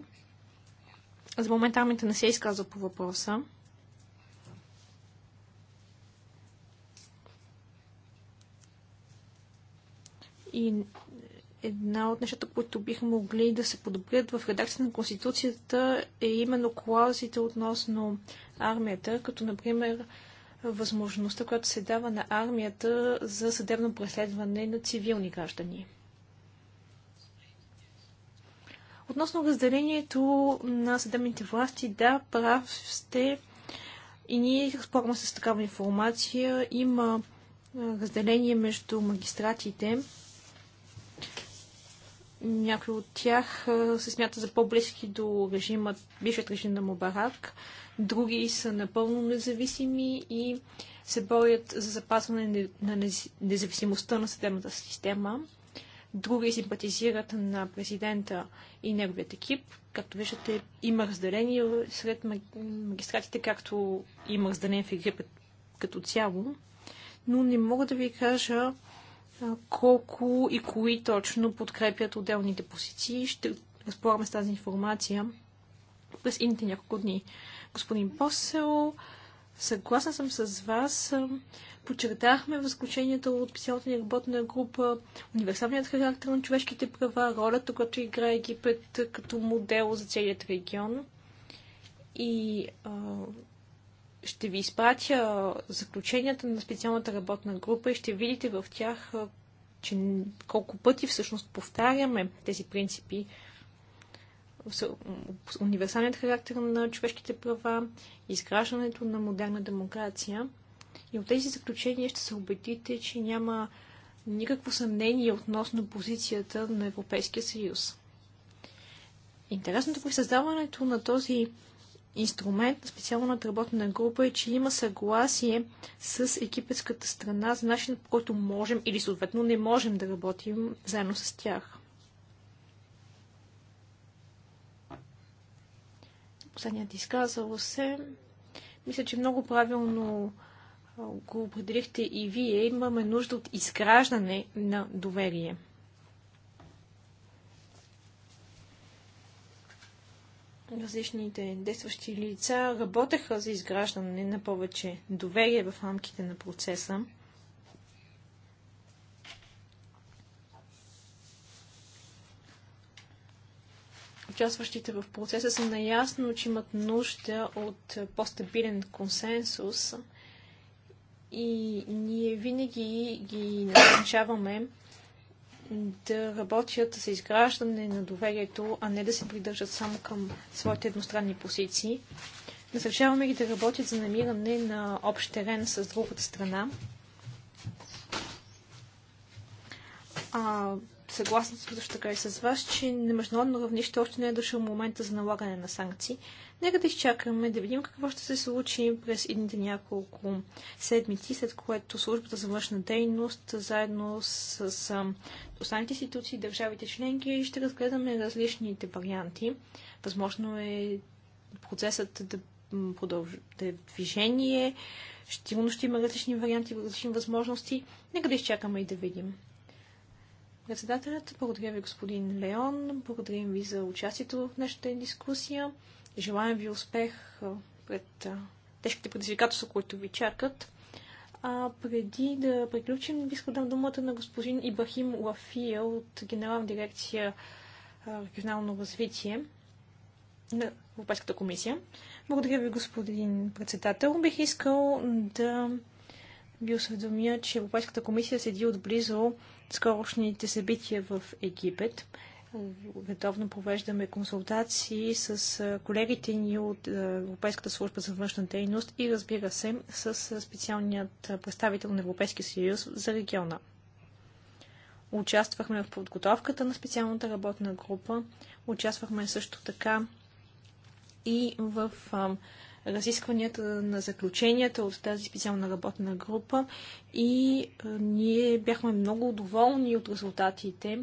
За момент армията не се изказва по въпроса. И една от нещата, които биха могли да се подобрят в редакцията на Конституцията е именно клаузите относно армията, като например възможността, която се дава на армията за съдебно преследване на цивилни граждани. Относно разделението на съдебните власти, да, прав сте и ние разполагаме с такава информация. Има разделение между магистратите, някои от тях се смята за по-близки до режима, бившият режим на Мубарак. Други са напълно независими и се борят за запазване на независимостта на съдебната система. Други симпатизират на президента и неговият екип. Както виждате, има разделение сред магистратите, както има разделение в Египет като цяло. Но не мога да ви кажа колко и кои точно подкрепят отделните позиции. Ще разполагаме с тази информация през ините няколко дни. Господин Посел, съгласна съм с вас. Подчертахме в заключението от специалната ни работна група универсалният характер на човешките права, ролята, която играе Египет като модел за целият регион и а, ще ви изпратя заключенията на специалната работна група и ще видите в тях, че колко пъти всъщност повтаряме тези принципи. Универсалният характер на човешките права, изграждането на модерна демокрация. И от тези заключения ще се убедите, че няма никакво съмнение относно позицията на Европейския съюз. Интересното при създаването на този инструмент на специалната работна група е, че има съгласие с египетската страна за начин, по който можем или съответно не можем да работим заедно с тях. Последният изказал се. Мисля, че много правилно го определихте и вие. Имаме нужда от изграждане на доверие. различните действащи лица работеха за изграждане на повече доверие в рамките на процеса. Участващите в процеса са наясно, че имат нужда от по-стабилен консенсус и ние винаги ги назначаваме да работят за изграждане на доверието, а не да се придържат само към своите едностранни позиции. Насърчаваме ги да работят за намиране на общ терен с другата страна. А съгласна съм също така и с вас, че на международно равнище още не е дошъл момента за налагане на санкции. Нека да изчакаме, да видим какво ще се случи през едните няколко седмици, след което службата за външна дейност, заедно с, с останалите институции, държавите членки, ще разгледаме различните варианти. Възможно е процесът да продължи да е движение, ще има различни варианти, различни възможности. Нека да изчакаме и да видим. Председателят, благодаря ви, господин Леон. Благодарим ви за участието в днешната дискусия. Желаем ви успех пред тежките предизвикателства, които ви чакат. А преди да приключим, бих да дам думата на господин Ибрахим Лафия от Генерална дирекция регионално развитие на Европейската комисия. Благодаря ви, господин председател. Бих искал да ви осведомя, че Европейската комисия седи отблизо скорошните събития в Египет. Редовно провеждаме консултации с колегите ни от Европейската служба за външна дейност и разбира се с специалният представител на Европейския съюз за региона. Участвахме в подготовката на специалната работна група, участвахме също така и в разискванията на заключенията от тази специална работна група и ние бяхме много доволни от резултатите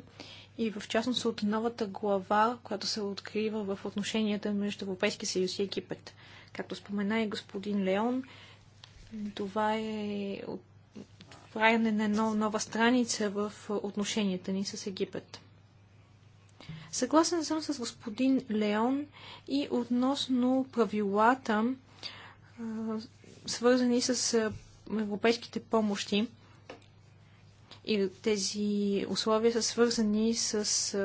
и в частност от новата глава, която се открива в отношенията между Европейския съюз и Египет. Както спомена и господин Леон, това е отваряне на една нова страница в отношенията ни с Египет. Съгласен съм с господин Леон и относно правилата, свързани с европейските помощи. И тези условия са свързани с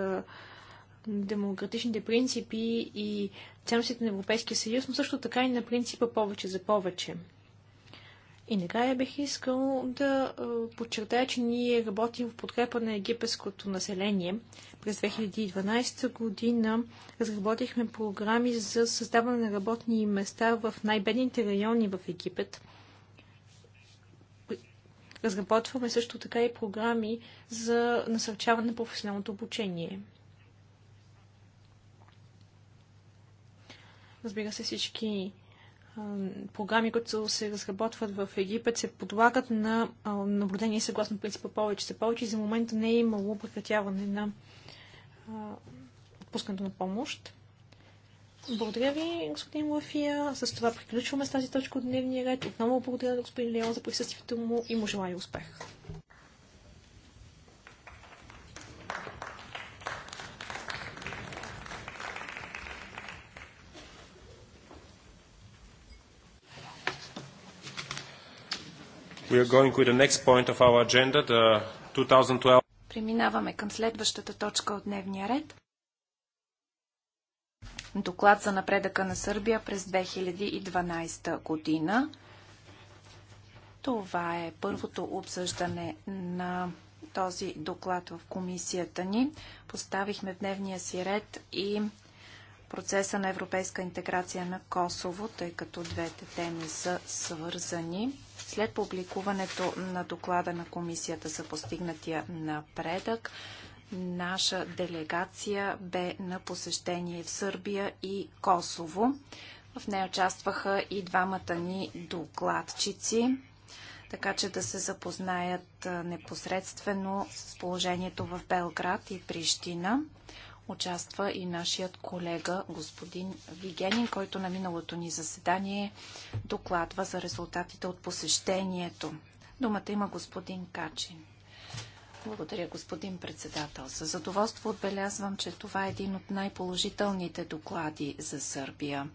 демократичните принципи и ценностите на Европейския съюз, но също така и на принципа повече за повече. И накрая бих искал да подчертая, че ние работим в подкрепа на египетското население. През 2012 година разработихме програми за създаване на работни места в най-бедните райони в Египет. Разработваме също така и програми за насърчаване на професионалното обучение. Разбира се, всички програми, които се разработват в Египет, се подлагат на наблюдение съгласно принципа повече за повече. За момента не е имало прекратяване на отпускането на помощ. Благодаря ви, господин Лафия. С това приключваме с тази точка от дневния ред. Отново благодаря на господин Леон за присъствието му и му желая успех. Преминаваме към следващата точка от дневния ред. Доклад за напредъка на Сърбия през 2012 година. Това е първото обсъждане на този доклад в комисията ни. Поставихме в дневния си ред и процеса на европейска интеграция на Косово, тъй като двете теми са свързани. След публикуването на доклада на комисията за постигнатия напредък, наша делегация бе на посещение в Сърбия и Косово. В нея участваха и двамата ни докладчици, така че да се запознаят непосредствено с положението в Белград и Прищина. Участва и нашият колега господин Вигенин, който на миналото ни заседание докладва за резултатите от посещението. Думата има господин Качин. Благодаря, господин председател. С задоволство отбелязвам, че това е един от най-положителните доклади за Сърбия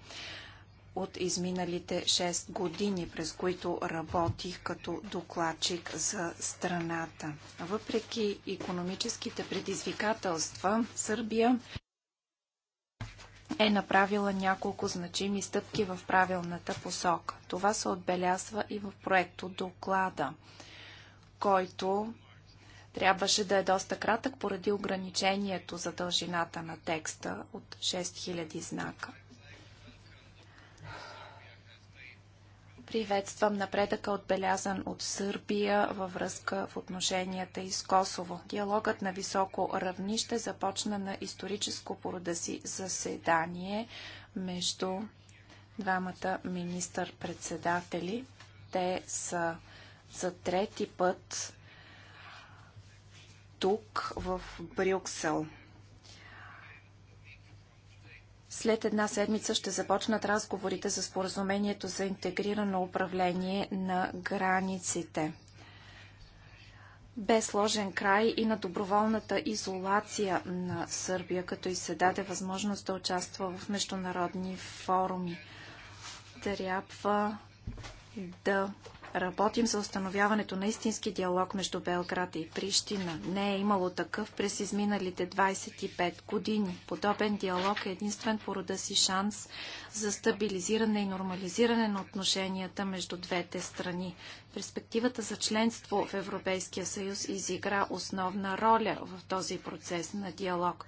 от изминалите 6 години, през които работих като докладчик за страната. Въпреки економическите предизвикателства, Сърбия е направила няколко значими стъпки в правилната посока. Това се отбелязва и в проекто доклада, който трябваше да е доста кратък поради ограничението за дължината на текста от 6000 знака. Приветствам напредъка отбелязан от Сърбия във връзка в отношенията и с Косово. Диалогът на високо равнище започна на историческо порода си заседание между двамата министър-председатели. Те са за трети път тук в Брюксел. След една седмица ще започнат разговорите за споразумението за интегрирано управление на границите. без сложен край и на доброволната изолация на Сърбия, като и се даде възможност да участва в международни форуми. Трябва да Работим за установяването на истински диалог между Белград и Прищина. Не е имало такъв през изминалите 25 години. Подобен диалог е единствен по рода си шанс за стабилизиране и нормализиране на отношенията между двете страни. Перспективата за членство в Европейския съюз изигра основна роля в този процес на диалог.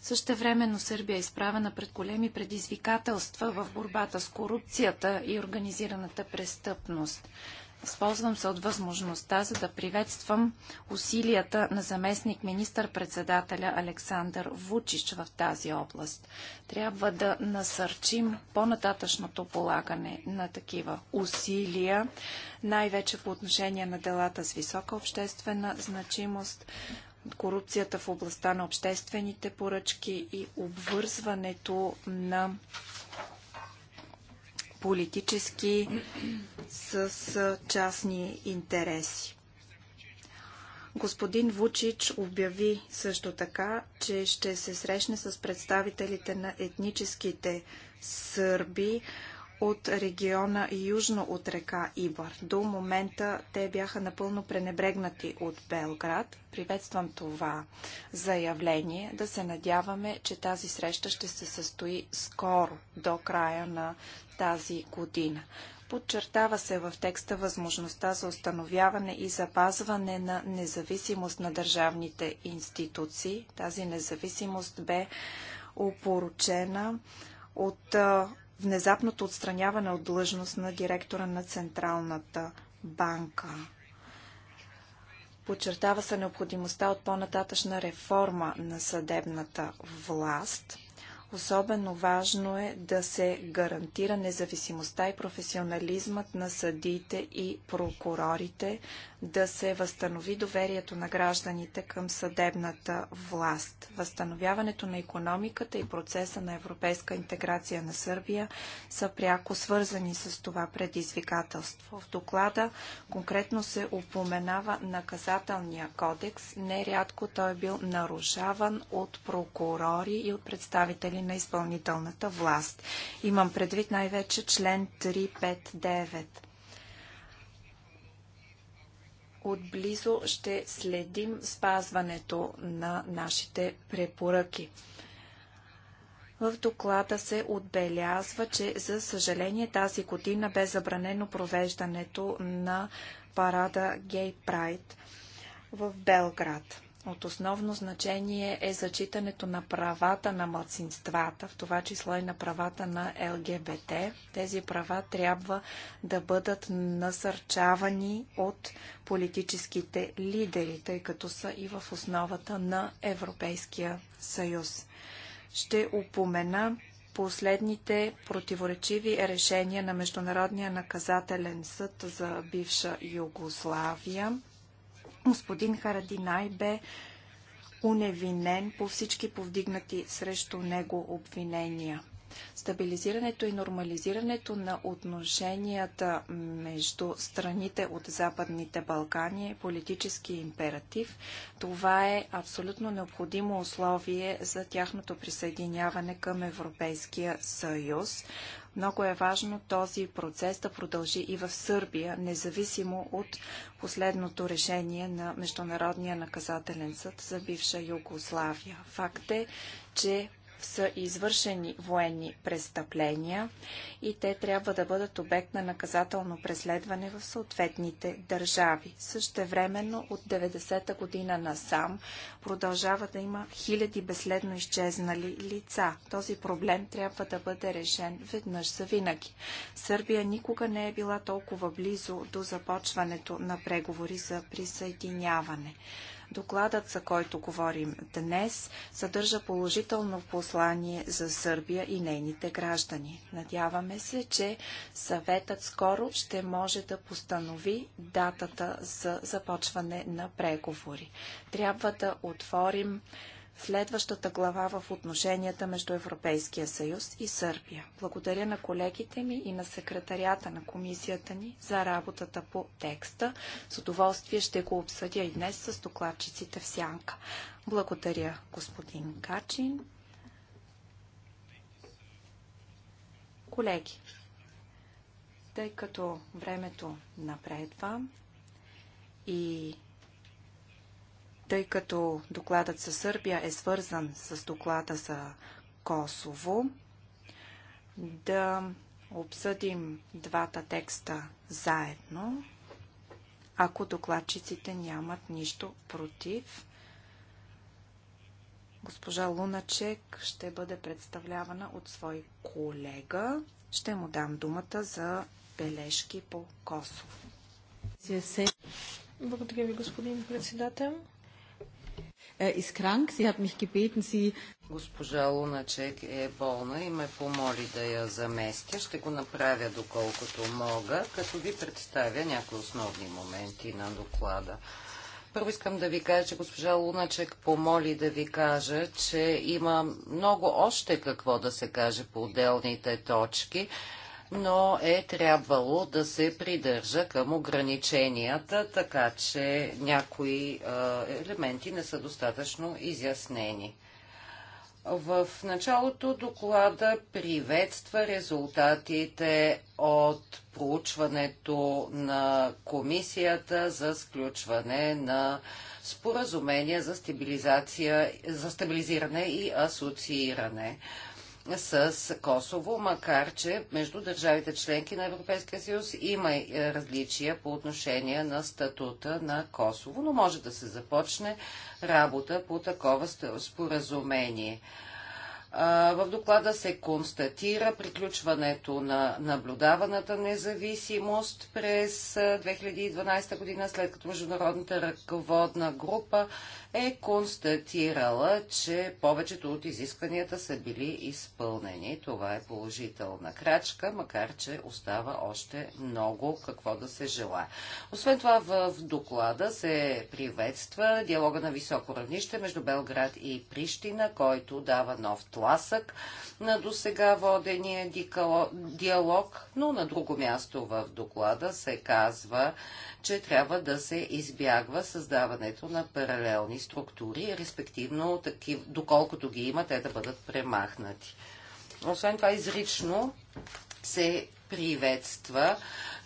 Същевременно Сърбия е изправена пред големи предизвикателства в борбата с корупцията и организираната престъпност. Възползвам се от възможността, за да приветствам усилията на заместник министър-председателя Александър Вучич в тази област. Трябва да насърчим по-нататъчното полагане на такива усилия, най-вече по отношение на делата с висока обществена значимост, корупцията в областта на обществените поръчки и обвързването на политически с частни интереси. Господин Вучич обяви също така, че ще се срещне с представителите на етническите сърби от региона южно от река Ибър. До момента те бяха напълно пренебрегнати от Белград. Приветствам това заявление. Да се надяваме, че тази среща ще се състои скоро, до края на тази година. Подчертава се в текста възможността за установяване и запазване на независимост на държавните институции. Тази независимост бе опоручена от внезапното отстраняване от длъжност на директора на Централната банка. Подчертава се необходимостта от по-нататъчна реформа на съдебната власт. Особено важно е да се гарантира независимостта и професионализмът на съдиите и прокурорите, да се възстанови доверието на гражданите към съдебната власт. Възстановяването на економиката и процеса на европейска интеграция на Сърбия са пряко свързани с това предизвикателство. В доклада конкретно се упоменава наказателния кодекс. Нерядко той е бил нарушаван от прокурори и от представители органи на изпълнителната власт. Имам предвид най-вече член 359. Отблизо ще следим спазването на нашите препоръки. В доклада се отбелязва, че за съжаление тази година бе забранено провеждането на парада Гей Прайд в Белград. От основно значение е зачитането на правата на младсинствата, в това число и на правата на ЛГБТ. Тези права трябва да бъдат насърчавани от политическите лидери, тъй като са и в основата на Европейския съюз. Ще упомена последните противоречиви решения на Международния наказателен съд за бивша Югославия Господин Харадинай бе уневинен по всички повдигнати срещу него обвинения. Стабилизирането и нормализирането на отношенията между страните от Западните Балкани е политически императив. Това е абсолютно необходимо условие за тяхното присъединяване към Европейския съюз. Много е важно този процес да продължи и в Сърбия, независимо от последното решение на Международния наказателен съд за бивша Югославия. Факт е, че са извършени военни престъпления и те трябва да бъдат обект на наказателно преследване в съответните държави. Същевременно от 90-та година насам продължава да има хиляди безследно изчезнали лица. Този проблем трябва да бъде решен веднъж за винаги. Сърбия никога не е била толкова близо до започването на преговори за присъединяване. Докладът, за който говорим днес, съдържа положително послание за Сърбия и нейните граждани. Надяваме се, че съветът скоро ще може да постанови датата за започване на преговори. Трябва да отворим следващата глава в отношенията между Европейския съюз и Сърбия. Благодаря на колегите ми и на секретарията на комисията ни за работата по текста. С удоволствие ще го обсъдя и днес с докладчиците в Сянка. Благодаря, господин Качин. Колеги, тъй като времето напредва и тъй като докладът за Сърбия е свързан с доклада за Косово, да обсъдим двата текста заедно, ако докладчиците нямат нищо против. Госпожа Луначек ще бъде представлявана от свой колега. Ще му дам думата за бележки по Косово. Благодаря ви, господин председател ist krank. Sie hat mich gebeten, sie... Госпожа Луначек е болна и ме помоли да я заместя. Ще го направя доколкото мога, като ви представя някои основни моменти на доклада. Първо искам да ви кажа, че госпожа Луначек помоли да ви кажа, че има много още какво да се каже по отделните точки но е трябвало да се придържа към ограниченията, така че някои елементи не са достатъчно изяснени. В началото доклада приветства резултатите от проучването на комисията за сключване на споразумения за, за стабилизиране и асоцииране с Косово, макар че между държавите членки на Европейския съюз има и е, различия по отношение на статута на Косово, но може да се започне работа по такова споразумение. В доклада се констатира приключването на наблюдаваната независимост през 2012 е, година, след като Международната ръководна група е констатирала, че повечето от изискванията са били изпълнени. Това е положителна крачка, макар че остава още много какво да се желая. Освен това в доклада се приветства диалога на високо равнище между Белград и Прищина, който дава нов тласък на досега водения диалог, но на друго място в доклада се казва, че трябва да се избягва създаването на паралелни структури, респективно такив, доколкото ги има, те да бъдат премахнати. Освен това, изрично се приветства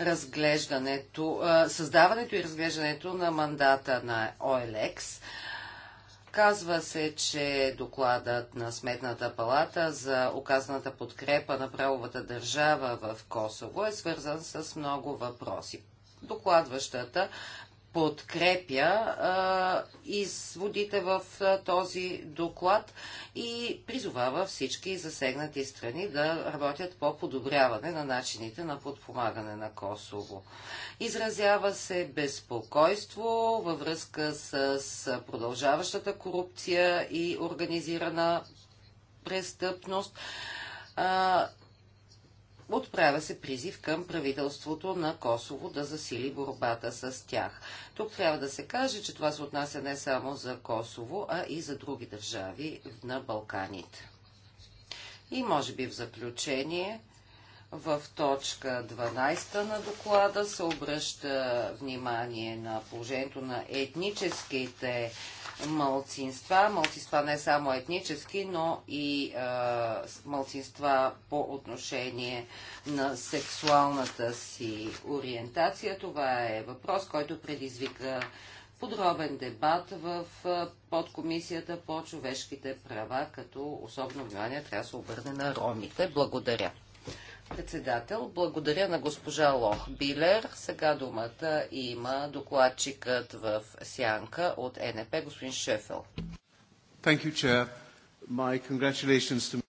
разглеждането, създаването и разглеждането на мандата на ОЛЕКС. Казва се, че докладът на Сметната палата за оказаната подкрепа на правовата държава в Косово е свързан с много въпроси. Докладващата подкрепя а, изводите в а, този доклад и призовава всички засегнати страни да работят по подобряване на начините на подпомагане на Косово. Изразява се безпокойство във връзка с, с продължаващата корупция и организирана престъпност. А, Отправя се призив към правителството на Косово да засили борбата с тях. Тук трябва да се каже, че това се отнася не само за Косово, а и за други държави на Балканите. И може би в заключение в точка 12 на доклада се обръща внимание на положението на етническите малцинства, малцинства не само етнически, но и а, малцинства по отношение на сексуалната си ориентация. Това е въпрос, който предизвика подробен дебат в подкомисията по човешките права, като особено внимание трябва да се обърне на ромите. Благодаря. Председател, благодаря на госпожа Лох Билер. Сега думата има докладчикът в Сянка от НП, господин Шефел. You, to...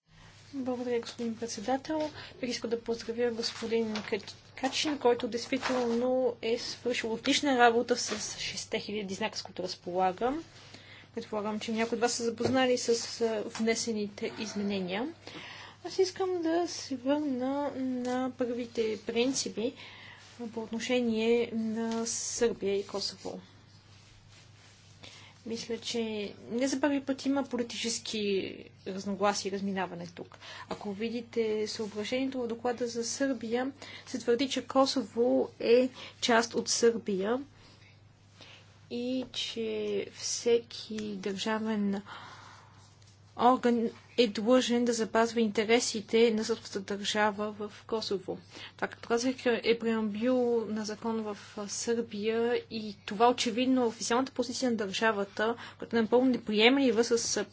Благодаря, господин председател. Бих искал да поздравя господин Качин, който действително е свършил отлична работа с 6000 знака, с които разполагам. Предполагам, че някои от вас са запознали с внесените изменения. Аз искам да се върна на първите принципи по отношение на Сърбия и Косово. Мисля, че не за първи път има политически разногласия и разминаване тук. Ако видите съображението в доклада за Сърбия, се твърди, че Косово е част от Сърбия и че всеки държавен орган е длъжен да запазва интересите на сръбската държава в Косово. Това, както казах, е преамбил на закон в Сърбия и това очевидно е официалната позиция на държавата, която е напълно неприемлива с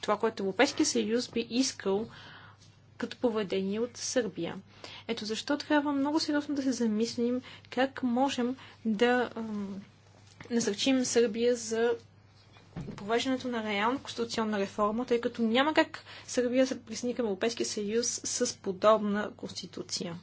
това, което Европейския съюз би искал като поведение от Сърбия. Ето защо трябва много сериозно да се замислим как можем да насърчим Сърбия за провеждането на реална конституционна реформа, тъй като няма как Сърбия да се присъедини към Европейския съюз с подобна конституция.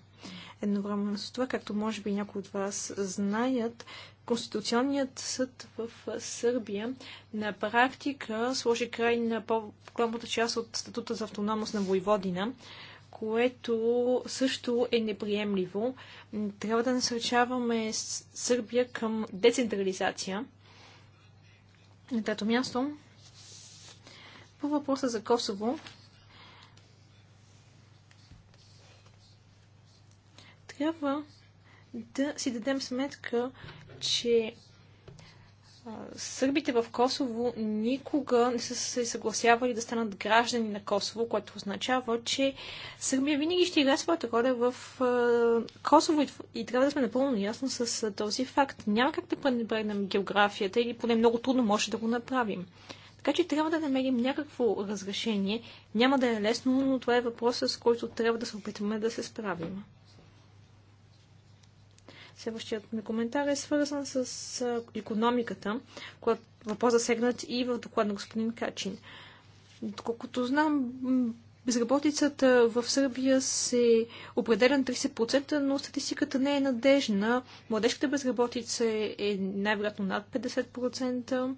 Едновременно с това, както може би някои от вас знаят, Конституционният съд в Сърбия на практика сложи край на по-голямата част от статута за автономност на Войводина, което също е неприемливо. Трябва да насърчаваме Сърбия към децентрализация на трето място, по въпроса за Косово, трябва да си дадем сметка, че сърбите в Косово никога не са се съгласявали да станат граждани на Косово, което означава, че Сърбия винаги ще играе своята роля в Косово и, трябва да сме напълно ясно с този факт. Няма как да пренебрегнем географията или поне много трудно може да го направим. Така че трябва да намерим някакво разрешение. Няма да е лесно, но това е въпросът, с който трябва да се опитаме да се справим. Следващият ми коментар е свързан с економиката, която въпрос засегнат и в доклад на господин Качин. Доколкото знам, безработицата в Сърбия се определя на 30%, но статистиката не е надежна. Младежката безработица е, е най-вероятно над 50%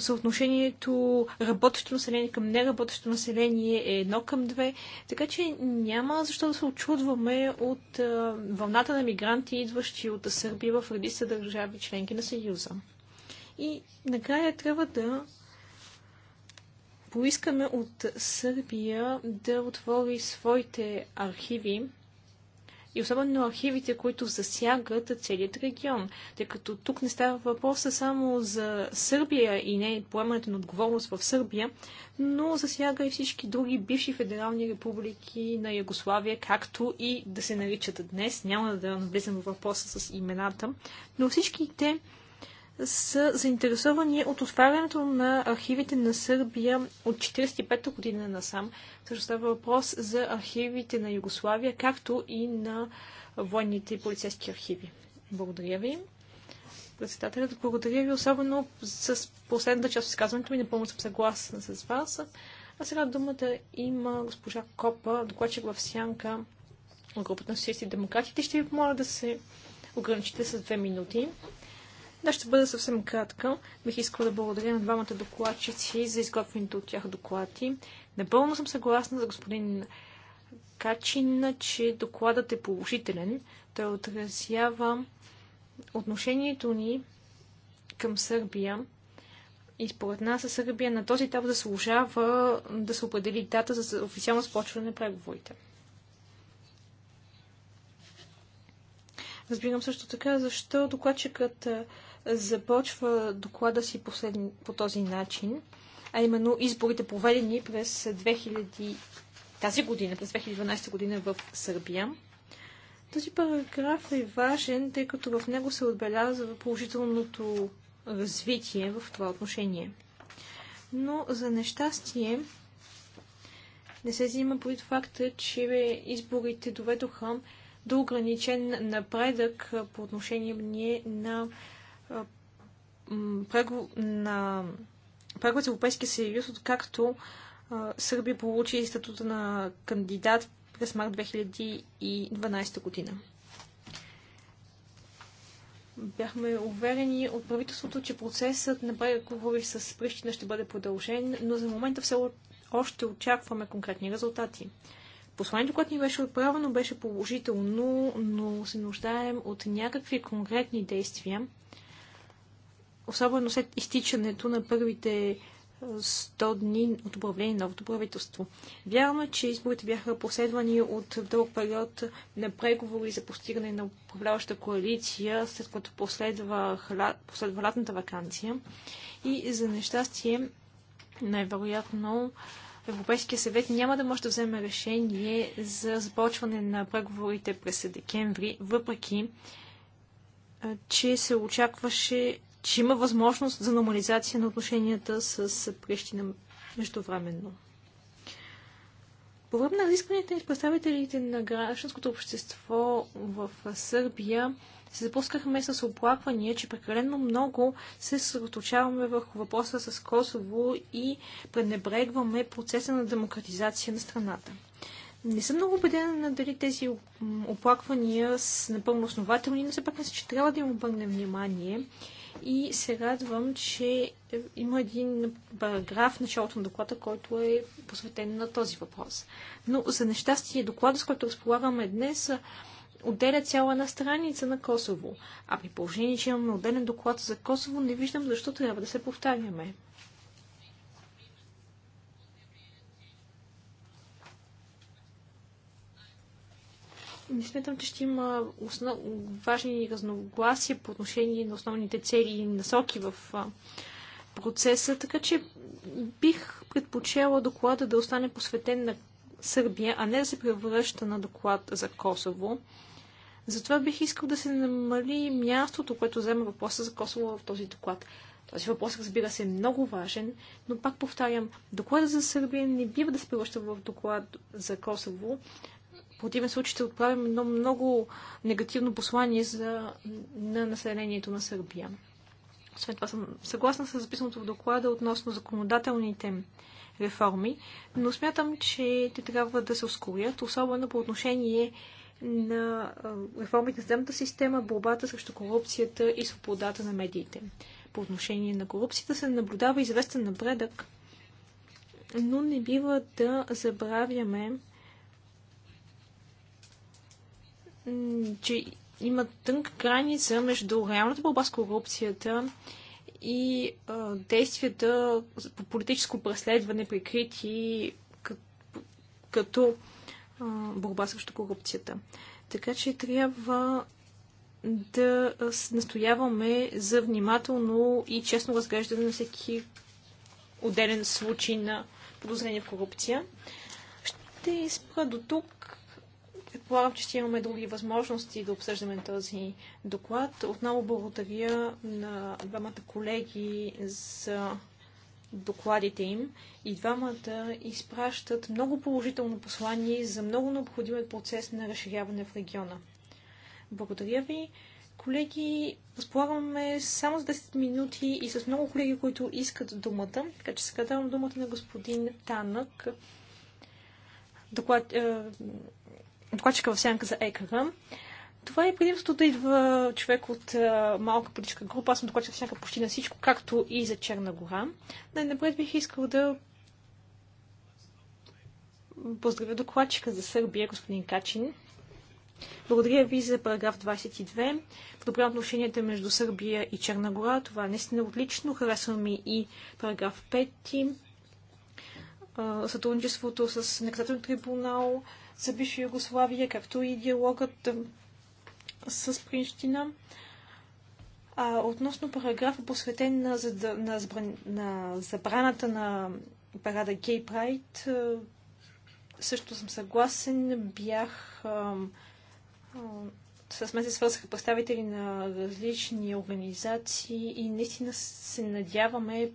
съотношението работещо население към неработещо население е едно към две, така че няма защо да се очудваме от а, вълната на мигранти, идващи от Сърбия в редица държави, членки на Съюза. И накрая трябва да поискаме от Сърбия да отвори своите архиви, и особено архивите, които засягат целият регион. Тъй като тук не става въпроса само за Сърбия и не поемането на отговорност в Сърбия, но засяга и всички други бивши федерални републики на Югославия, както и да се наричат днес. Няма да навлизам в въпроса с имената, но всички те са заинтересовани от отварянето на архивите на Сърбия от 1945 година насам. Също става въпрос за архивите на Югославия, както и на военните и полицейски архиви. Благодаря ви. Председателят, благодаря ви особено с последната част от изказването ми. Напълно съм съгласна с вас. А сега думата има госпожа Копа, докладчик в сянка от групата на социалисти демократите. Ще ви помоля да се ограничите с две минути. Да, ще бъда съвсем кратка. Бих искала да благодаря на двамата докладчици за изготвените от тях доклади. Напълно съм съгласна за господин Качина, че докладът е положителен. Той отразява отношението ни към Сърбия. И според нас Сърбия на този етап заслужава да се определи дата за официално спочване на преговорите. Разбирам също така, защо докладчикът започва доклада си последни, по този начин, а именно изборите проведени през 2000, тази година, през 2012 година в Сърбия. Този параграф е важен, тъй като в него се отбелязва положителното развитие в това отношение. Но за нещастие не се взима предвид факта, че изборите доведоха до ограничен напредък по отношение на на преговор с Европейския съюз, откакто Сърбия получи статута на кандидат през март 2012 година. Бяхме уверени от правителството, че процесът на преговори с Прищина ще бъде продължен, но за момента все още очакваме конкретни резултати. Посланието, което ни беше отправено, беше положително, но се нуждаем от някакви конкретни действия, особено след изтичането на първите 100 дни от управление на новото правителство. Вярно е, че изборите бяха последвани от дълъг период на преговори за постигане на управляваща коалиция, след което последва, последва лятната вакансия. И за нещастие, най-вероятно, Европейския съвет няма да може да вземе решение за започване на преговорите през декември, въпреки че се очакваше че има възможност за нормализация на отношенията с Прищина междувременно. По време на изискванията ни с представителите на гражданското общество в Сърбия се запускахме с оплаквания, че прекалено много се съсредоточаваме върху въпроса с Косово и пренебрегваме процеса на демократизация на страната. Не съм много убедена дали тези оплаквания са напълно основателни, но все пак мисля, че трябва да им обърнем внимание и се радвам, че има един параграф в началото на доклада, който е посветен на този въпрос. Но за нещастие доклада, с който разполагаме днес, отделя цяла една страница на Косово. А при положение, че имаме отделен доклад за Косово, не виждам защо трябва да се повтаряме. не смятам, че ще има основ... важни разногласия по отношение на основните цели и насоки в процеса, така че бих предпочела доклада да остане посветен на Сърбия, а не да се превръща на доклад за Косово. Затова бих искал да се намали мястото, което взема въпроса за Косово в този доклад. Този въпрос, разбира се, е много важен, но пак повтарям, доклада за Сърбия не бива да се превръща в доклад за Косово, в противен случай ще отправим едно много негативно послание за, на населението на Сърбия. Освен това съм съгласна с записаното в доклада относно законодателните реформи, но смятам, че те трябва да се ускорят, особено по отношение на реформите на съдебната система, борбата срещу корупцията и свободата на медиите. По отношение на корупцията се наблюдава известен напредък, но не бива да забравяме, че има тънка граница между реалната борба с корупцията и а, действията по политическо преследване, прикрити като, като а, борба срещу корупцията. Така че трябва да настояваме за внимателно и честно разглеждане на всеки отделен случай на подозрение в корупция. Ще изпра до тук Предполагам, че ще имаме други възможности да обсъждаме този доклад. Отново благодаря на двамата колеги за докладите им и двамата изпращат много положително послание за много необходимият процес на разширяване в региона. Благодаря ви. Колеги, разполагаме само с 10 минути и с много колеги, които искат думата. Така че сега давам думата на господин Танък, доклад, е, докладчика в сянка за ЕКР. Това е предимството да идва човек от а, малка политическа група. Аз съм докладчик в сянка почти на всичко, както и за Черна гора. Най-напред бих искал да поздравя докладчика за Сърбия, господин Качин. Благодаря ви за параграф 22. Подобрявам отношенията между Сърбия и Черна гора. Това е наистина отлично. Харесва ми и параграф 5. Сътрудничеството с наказателен трибунал за бивша Югославия, както и диалогът с Принщина. А, относно параграфа, посветен на, на, на забраната на парада Gay Pride, също съм съгласен. Бях. А, а, с мен се свързаха представители на различни организации и наистина се надяваме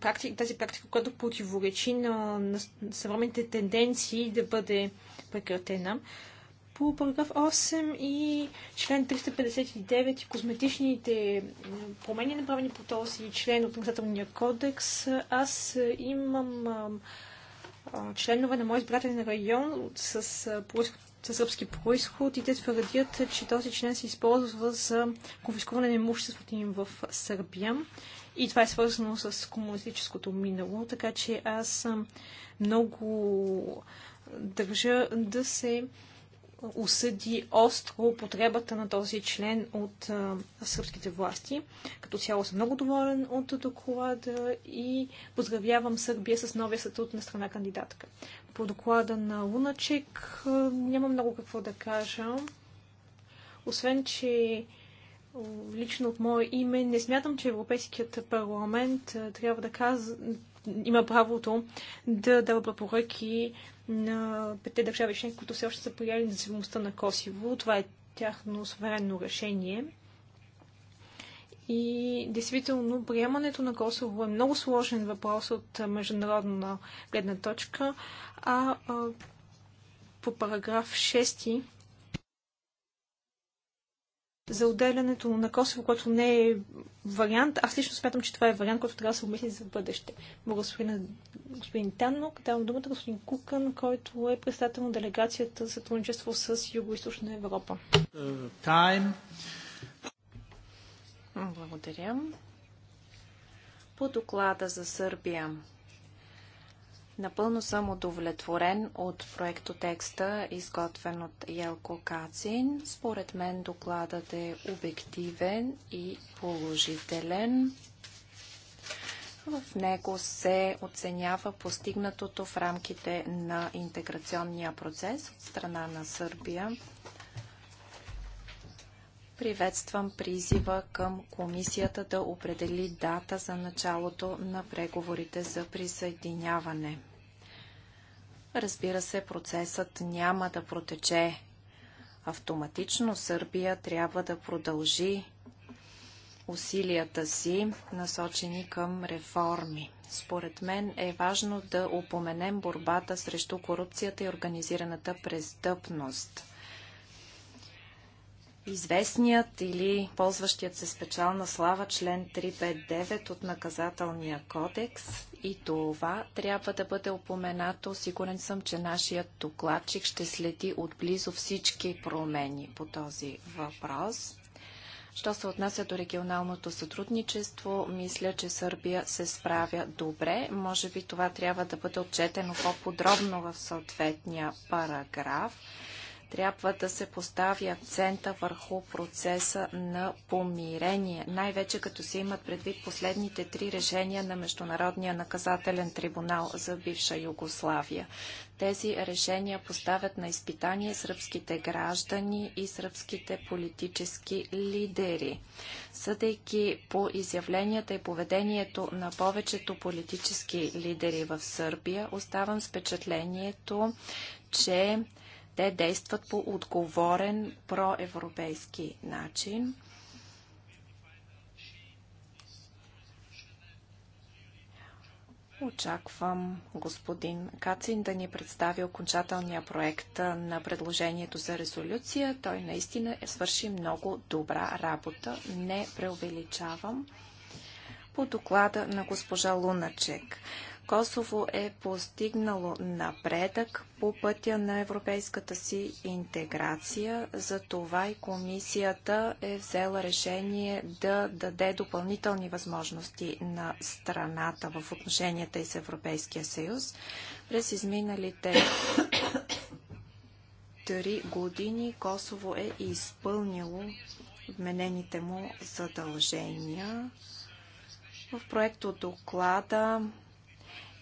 практика, тази практика, която противоречи на, на съвременните тенденции да бъде прекратена. По параграф 8 и член 359 и козметичните е, промени, направени по този член от наказателния кодекс, аз имам а, членове на мой избирателен район с а, с сръбски происход и те твърдят, че този член се използва за конфискуване на имуществото им в Сърбия. И това е свързано с комунистическото минало, така че аз много държа да се осъди остро потребата на този член от а, сръбските власти. Като цяло съм много доволен от доклада и поздравявам Сърбия с новия статут на страна кандидатка. По доклада на Луначек няма много какво да кажа, освен че лично от мое име не смятам, че Европейският парламент трябва да казва, има правото да дава препоръки на пете държави които все още са прияли независимостта на Косово. Това е тяхно суверенно решение. И действително приемането на Косово е много сложен въпрос от международна гледна точка, а, а по параграф 6 за отделянето на Косово, което не е вариант. Аз лично смятам, че това е вариант, който трябва да се обмисли за бъдеще. Благодаря господин Таннок. Давам думата господин Кукън, който е председател на делегацията за сътрудничество с Юго-Источна Европа. Time. Благодаря. По доклада за Сърбия Напълно съм удовлетворен от проектотекста, изготвен от Елко Кацин. Според мен докладът е обективен и положителен. В него се оценява постигнатото в рамките на интеграционния процес от страна на Сърбия Приветствам призива към комисията да определи дата за началото на преговорите за присъединяване. Разбира се, процесът няма да протече автоматично. Сърбия трябва да продължи усилията си, насочени към реформи. Според мен е важно да упоменем борбата срещу корупцията и организираната престъпност – известният или ползващият се специална слава член 359 от наказателния кодекс и това трябва да бъде упоменато. Сигурен съм, че нашият докладчик ще следи отблизо всички промени по този въпрос. Що се отнася до регионалното сътрудничество, мисля, че Сърбия се справя добре. Може би това трябва да бъде отчетено по-подробно в съответния параграф трябва да се постави акцента върху процеса на помирение, най-вече като се имат предвид последните три решения на Международния наказателен трибунал за бивша Югославия. Тези решения поставят на изпитание сръбските граждани и сръбските политически лидери. Съдейки по изявленията и поведението на повечето политически лидери в Сърбия, оставам с впечатлението, че те действат по отговорен проевропейски начин. Очаквам господин Кацин да ни представи окончателния проект на предложението за резолюция. Той наистина е свърши много добра работа. Не преувеличавам. По доклада на госпожа Луначек. Косово е постигнало напредък по пътя на европейската си интеграция. За това и комисията е взела решение да даде допълнителни възможности на страната в отношенията и с Европейския съюз. През изминалите три години Косово е изпълнило вменените му задължения. В проекто доклада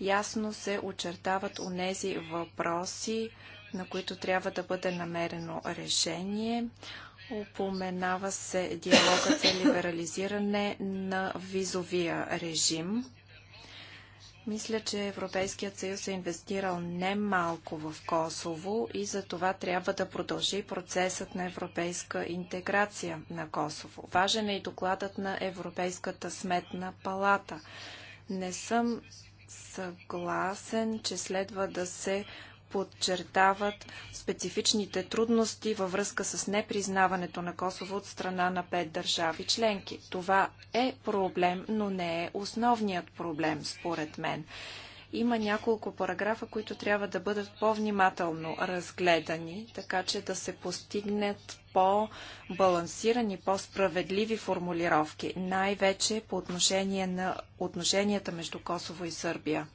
ясно се очертават нези въпроси, на които трябва да бъде намерено решение. Упоменава се диалогът за либерализиране на визовия режим. Мисля, че Европейският съюз е инвестирал немалко в Косово и за това трябва да продължи процесът на европейска интеграция на Косово. Важен е и докладът на Европейската сметна палата. Не съм съгласен, че следва да се подчертават специфичните трудности във връзка с непризнаването на Косово от страна на пет държави членки. Това е проблем, но не е основният проблем, според мен. Има няколко параграфа, които трябва да бъдат по-внимателно разгледани, така че да се постигнат по-балансирани, по-справедливи формулировки, най-вече по отношение на отношенията между Косово и Сърбия.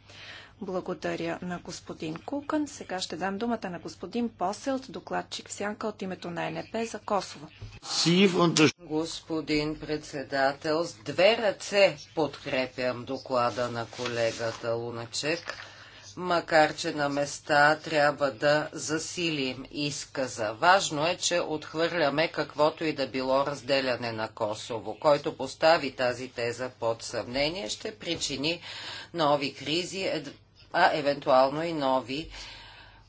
Благодаря на господин Кукън. Сега ще дам думата на господин Поселт, докладчик в сянка от името на НП за Косово. Господин председател, с две ръце подкрепям доклада на колегата Луначек макар че на места трябва да засилим изказа. Важно е, че отхвърляме каквото и да било разделяне на Косово, който постави тази теза под съмнение, ще причини нови кризи, а евентуално и нови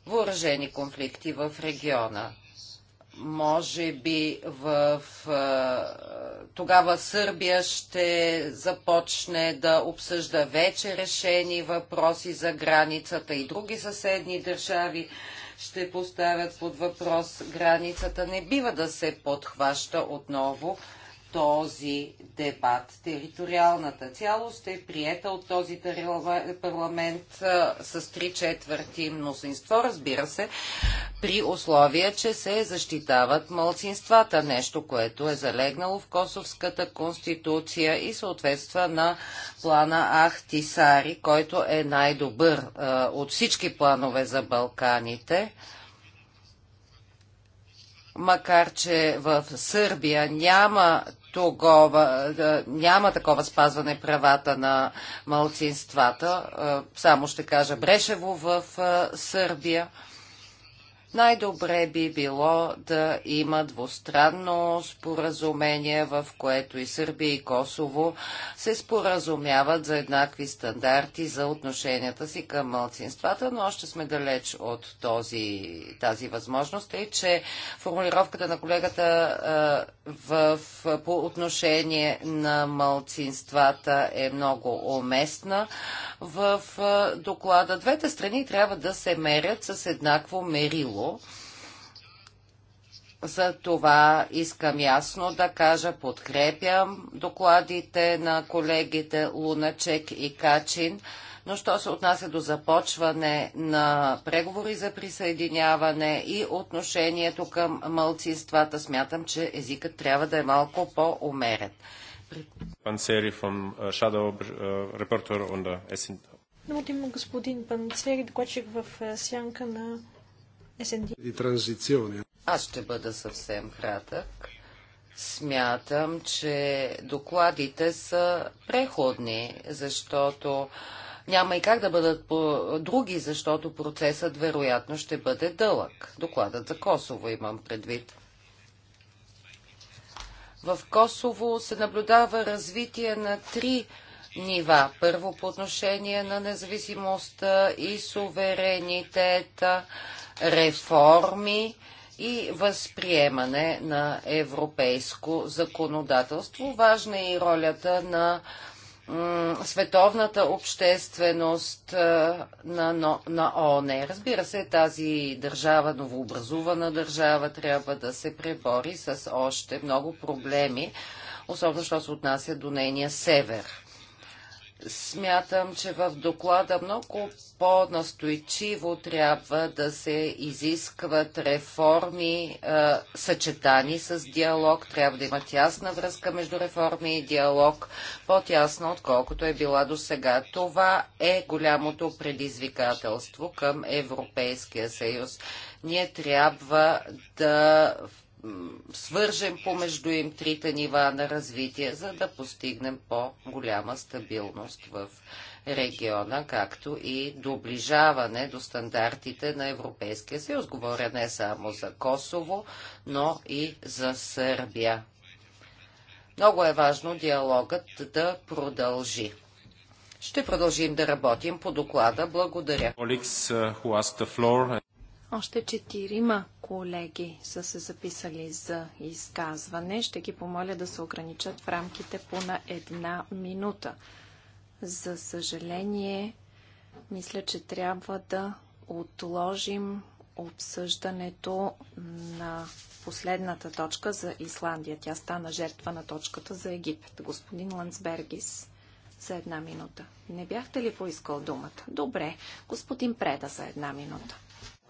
въоръжени конфликти в региона може би в, тогава Сърбия ще започне да обсъжда вече решени въпроси за границата и други съседни държави ще поставят под въпрос границата. Не бива да се подхваща отново този дебат. Териториалната цялост е приета от този парламент с три четвърти мнозинство, разбира се, при условие, че се защитават малцинствата, нещо, което е залегнало в Косовската конституция и съответства на плана Ахтисари, който е най-добър от всички планове за Балканите – макар че в Сърбия няма тогава, е, няма такова спазване правата на малцинствата. Е, само ще кажа Брешево в е, Сърбия – най-добре би било да има двустранно споразумение, в което и Сърбия и Косово се споразумяват за еднакви стандарти за отношенията си към мълцинствата, но още сме далеч от този, тази възможност, и че формулировката на колегата в, по отношение на мълцинствата е много уместна. В доклада двете страни трябва да се мерят с еднакво мерило дело. За това искам ясно да кажа, подкрепям докладите на колегите Луначек и Качин, но що се отнася до започване на преговори за присъединяване и отношението към мълцинствата, смятам, че езикът трябва да е малко по-умерен. Панцери from uh, Shadow uh, Reporter on the има господин Панцери, докладчик в uh, сянка на аз ще бъда съвсем кратък. Смятам, че докладите са преходни, защото няма и как да бъдат по други, защото процесът вероятно ще бъде дълъг. Докладът за Косово имам предвид. В Косово се наблюдава развитие на три нива. Първо по отношение на независимостта и суверенитета реформи и възприемане на европейско законодателство. Важна е и ролята на световната общественост на, на, на ОНЕ. Разбира се, тази държава, новообразувана държава, трябва да се пребори с още много проблеми, особено що се отнася до нейния север смятам, че в доклада много по-настойчиво трябва да се изискват реформи, съчетани с диалог. Трябва да има тясна връзка между реформи и диалог, по-тясна, отколкото е била до сега. Това е голямото предизвикателство към Европейския съюз. Ние трябва да свържем помежду им трите нива на развитие, за да постигнем по-голяма стабилност в региона, както и доближаване до стандартите на Европейския съюз. Говоря не само за Косово, но и за Сърбия. Много е важно диалогът да продължи. Ще продължим да работим по доклада. Благодаря. Още четирима колеги са се записали за изказване. Ще ги помоля да се ограничат в рамките по на една минута. За съжаление, мисля, че трябва да отложим обсъждането на последната точка за Исландия. Тя стана жертва на точката за Египет. Господин Ландсбергис за една минута. Не бяхте ли поискал думата? Добре, господин Преда за една минута.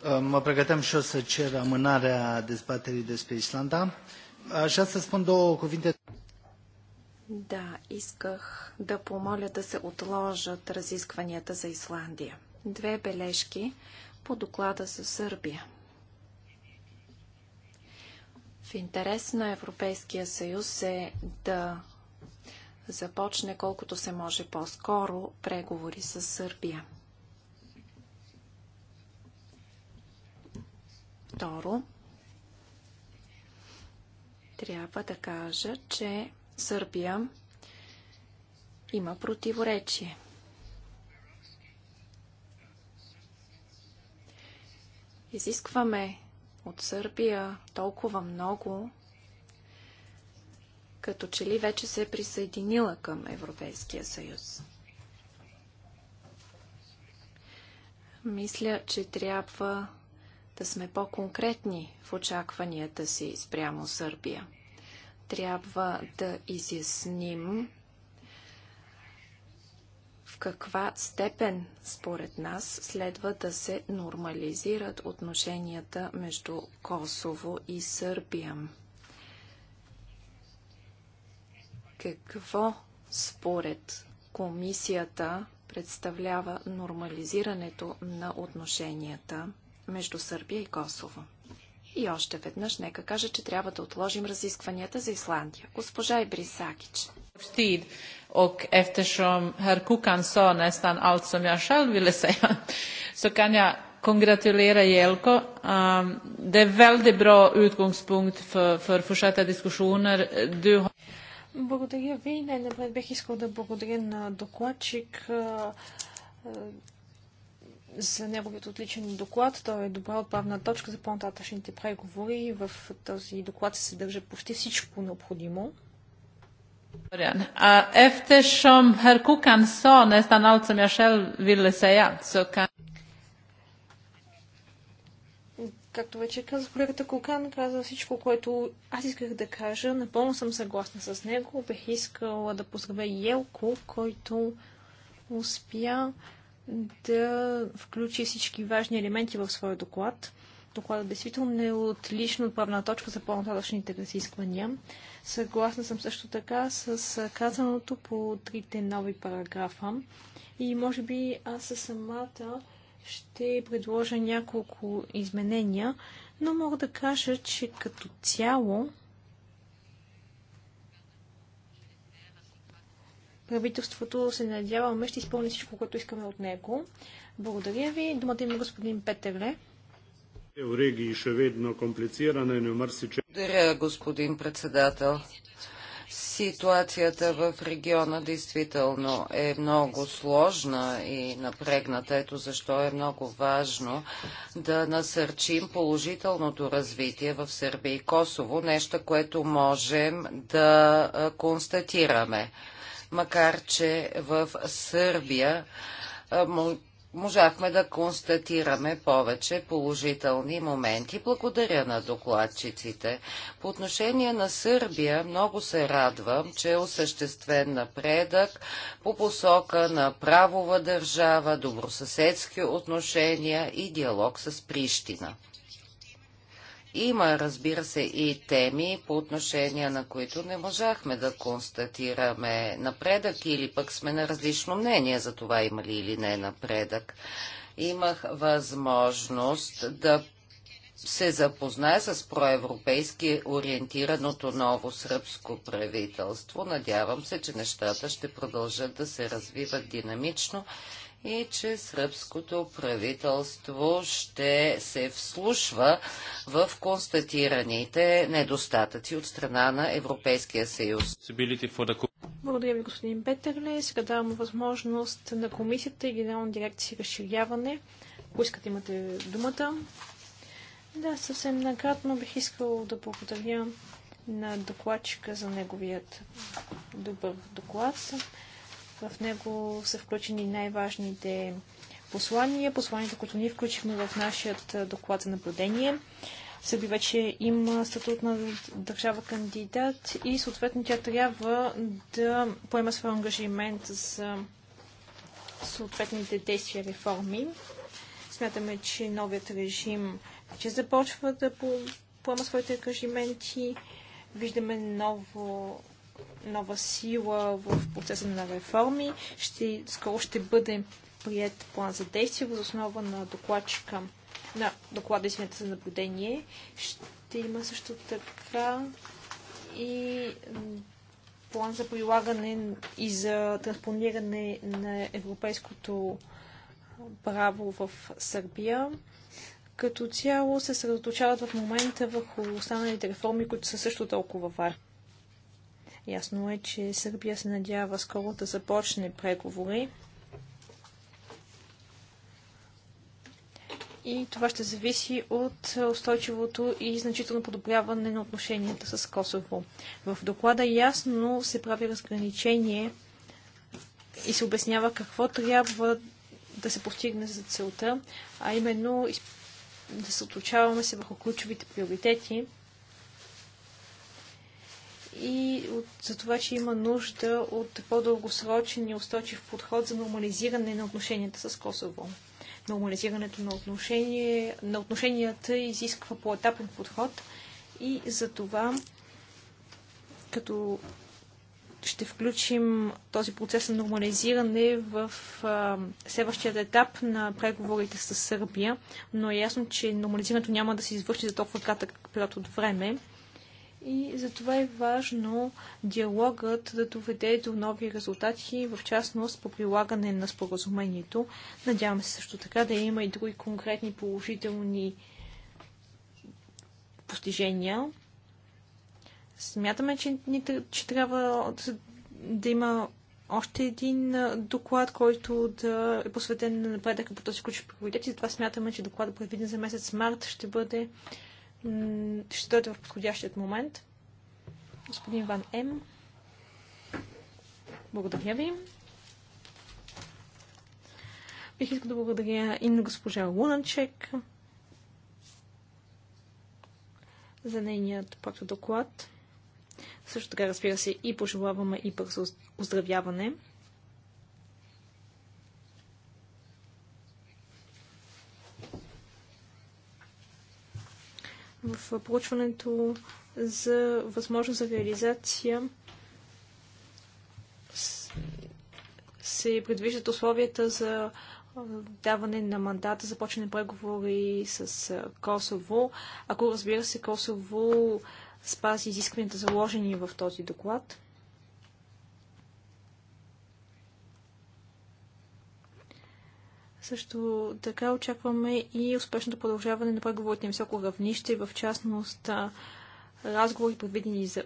Uh, mă pregăteam și eu să cer amânarea dezbaterii despre Islanda. Așa să spun două cuvinte. Да, исках да помоля да се отложат разискванията за Исландия. Две бележки по доклада за Сърбия. В интерес на Европейския съюз е да започне колкото се може по-скоро преговори с Сърбия. Второ, трябва да кажа, че Сърбия има противоречие. Изискваме от Сърбия толкова много, като че ли вече се е присъединила към Европейския съюз. Мисля, че трябва да сме по-конкретни в очакванията си спрямо Сърбия. Трябва да изясним в каква степен, според нас, следва да се нормализират отношенията между Косово и Сърбия. Какво, според комисията, представлява нормализирането на отношенията между Сърбия и Косово. И още веднъж нека кажа, че трябва да отложим разискванията за Исландия. Госпожа Ибрисакич. Tid och eftersom herr Kukan sa nästan allt som jag själv ville säga så kan jag kongratulera Jelko. Ehm, det är väldigt bra utgångspunkt för, för fortsatta diskussioner. Du har... Благодаря ви. Най-напред бих искал да благодаря на докладчик за неговият отличен доклад. Той е добра отправна точка за по-нататъчните преговори. В този доклад се съдържа почти всичко необходимо. Eftersom herr Kukan sa nästan allt som jag själv ville säga så kan... Както вече каза колегата Кукан, каза всичко, което аз исках да кажа. Напълно съм съгласна с него. Бех искала да поздравя Елко, който успя да включи всички важни елементи в своя доклад. Докладът действително не е от лично отправна точка за по-нататъчните разисквания. Съгласна съм също така с казаното по трите нови параграфа. И може би аз самата ще предложа няколко изменения, но мога да кажа, че като цяло правителството се надяваме ще изпълни всичко, което искаме от него. Благодаря ви. Думата има господин Петерле. Благодаря, господин председател. Ситуацията в региона действително е много сложна и напрегната. Ето защо е много важно да насърчим положителното развитие в Сърбия и Косово, нещо, което можем да констатираме макар че в Сърбия можахме да констатираме повече положителни моменти. Благодаря на докладчиците. По отношение на Сърбия много се радвам, че е осъществен напредък по посока на правова държава, добросъседски отношения и диалог с Прищина. Има, разбира се, и теми, по отношение на които не можахме да констатираме напредък или пък сме на различно мнение за това има ли или не напредък. Имах възможност да се запознае с проевропейски ориентираното ново сръбско правителство. Надявам се, че нещата ще продължат да се развиват динамично и че сръбското правителство ще се вслушва в констатираните недостатъци от страна на Европейския съюз. Благодаря ви, господин Петърле. Сега давам възможност на комисията и генерална дирекция разширяване. Ако искате, имате думата. Да, съвсем накратно бих искал да благодаря на докладчика за неговият добър доклад. В него са включени най-важните послания, посланията, които ние включихме в нашия доклад за наблюдение. съби вече има статут на държава кандидат и съответно тя трябва да поема своя ангажимент за съответните действия реформи. Смятаме, че новият режим вече започва да поема своите ангажименти. Виждаме ново нова сила в процеса на реформи. Ще, скоро ще бъде прият план за действие в основа на докладчика на доклада и за наблюдение. Ще има също така и план за прилагане и за транспониране на европейското право в Сърбия. Като цяло се съсредоточават в момента върху останалите реформи, които са също толкова важни. Ясно е, че Сърбия се надява скоро да започне преговори. И това ще зависи от устойчивото и значително подобряване на отношенията с Косово. В доклада ясно се прави разграничение и се обяснява какво трябва да се постигне за целта, а именно да се отучаваме се върху ключовите приоритети и от, за това, че има нужда от по-дългосрочен и устойчив подход за нормализиране на отношенията с Косово. Нормализирането на, отношение, на отношенията изисква по-етапен подход и за това, като ще включим този процес на нормализиране в а, следващия етап на преговорите с Сърбия, но е ясно, че нормализирането няма да се извърши за толкова кратък период от време. И затова е важно диалогът да доведе до нови резултати, в частност по прилагане на споразумението. Надявам се също така да има и други конкретни положителни постижения. Смятаме, че, че трябва да, да има още един доклад, който да е посветен на напредъка по този ключов приоритет и затова смятаме, че докладът предвиден за месец март ще бъде ще дойде в подходящият момент. Господин Ван М. Благодаря ви. Бих искал да благодаря и на госпожа Луначек за нейният проект доклад. Също така, разбира се, и пожелаваме и бързо оздравяване. в проучването за възможност за реализация се предвиждат условията за даване на мандата, започване преговори с Косово, ако разбира се Косово спази изискванията заложени в този доклад. Също така очакваме и успешното продължаване на преговорите на високо равнище, в частност разговори, предвидени за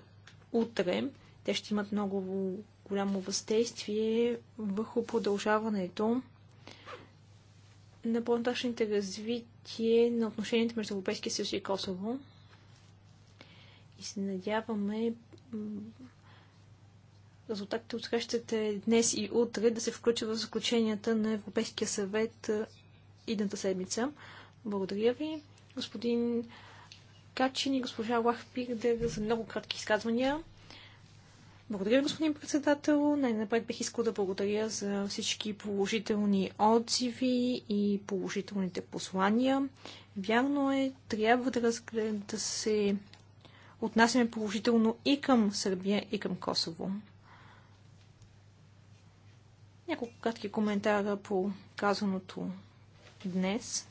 утре. Те ще имат много голямо въздействие върху продължаването на по-нататъчните развитие на отношенията между Европейския съюз и Косово. И се надяваме резултатите от срещите днес и утре да се включат в заключенията на Европейския съвет идната седмица. Благодаря ви. Господин Качин и госпожа Лахпирдер за много кратки изказвания. Благодаря, господин председател. Най-напред бих искал да благодаря за всички положителни отзиви и положителните послания. Вярно е, трябва да, разглед, да се отнасяме положително и към Сърбия, и към Косово. Няколко кратки коментара по казаното днес.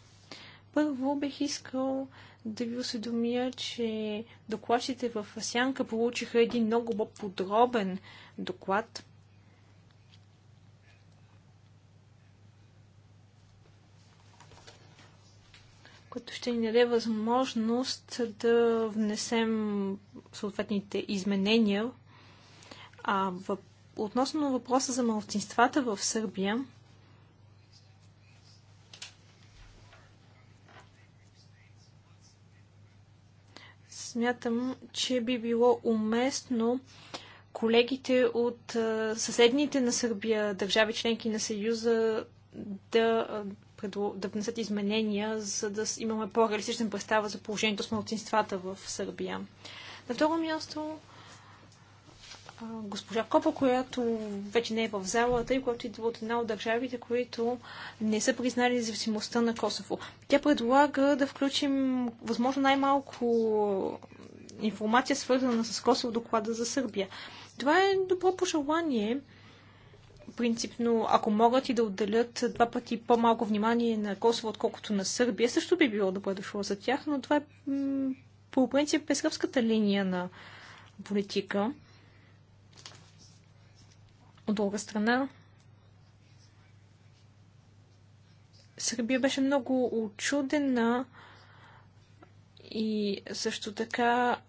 Първо бих искал да ви осведомя, че докладчите в Сянка получиха един много подробен доклад. което ще ни даде възможност да внесем съответните изменения. А Относно въпроса за малцинствата в Сърбия, смятам, че би било уместно колегите от съседните на Сърбия държави членки на Съюза да, да внесат изменения, за да имаме по-реалистична представа за положението с малцинствата в Сърбия. На второ място госпожа Копа, която вече не е в залата и която идва от една от държавите, които не са признали независимостта на Косово. Тя предлага да включим възможно най-малко информация, свързана с Косово доклада за Сърбия. Това е добро пожелание. Принципно, ако могат и да отделят два пъти по-малко внимание на Косово, отколкото на Сърбия, също би било добре дошло за тях, но това е по принцип е сръбската линия на политика. От друга страна, Сърбия беше много очудена и също така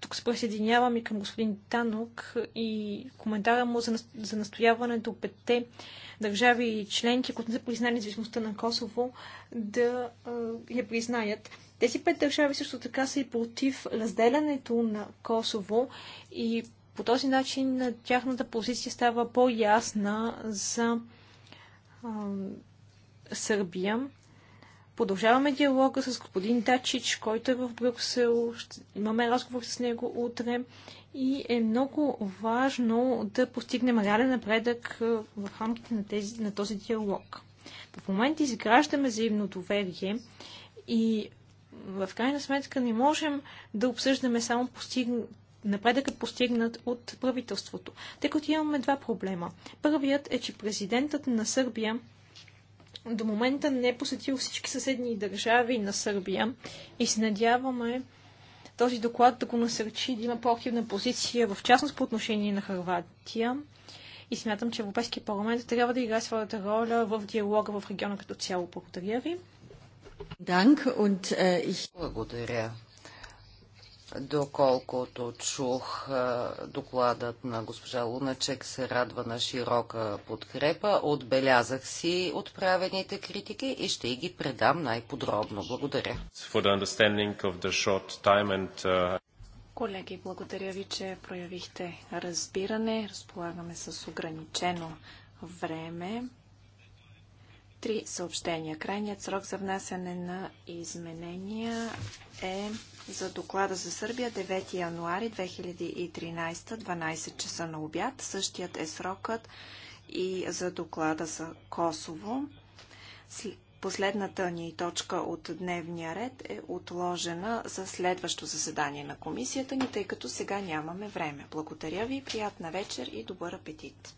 тук се присъединявам и към господин Танок и коментара му за, настояването петте държави и членки, които не са признали зависимостта на Косово, да я признаят. Тези пет държави също така са и против разделянето на Косово и по този начин тяхната позиция става по-ясна за а, Сърбия. Продължаваме диалога с господин Дачич, който е в Брюксел. Имаме разговор с него утре. И е много важно да постигнем реален напредък в рамките на, тези, на този диалог. В момента изграждаме взаимно доверие и в крайна сметка не можем да обсъждаме само постиг напредъкът постигнат от правителството. Тъй като имаме два проблема. Първият е, че президентът на Сърбия до момента не е посетил всички съседни държави на Сърбия и се надяваме този доклад да го насърчи да има по-активна позиция, в частност по отношение на Харватия. И смятам, че Европейския парламент трябва да играе своята роля в диалога в региона като цяло. Благодаря ви. Äh, Благодаря. Доколкото чух докладът на госпожа Луначек се радва на широка подкрепа, отбелязах си отправените критики и ще ги предам най-подробно. Благодаря. Uh, Колеги, благодаря ви, че проявихте разбиране. Разполагаме с ограничено време. Три съобщения. Крайният срок за внасяне на изменения е за доклада за Сърбия 9 януари 2013, 12 часа на обяд. Същият е срокът и за доклада за Косово. Последната ни точка от дневния ред е отложена за следващо заседание на комисията ни, тъй като сега нямаме време. Благодаря ви, приятна вечер и добър апетит!